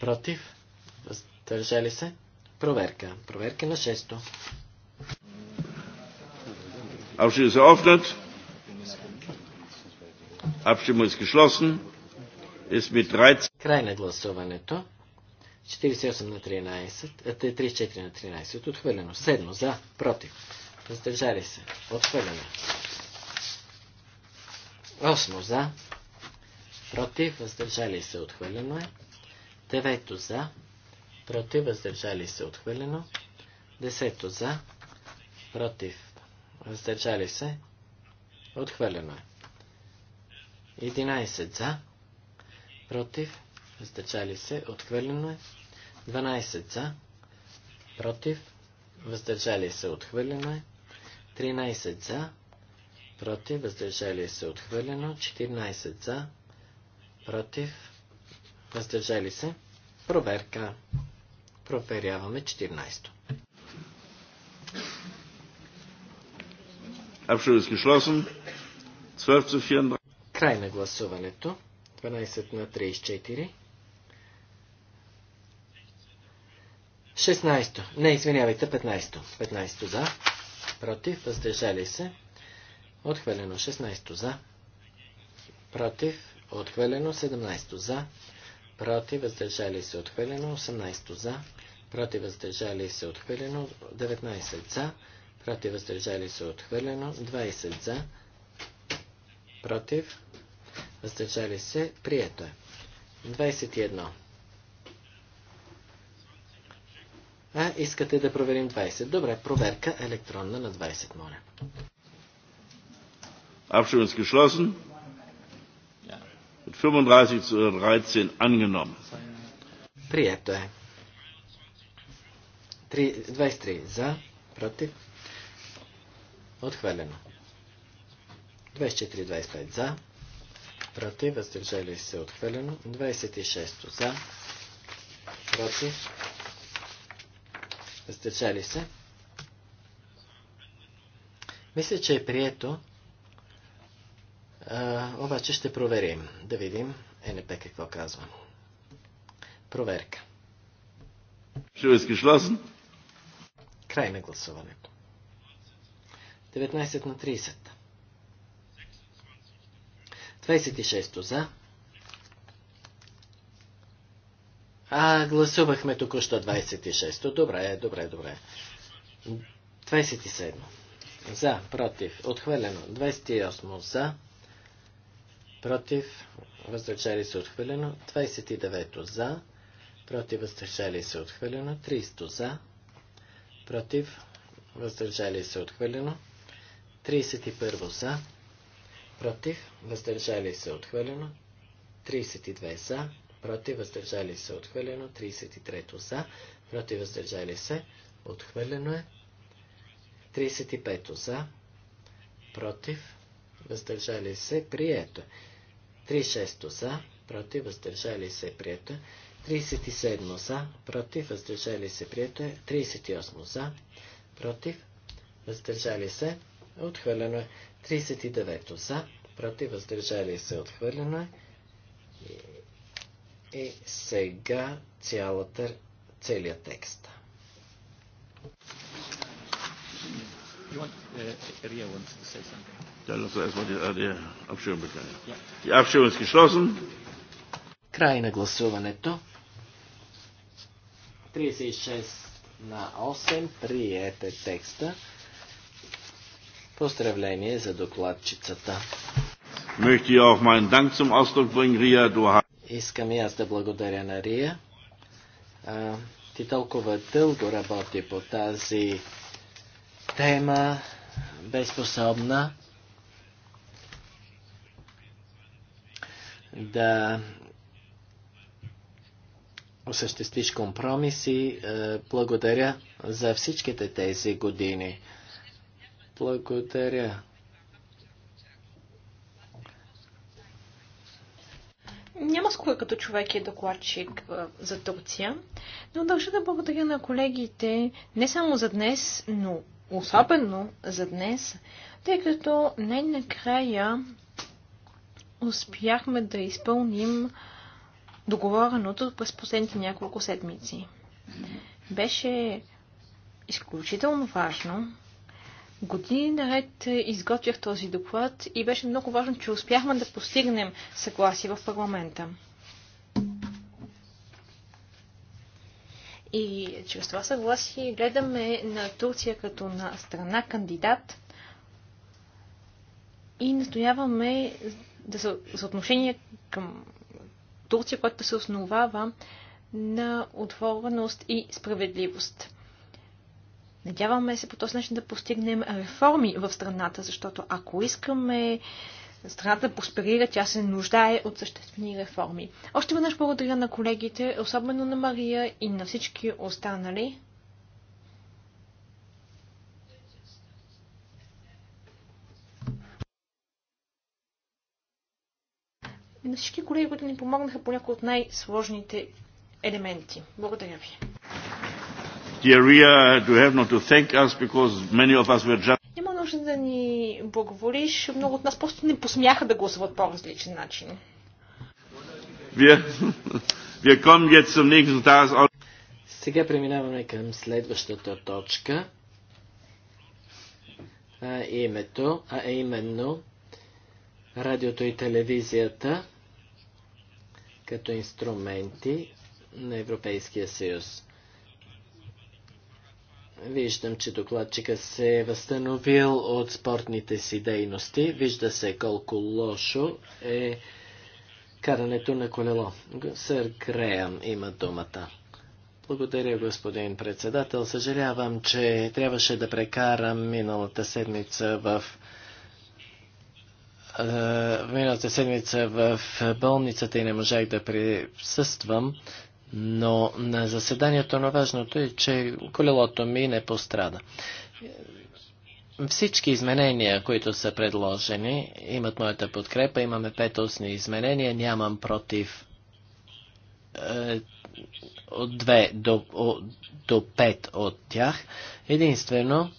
Speaker 2: Против. Въздържали се. Проверка. Проверка на шесто.
Speaker 1: Abstimmung ist eröffnet. Abstimmung ist geschlossen. Ist mit 13.
Speaker 2: Край на гласуването. 48 на 13, 34 на 13, отхвърлено. 7 за, против. Въздържали се. Отхвърлено. 8 за. Против, въздържали се, отхвърлено е. 9 за. Против, въздържали се, отхвърлено. 10 за. Против, въздържали се, отхвърлено е. 11 за, против, въздържали се, отхвърлено е. 12 за, против, въздържали се, отхвърлено е. 13 за, против, въздържали се отхвърлено, 14 за, против, въздържали се, проверка, проверяваме 14-то. Край на гласуването. 12 на 34. 16. Не, извинявайте, 15. 15 за. Против. Въздържали се. Отхвърлено 16 за. Против. Отхвърлено 17 за. Против. Въздържали се. Отхвърлено 18 за. Против. Въздържали се. Отхвърлено 19 за. Против. Въздържали се. Отхвърлено 20 за. Против. Въздържали се. Прието е. 21. А, искате да проверим 20. Добре, проверка електронна на 20, моля.
Speaker 1: Abstimmung ist geschlossen. Mit 35 zu 13 angenommen.
Speaker 2: Прието е. 23 за, против. Отхвърлено. 24-25 за, против, въздържали се отхвърлено. 26 за, против, въздържали се. Мисля, че е прието, а, обаче ще проверим. Да видим е, НП какво казва. Проверка. Край на гласуването. 19 на 30. 26 за. А, гласувахме току-що 26-то. Добре, добре, добре. 27. За, против, отхвърлено. 28 за, против, въздържали се отхвърлено, 29 за, против, въздържали се отхвърлено, 300 за, против, въздържали се отхвърлено, 31 за, против, въздържали се отхвърлено, 32 за, против, въздържали се отхвърлено, 33 за, против, въздържали се, отхвърлено е, 35 за, против, въздържали се, прието е. 36 за, против, въздържали се, прието. 37 за, против, въздържали се, прието. 38 за, против, въздържали се, отхвърлено е. 39 за, против, въздържали се, отхвърлено е. И, и сега цялата, целият текст.
Speaker 6: You want, uh, Ria wants to say something. Dann lassen wir erstmal die,
Speaker 1: äh, die Abstimmung beginnen. Die Abstimmung ist geschlossen. Край на гласуването.
Speaker 2: 36 на 8 приете текста. Поздравление за докладчицата.
Speaker 1: Möchte ich auch meinen Dank zum Ausdruck bringen, Ria, du hast... Искам и аз да благодаря
Speaker 2: на Рия. А, ти толкова дълго работи по тази тема, безпособна. да осъществиш компромиси. Е, благодаря за всичките тези години. Благодаря.
Speaker 4: Няма с кой като човек е докладчик е, за Турция, но дължа да благодаря на колегите не само за днес, но особено за днес, тъй като най-накрая успяхме да изпълним договореното през последните няколко седмици. Беше изключително важно. Години наред изготвях този доклад и беше много важно, че успяхме да постигнем съгласие в парламента. И чрез това съгласие гледаме на Турция като на страна кандидат и настояваме да са съотношение към Турция, което се основава на отвореност и справедливост. Надяваме се по този начин да постигнем реформи в страната, защото ако искаме страната да просперира, тя се нуждае от съществени реформи. Още веднъж благодаря на колегите, особено на Мария и на всички останали. И на всички колеги, които ни помогнаха по някои от най-сложните елементи. Благодаря ви. Няма нужда да ни благоволиш. Много от нас просто не посмяха да гласуват по различен начин.
Speaker 2: Сега преминаваме към следващата точка. А, името, а именно радиото и телевизията като инструменти на Европейския съюз. Виждам, че докладчика се е възстановил от спортните си дейности. Вижда се колко лошо е карането на колело. Сър Греъм има думата. Благодаря, господин председател. Съжалявам, че трябваше да прекарам миналата седмица в е, миналата седмица в болницата и не можах да присъствам, но на заседанието на важното е, че колелото ми не пострада. Всички изменения, които са предложени, имат моята подкрепа. Имаме пет устни изменения. Нямам против е, от две до, до пет от тях. Единствено,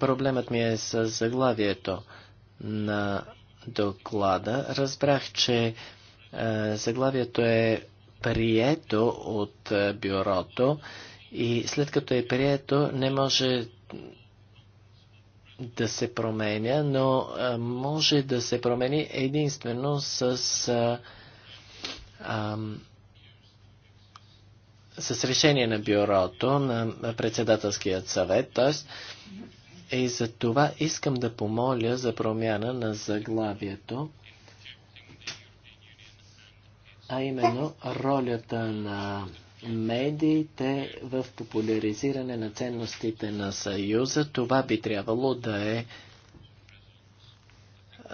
Speaker 2: проблемът ми е с заглавието на доклада. Разбрах, че е, заглавието е прието от е, бюрото и след като е прието, не може да се променя, но е, може да се промени единствено с. Е, е, с решение на бюрото, на председателският съвет, т.е. И за това искам да помоля за промяна на заглавието, а именно ролята на медиите в популяризиране на ценностите на Съюза. Това би трябвало да е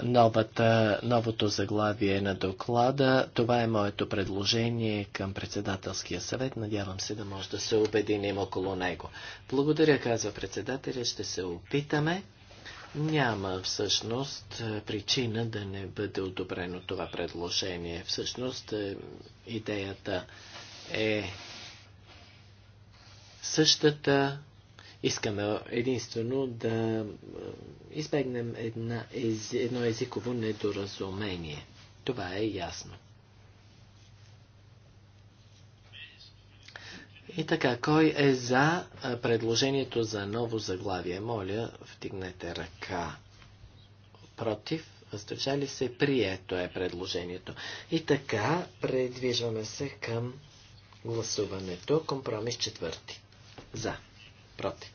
Speaker 2: новата, новото заглавие на доклада. Това е моето предложение към председателския съвет. Надявам се да може да се обединим около него. Благодаря, казва председателя. Ще се опитаме. Няма всъщност е, причина да не бъде одобрено това предложение. Всъщност е, идеята е същата Искаме единствено да избегнем една, едно езиково недоразумение. Това е ясно. И така, кой е за предложението за ново заглавие? Моля, вдигнете ръка. Против, въздържали се, прието е предложението. И така, предвижваме се към гласуването. Компромис четвърти. За. Против.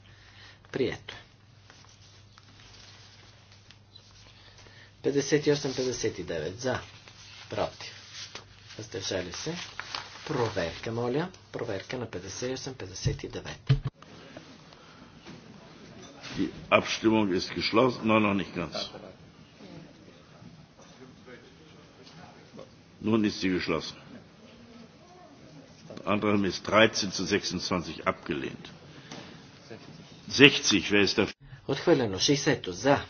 Speaker 2: Прието. 58-59 за. Против. Въздържали се. Проверка, моля. Проверка на 58-59.
Speaker 1: Die Abstimmung ist geschlossen. Nein, noch nicht ganz. Nun ist sie geschlossen. Antrag ist 13 zu 26 abgelehnt.
Speaker 2: Отхвърлено 60-то за.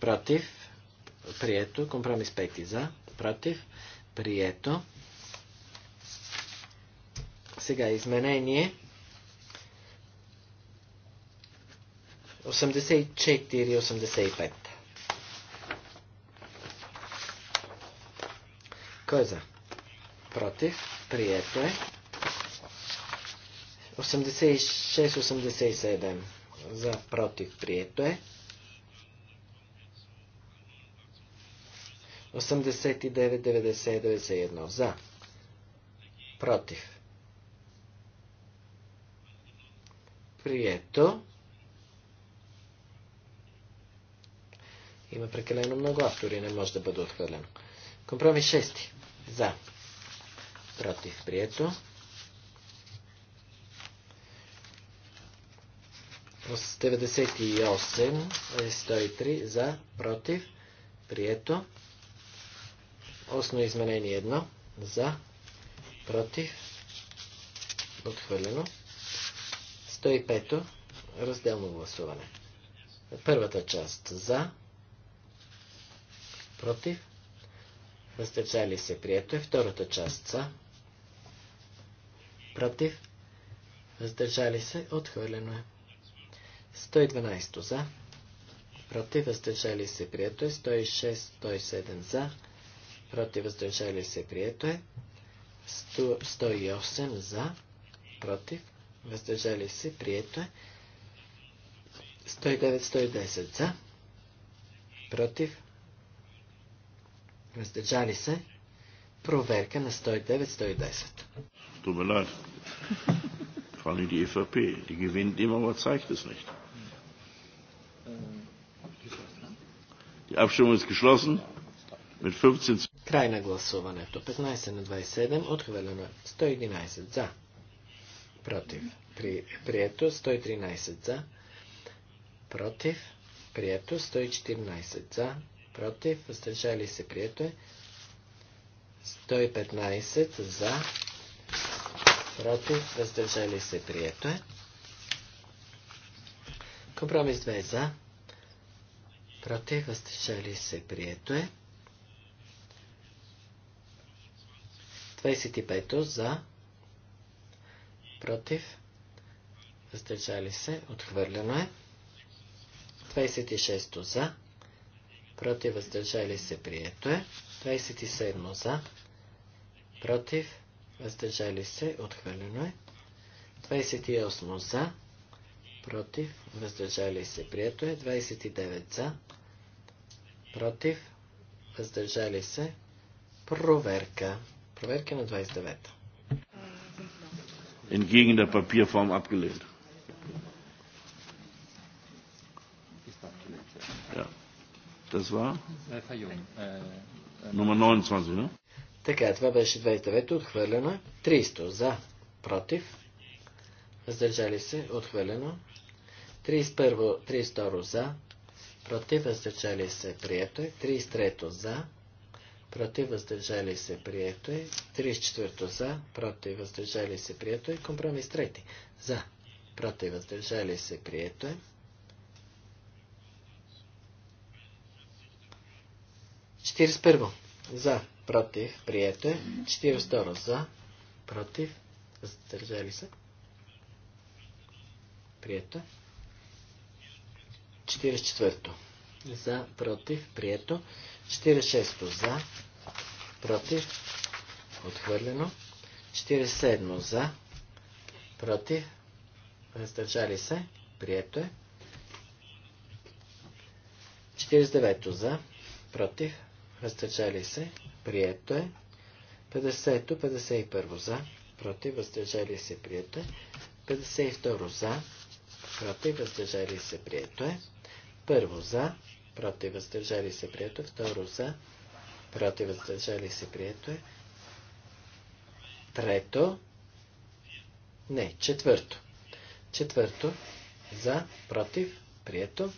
Speaker 2: Против. Прието. Компромис 5 за. Против. Прието. Сега изменение. 84-85. Кой е за? Против. Прието е. 86-87 за против прието е. 89, 90, 91 за против. Прието. Има прекалено много автори, не може да бъде отхвърлено. Компромис 6. За. Против. Прието. 98 103 е за, против, прието. Осно изменение 1 за, против, отхвърлено. 105 разделно гласуване. Първата част за, против, въздържали се, прието е. Втората част за, против, въздържали се, отхвърлено е. 112 за, против въздържали се прието е, 106, 107 за, против въздържали се прието е, 108 за, против въздържали се прието е, 109, 110 за, против въздържали се, проверка на 109, 110.
Speaker 1: Tut mir leid. Vor allem die EVP, die gewinnt immer, aber
Speaker 2: Край на гласуването. 15 на 27. Отхвърлено 111 е. за. Против. При, прието 113 за. Против. Прието 114 за. Против. Въздържали се. Прието е 115 за. Против. Въздържали се. Прието е. Компромис 2 за против, въздържали се, прието е. 25 за, против, въздържали се, отхвърлено е. 26 за, против, въздържали се, прието е. 27 за, против, въздържали се, отхвърлено е. 28 за, против, въздържали се, прието е. 29 за, против, въздържали се, проверка. Проверка на 29-та.
Speaker 1: Entgegen der Papierform abgelehnt. Ja. Das war?
Speaker 6: Äh, äh,
Speaker 2: äh, Nummer
Speaker 1: 29, ne?
Speaker 2: Така, това беше 29-то, отхвърлено. 300 за, против, въздържали се, отхвърлено. 31, 32 за, против въздържали се прието е, 33 за, против въздържали се прието е, 34 за, против въздържали се прието е, компромис 3 за, против въздържали се прието е, 41 за, против прието е, 42 за, против въздържали се прието е. 44-то. За, против, прието. 46-то за, против, отхвърлено. 47-то за, против, въздържали се, прието е. 49-то за, против, въздържали се, прието е. 50-то, 51-то за, против, въздържали се, прието е. 52 за, против, въздържали се, прието е. Първо за, против въздържали се прието. Второ за, против въздържали се прието е. Трето, не, четвърто. Четвърто, за, против, прието.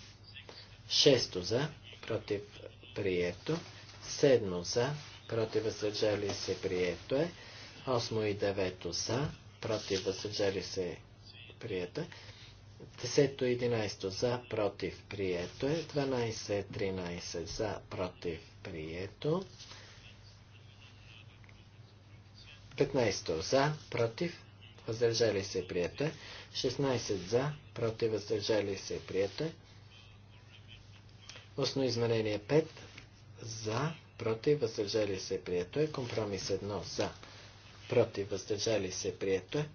Speaker 2: Шесто за, против, прието. Седмо за, против, въздържали се, прието е. Осмо и девето за, против, въздържали се, прието е. 10-11 за, против, прието е. 12-13 за, против, прието. 15 за, против, въздържали се, прието е. 16 за, против, въздържали се, прието е. Осно изменение 5 за, против, въздържали се, прието е. Компромис 1 за, против, въздържали се, прието е.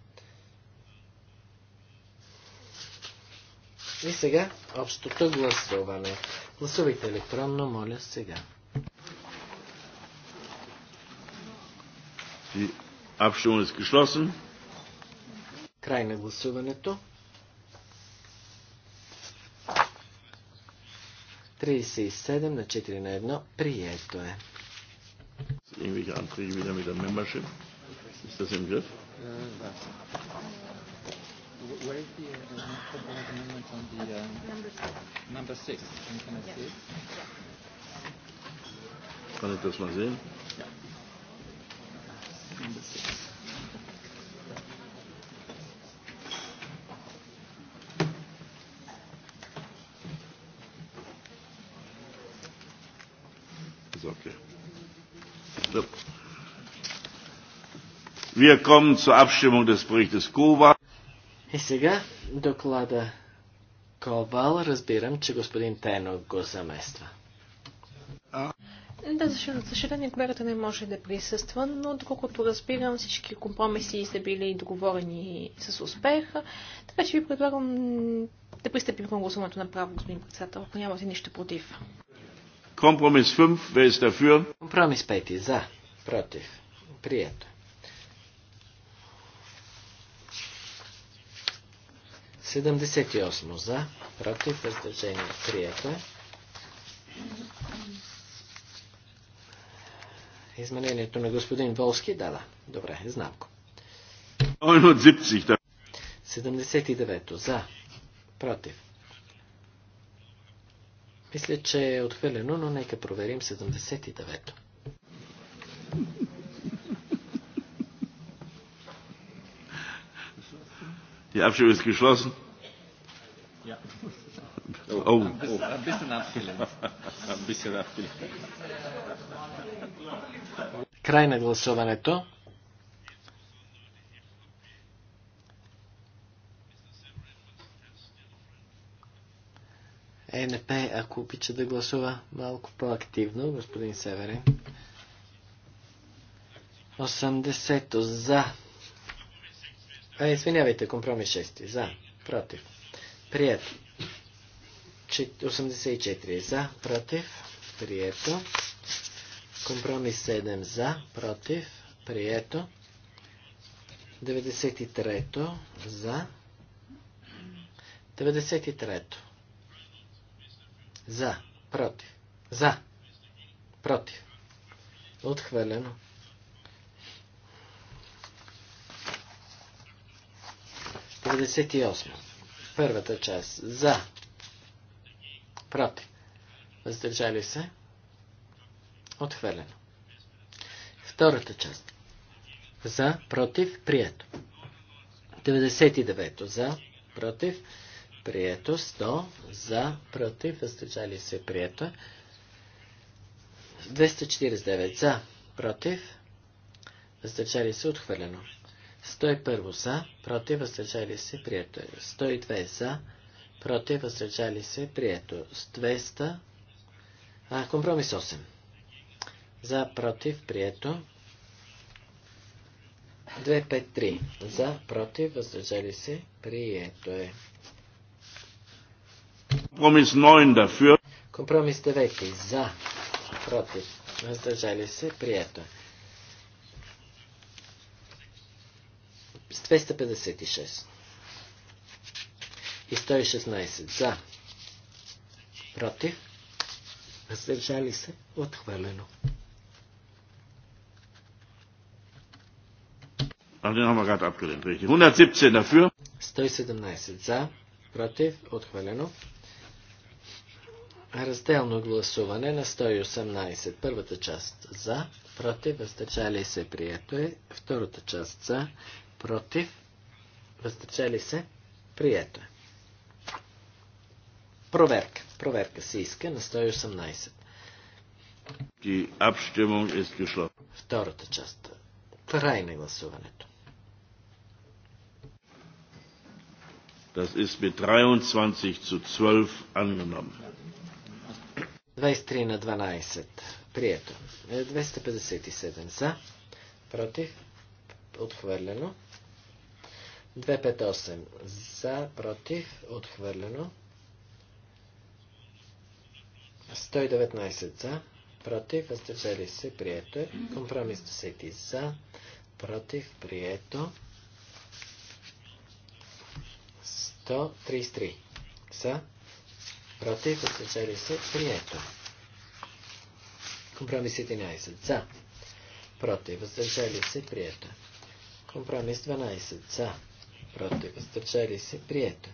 Speaker 2: И сега общото гласуване. Гласувайте електронно, моля сега.
Speaker 1: И общо изкашлосен.
Speaker 2: Край на гласуването. 37 на 4 на 1. Прието е. Имаме да ме мърши. Да се
Speaker 6: Where is the uh, amendment on the uh, number six? Number six. Can, can I yeah. see it? Yeah.
Speaker 1: Kann ich das mal sehen? Number six. Ist okay. Wir kommen zur Abstimmung des Berichtes Kova.
Speaker 2: И сега доклада Ковал, разбирам, че господин Тено го замества.
Speaker 4: Да, за съжаление колегата не може да присъства, но доколкото разбирам, всички компромиси са били договорени с успех, така че ви предлагам да пристъпим към гласуването на право господин председател, ако нямате нищо против.
Speaker 1: Компромис 5,
Speaker 2: е Компромис 5, за, против, прието. 78 за, против, въздържание прието. Изменението на господин Волски, да, да, добре, знам го. 79 за, против. Мисля, че е отхвърлено, но нека проверим 79-то.
Speaker 1: Die Abstimmung ist geschlossen.
Speaker 6: Ja.
Speaker 2: Oh.
Speaker 1: oh. Ein bisschen
Speaker 6: abgelenkt. Ein bisschen abgelenkt.
Speaker 2: Край на гласуването. ЕНП, ако обича да гласува малко по-активно, господин Северин. 80 за. А, е, извинявайте, компромис 6. За. Против. Прието. 84 за, против, прието. Компромис 7 за, против, прието. 93 за. 93 за, против, за, против. Отхвърлено. 98 Първата част. За. Против. Въздържали се. Отхвърлено. Втората част. За. Против. Прието. 99. За. Против. Прието. 100. За. Против. Въздържали се. Прието. 249. За. Против. Въздържали се. Отхвърлено. 101 за, против, въздържали се, прието е. 102 за, против, въздържали се, прието. 200, а, компромис 8. За, против, прието. 253. За, против, въздържали се, прието е.
Speaker 1: Компромис 9
Speaker 2: Компромис 9. За, против, въздържали се, прието е. 256 и 116 за, против, въздържали се, отхвърлено.
Speaker 1: Den haben 117 dafür.
Speaker 2: 117 за, против, отхвърлено. Разделно гласуване на 118. Първата част за, против, въздържали се, прието е. Втората част за, против, въздържали се, прието е. Проверка. Проверка се иска на 118. Втората част. Край на гласуването.
Speaker 1: Das ist mit 23 zu 12 angenommen.
Speaker 2: 23 на 12. Прието. 257 за. Против. Отхвърлено. 258 за, против, отхвърлено. 119 е. за, против, въздържали се, прието Компромис 10 за, против, прието. 133 за, против, въздържали се, прието. Компромис 11 за, против, въздържали се, прието. Компромис 12 за, против, въздържали се, прието.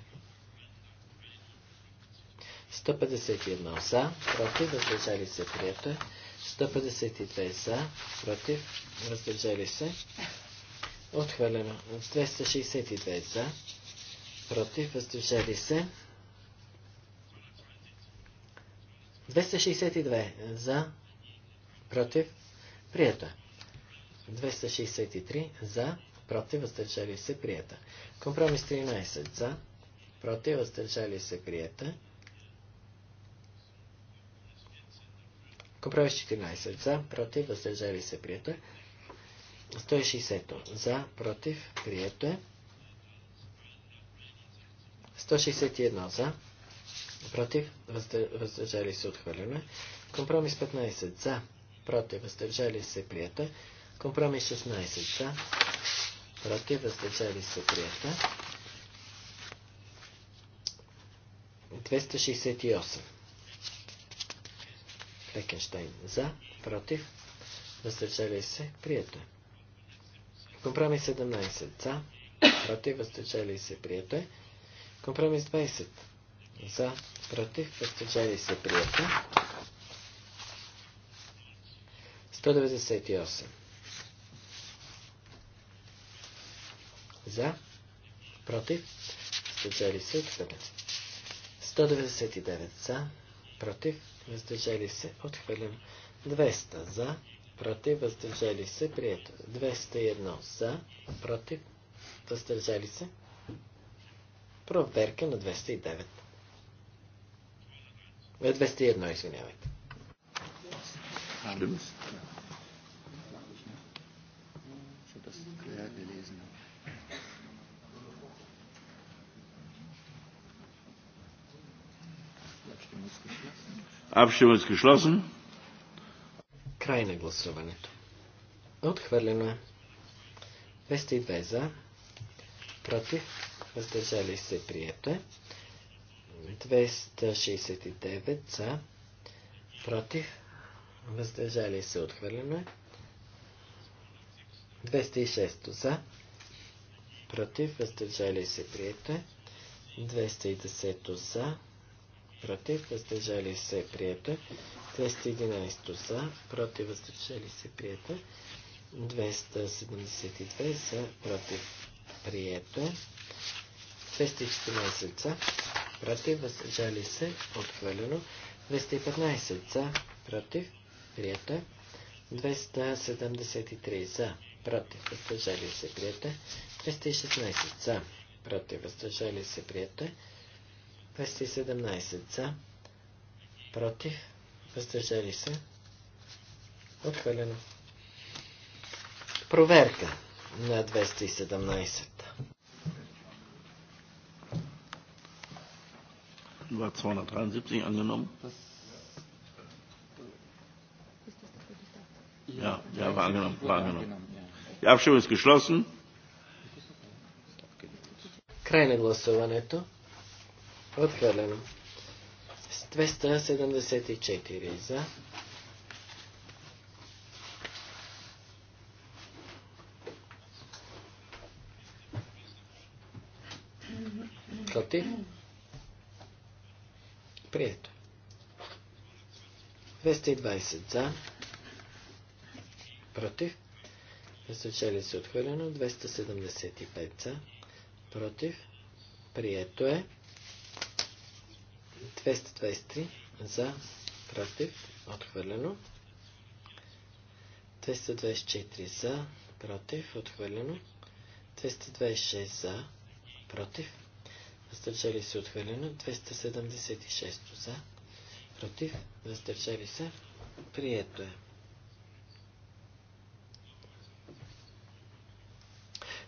Speaker 2: 151 за, против, въздържали се, прието. 152 за, против, въздържали се, отхвърлено. 262 за, против, въздържали се. 262 за, против, прието. 263 за, против, въздържали се, приета. Компромис 13 за, против, въздържали се, приета. Компромис 14 за, против, въздържали се, приета. 160 за, против, прието е. 161 за, против, въздържали се, отхвърляме. Компромис 15 за, против, въздържали се, прието е. Компромис 16 за, против, въздържали се, прието. 268. Флекенштайн за, против, въздържали се, прието. Компромис 17 за, против, въздържали се, прието е. Компромис 20 за, против, въздържали се, прието. 198 За. Против. Въздържали се. Отхвърля 199 за. Против. Въздържали се. Отхвърлям. 200 за. Против. Въздържали се. Прието. 201 за. Против. Въздържали се. Проверка на 209. 201, извинявайте.
Speaker 1: Абшема е geschlossen.
Speaker 6: Край
Speaker 2: на гласуването. Отхвърлено е. 202 за. Против. Въздържали се. Прието е. 269 за. Против. Въздържали се. Отхвърлено е. 206 за. Против. Въздържали се. Прието е. 210 за против, въздържали се, приета, 211 за, против, въздържали се, приета, 272 за, против, приета, 214 за, против, въздържали се, отхвърлено. 215 за, против, приета, 273 за, против, въздържали се, приета, 216 за, против, въздържали се, приета, 217 за, против, въздържали се, отхвърлено. Проверка на 217.
Speaker 1: 273 angenommen. Ja, ja, war angenommen, war angenommen. Die Abstimmung ist geschlossen.
Speaker 2: Край на гласуването. Отхвърлено. 274 за. Против. Прието. 220 за. Против. Въздържали се отхвърлено. 275 за. Против. Прието е. 223 за, против, отхвърлено. 224 за, против, отхвърлено. 226 за, против, въздържали се отхвърлено. 276 за, против, въздържали се, прието е.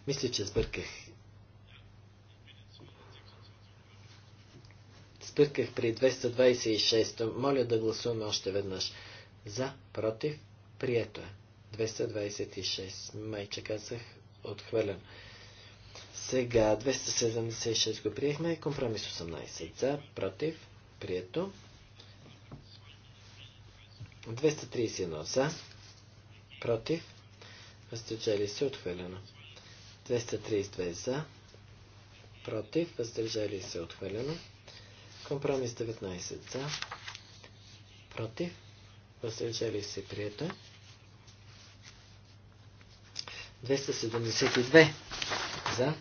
Speaker 2: Мисля, че сбърках сбърках при 226. Моля да гласуваме още веднъж. За, против, прието е. 226. Майче казах, отхвърлен. Сега 276 го приехме. Компромис 18. За, против, прието. 231 за, против, въздържали се, отхвърлено. 232 за, против, въздържали се, отхвърлено. Компромис 19 за. Против. Въздържали се. Прието. 272 за.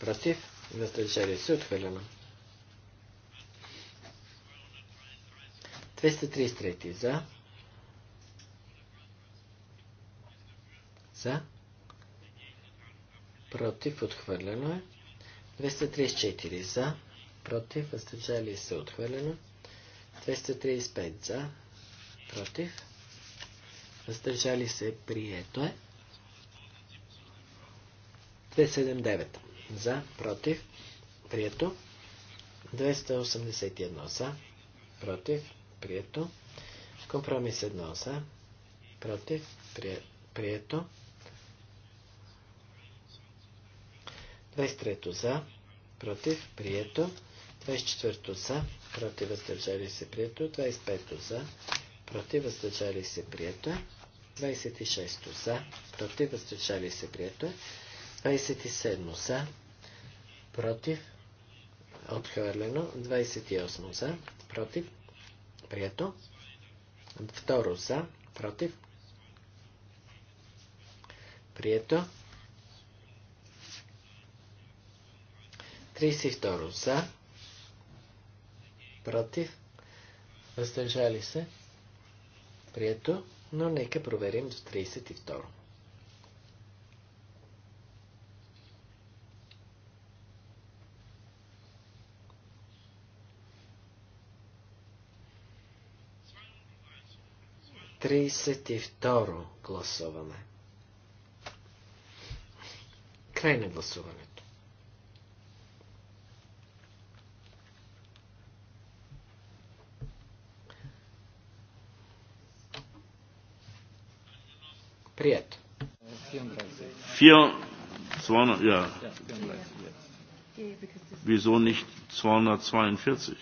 Speaker 2: Против. Въздържали се. Отхвърлено. 233 за. За. Против. Отхвърлено е. 234 за, против, въздържали се отхвърлено. 235 за, против, въздържали се прието е. 279 за, против, прието. 281 за, против, прието. Компромис 1 за, против, прието. 23 за, против, прието. 24 за, против, въздържали се, прието. 25 за, против, въздържали се, прието. 26 за, против, въздържали се, прието. 27 за, против, отхвърлено. 28 за, против, прието. Второ за, против, прието. 32 за, против, въздържали се, прието, но нека проверим до 32. 32 гласуваме. Край на гласуването. Прието. ja.
Speaker 6: Wieso nicht
Speaker 1: 242? No, no, no, it's, uh,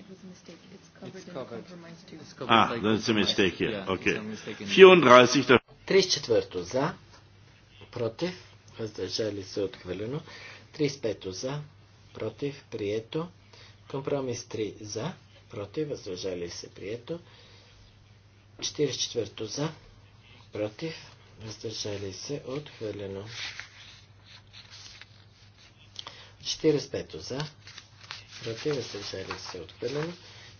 Speaker 6: it was a mistake. It's covered, it's covered. in compromise too. It's covered ah, that's a mistake Yeah, okay. 34.
Speaker 2: за, 35 за, против, прието. Компромис 3 за, против, въздържали се, прието. 44 за, против, въздържали се, отхвърлено. 45 за, против, въздържали се, отхвърлено.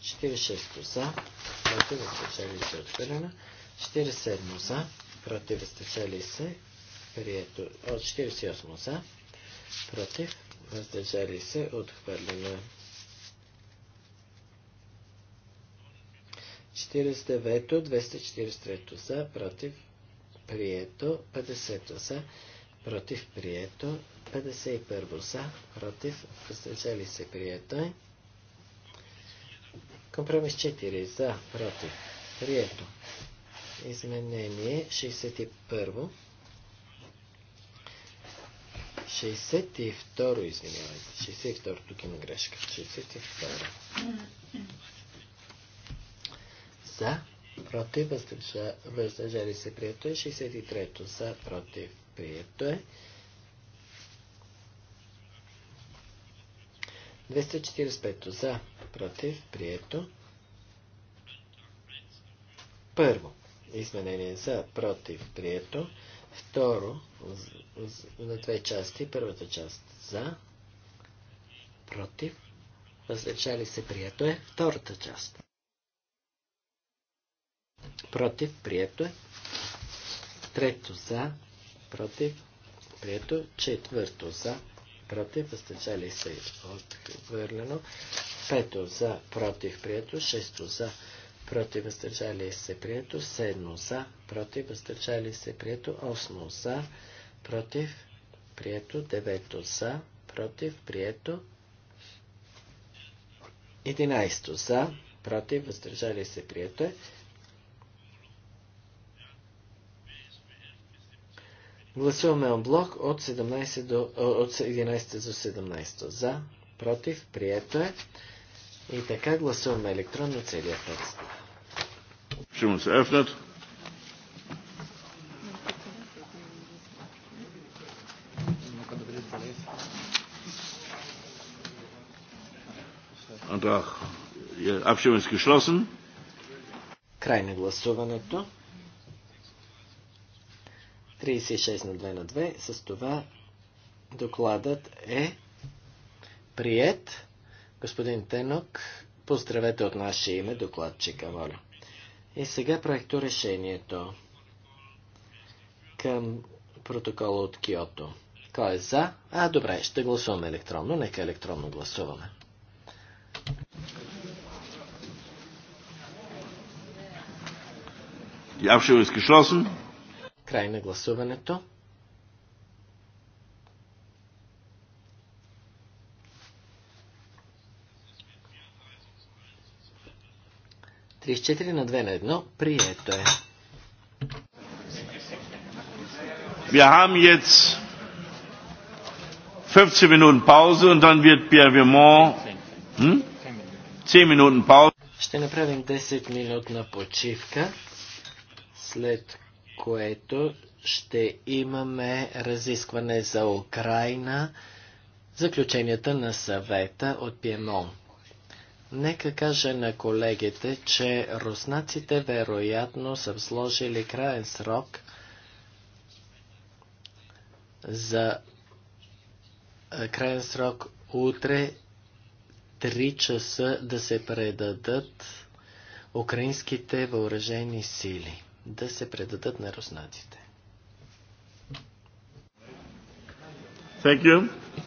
Speaker 2: 46 за, против, въздържали се, отхвърлено. 47 за, против, въздържали се, прието. От 48 за, против, въздържали се, отхвърлено. 49-то, 243-то за, против, прието, 50-то за, против, прието, 51-то за, против, въздържали се, прието е. Компромис 4 за, против, прието. Изменение 61-во. 62-ро, извинявайте. 62-ро, тук има грешка. 62-ро за, против, въздържали се, прието е. 63-то за, против, прието е. 245 за, против, прието. Първо, изменение за, против, прието. Второ, на две части, първата част за, против, въздържали се, прието е. Втората част против, прието е. Трето за, против, прието. Четвърто за, против, въздържали се отхвърлено. Пето за, против, прието. Шесто за, против, въздържали се прието. Седмо за, против, въздържали се прието. Осмо за, против, прието. Девето за, против, прието. Единайсто за, против, въздържали се прието е. Гласуваме блок от, 17 от 11 до 17. За, против, прието е. И така гласуваме електронно целия текст.
Speaker 1: Ще му се ефнат. Abstimmung ist geschlossen. Край
Speaker 2: на гласуването. 36 на 2 на 2. С това докладът е прият. Господин Тенок, поздравете от наше име докладчика, моля. И сега проекто решението към протокола от Киото. Кой е за? А, добре, ще гласуваме електронно. Нека електронно гласуваме.
Speaker 1: Die Abstimmung ist
Speaker 2: Край на гласуването. Тридесет четири на две на едно. Прието е. Wir haben
Speaker 1: jetzt 15 Minuten Pause und dann wird Pierre Vermont hm? 10 Minuten Pause.
Speaker 2: Ще направим 10 минутна почивка, след което ще имаме разискване за Украина, заключенията на съвета от Пиемон. Нека кажа на колегите, че руснаците вероятно са сложили краен срок за е, краен срок утре 3 часа да се предадат украинските въоръжени сили да се предадат на руснаците. Thank
Speaker 1: you.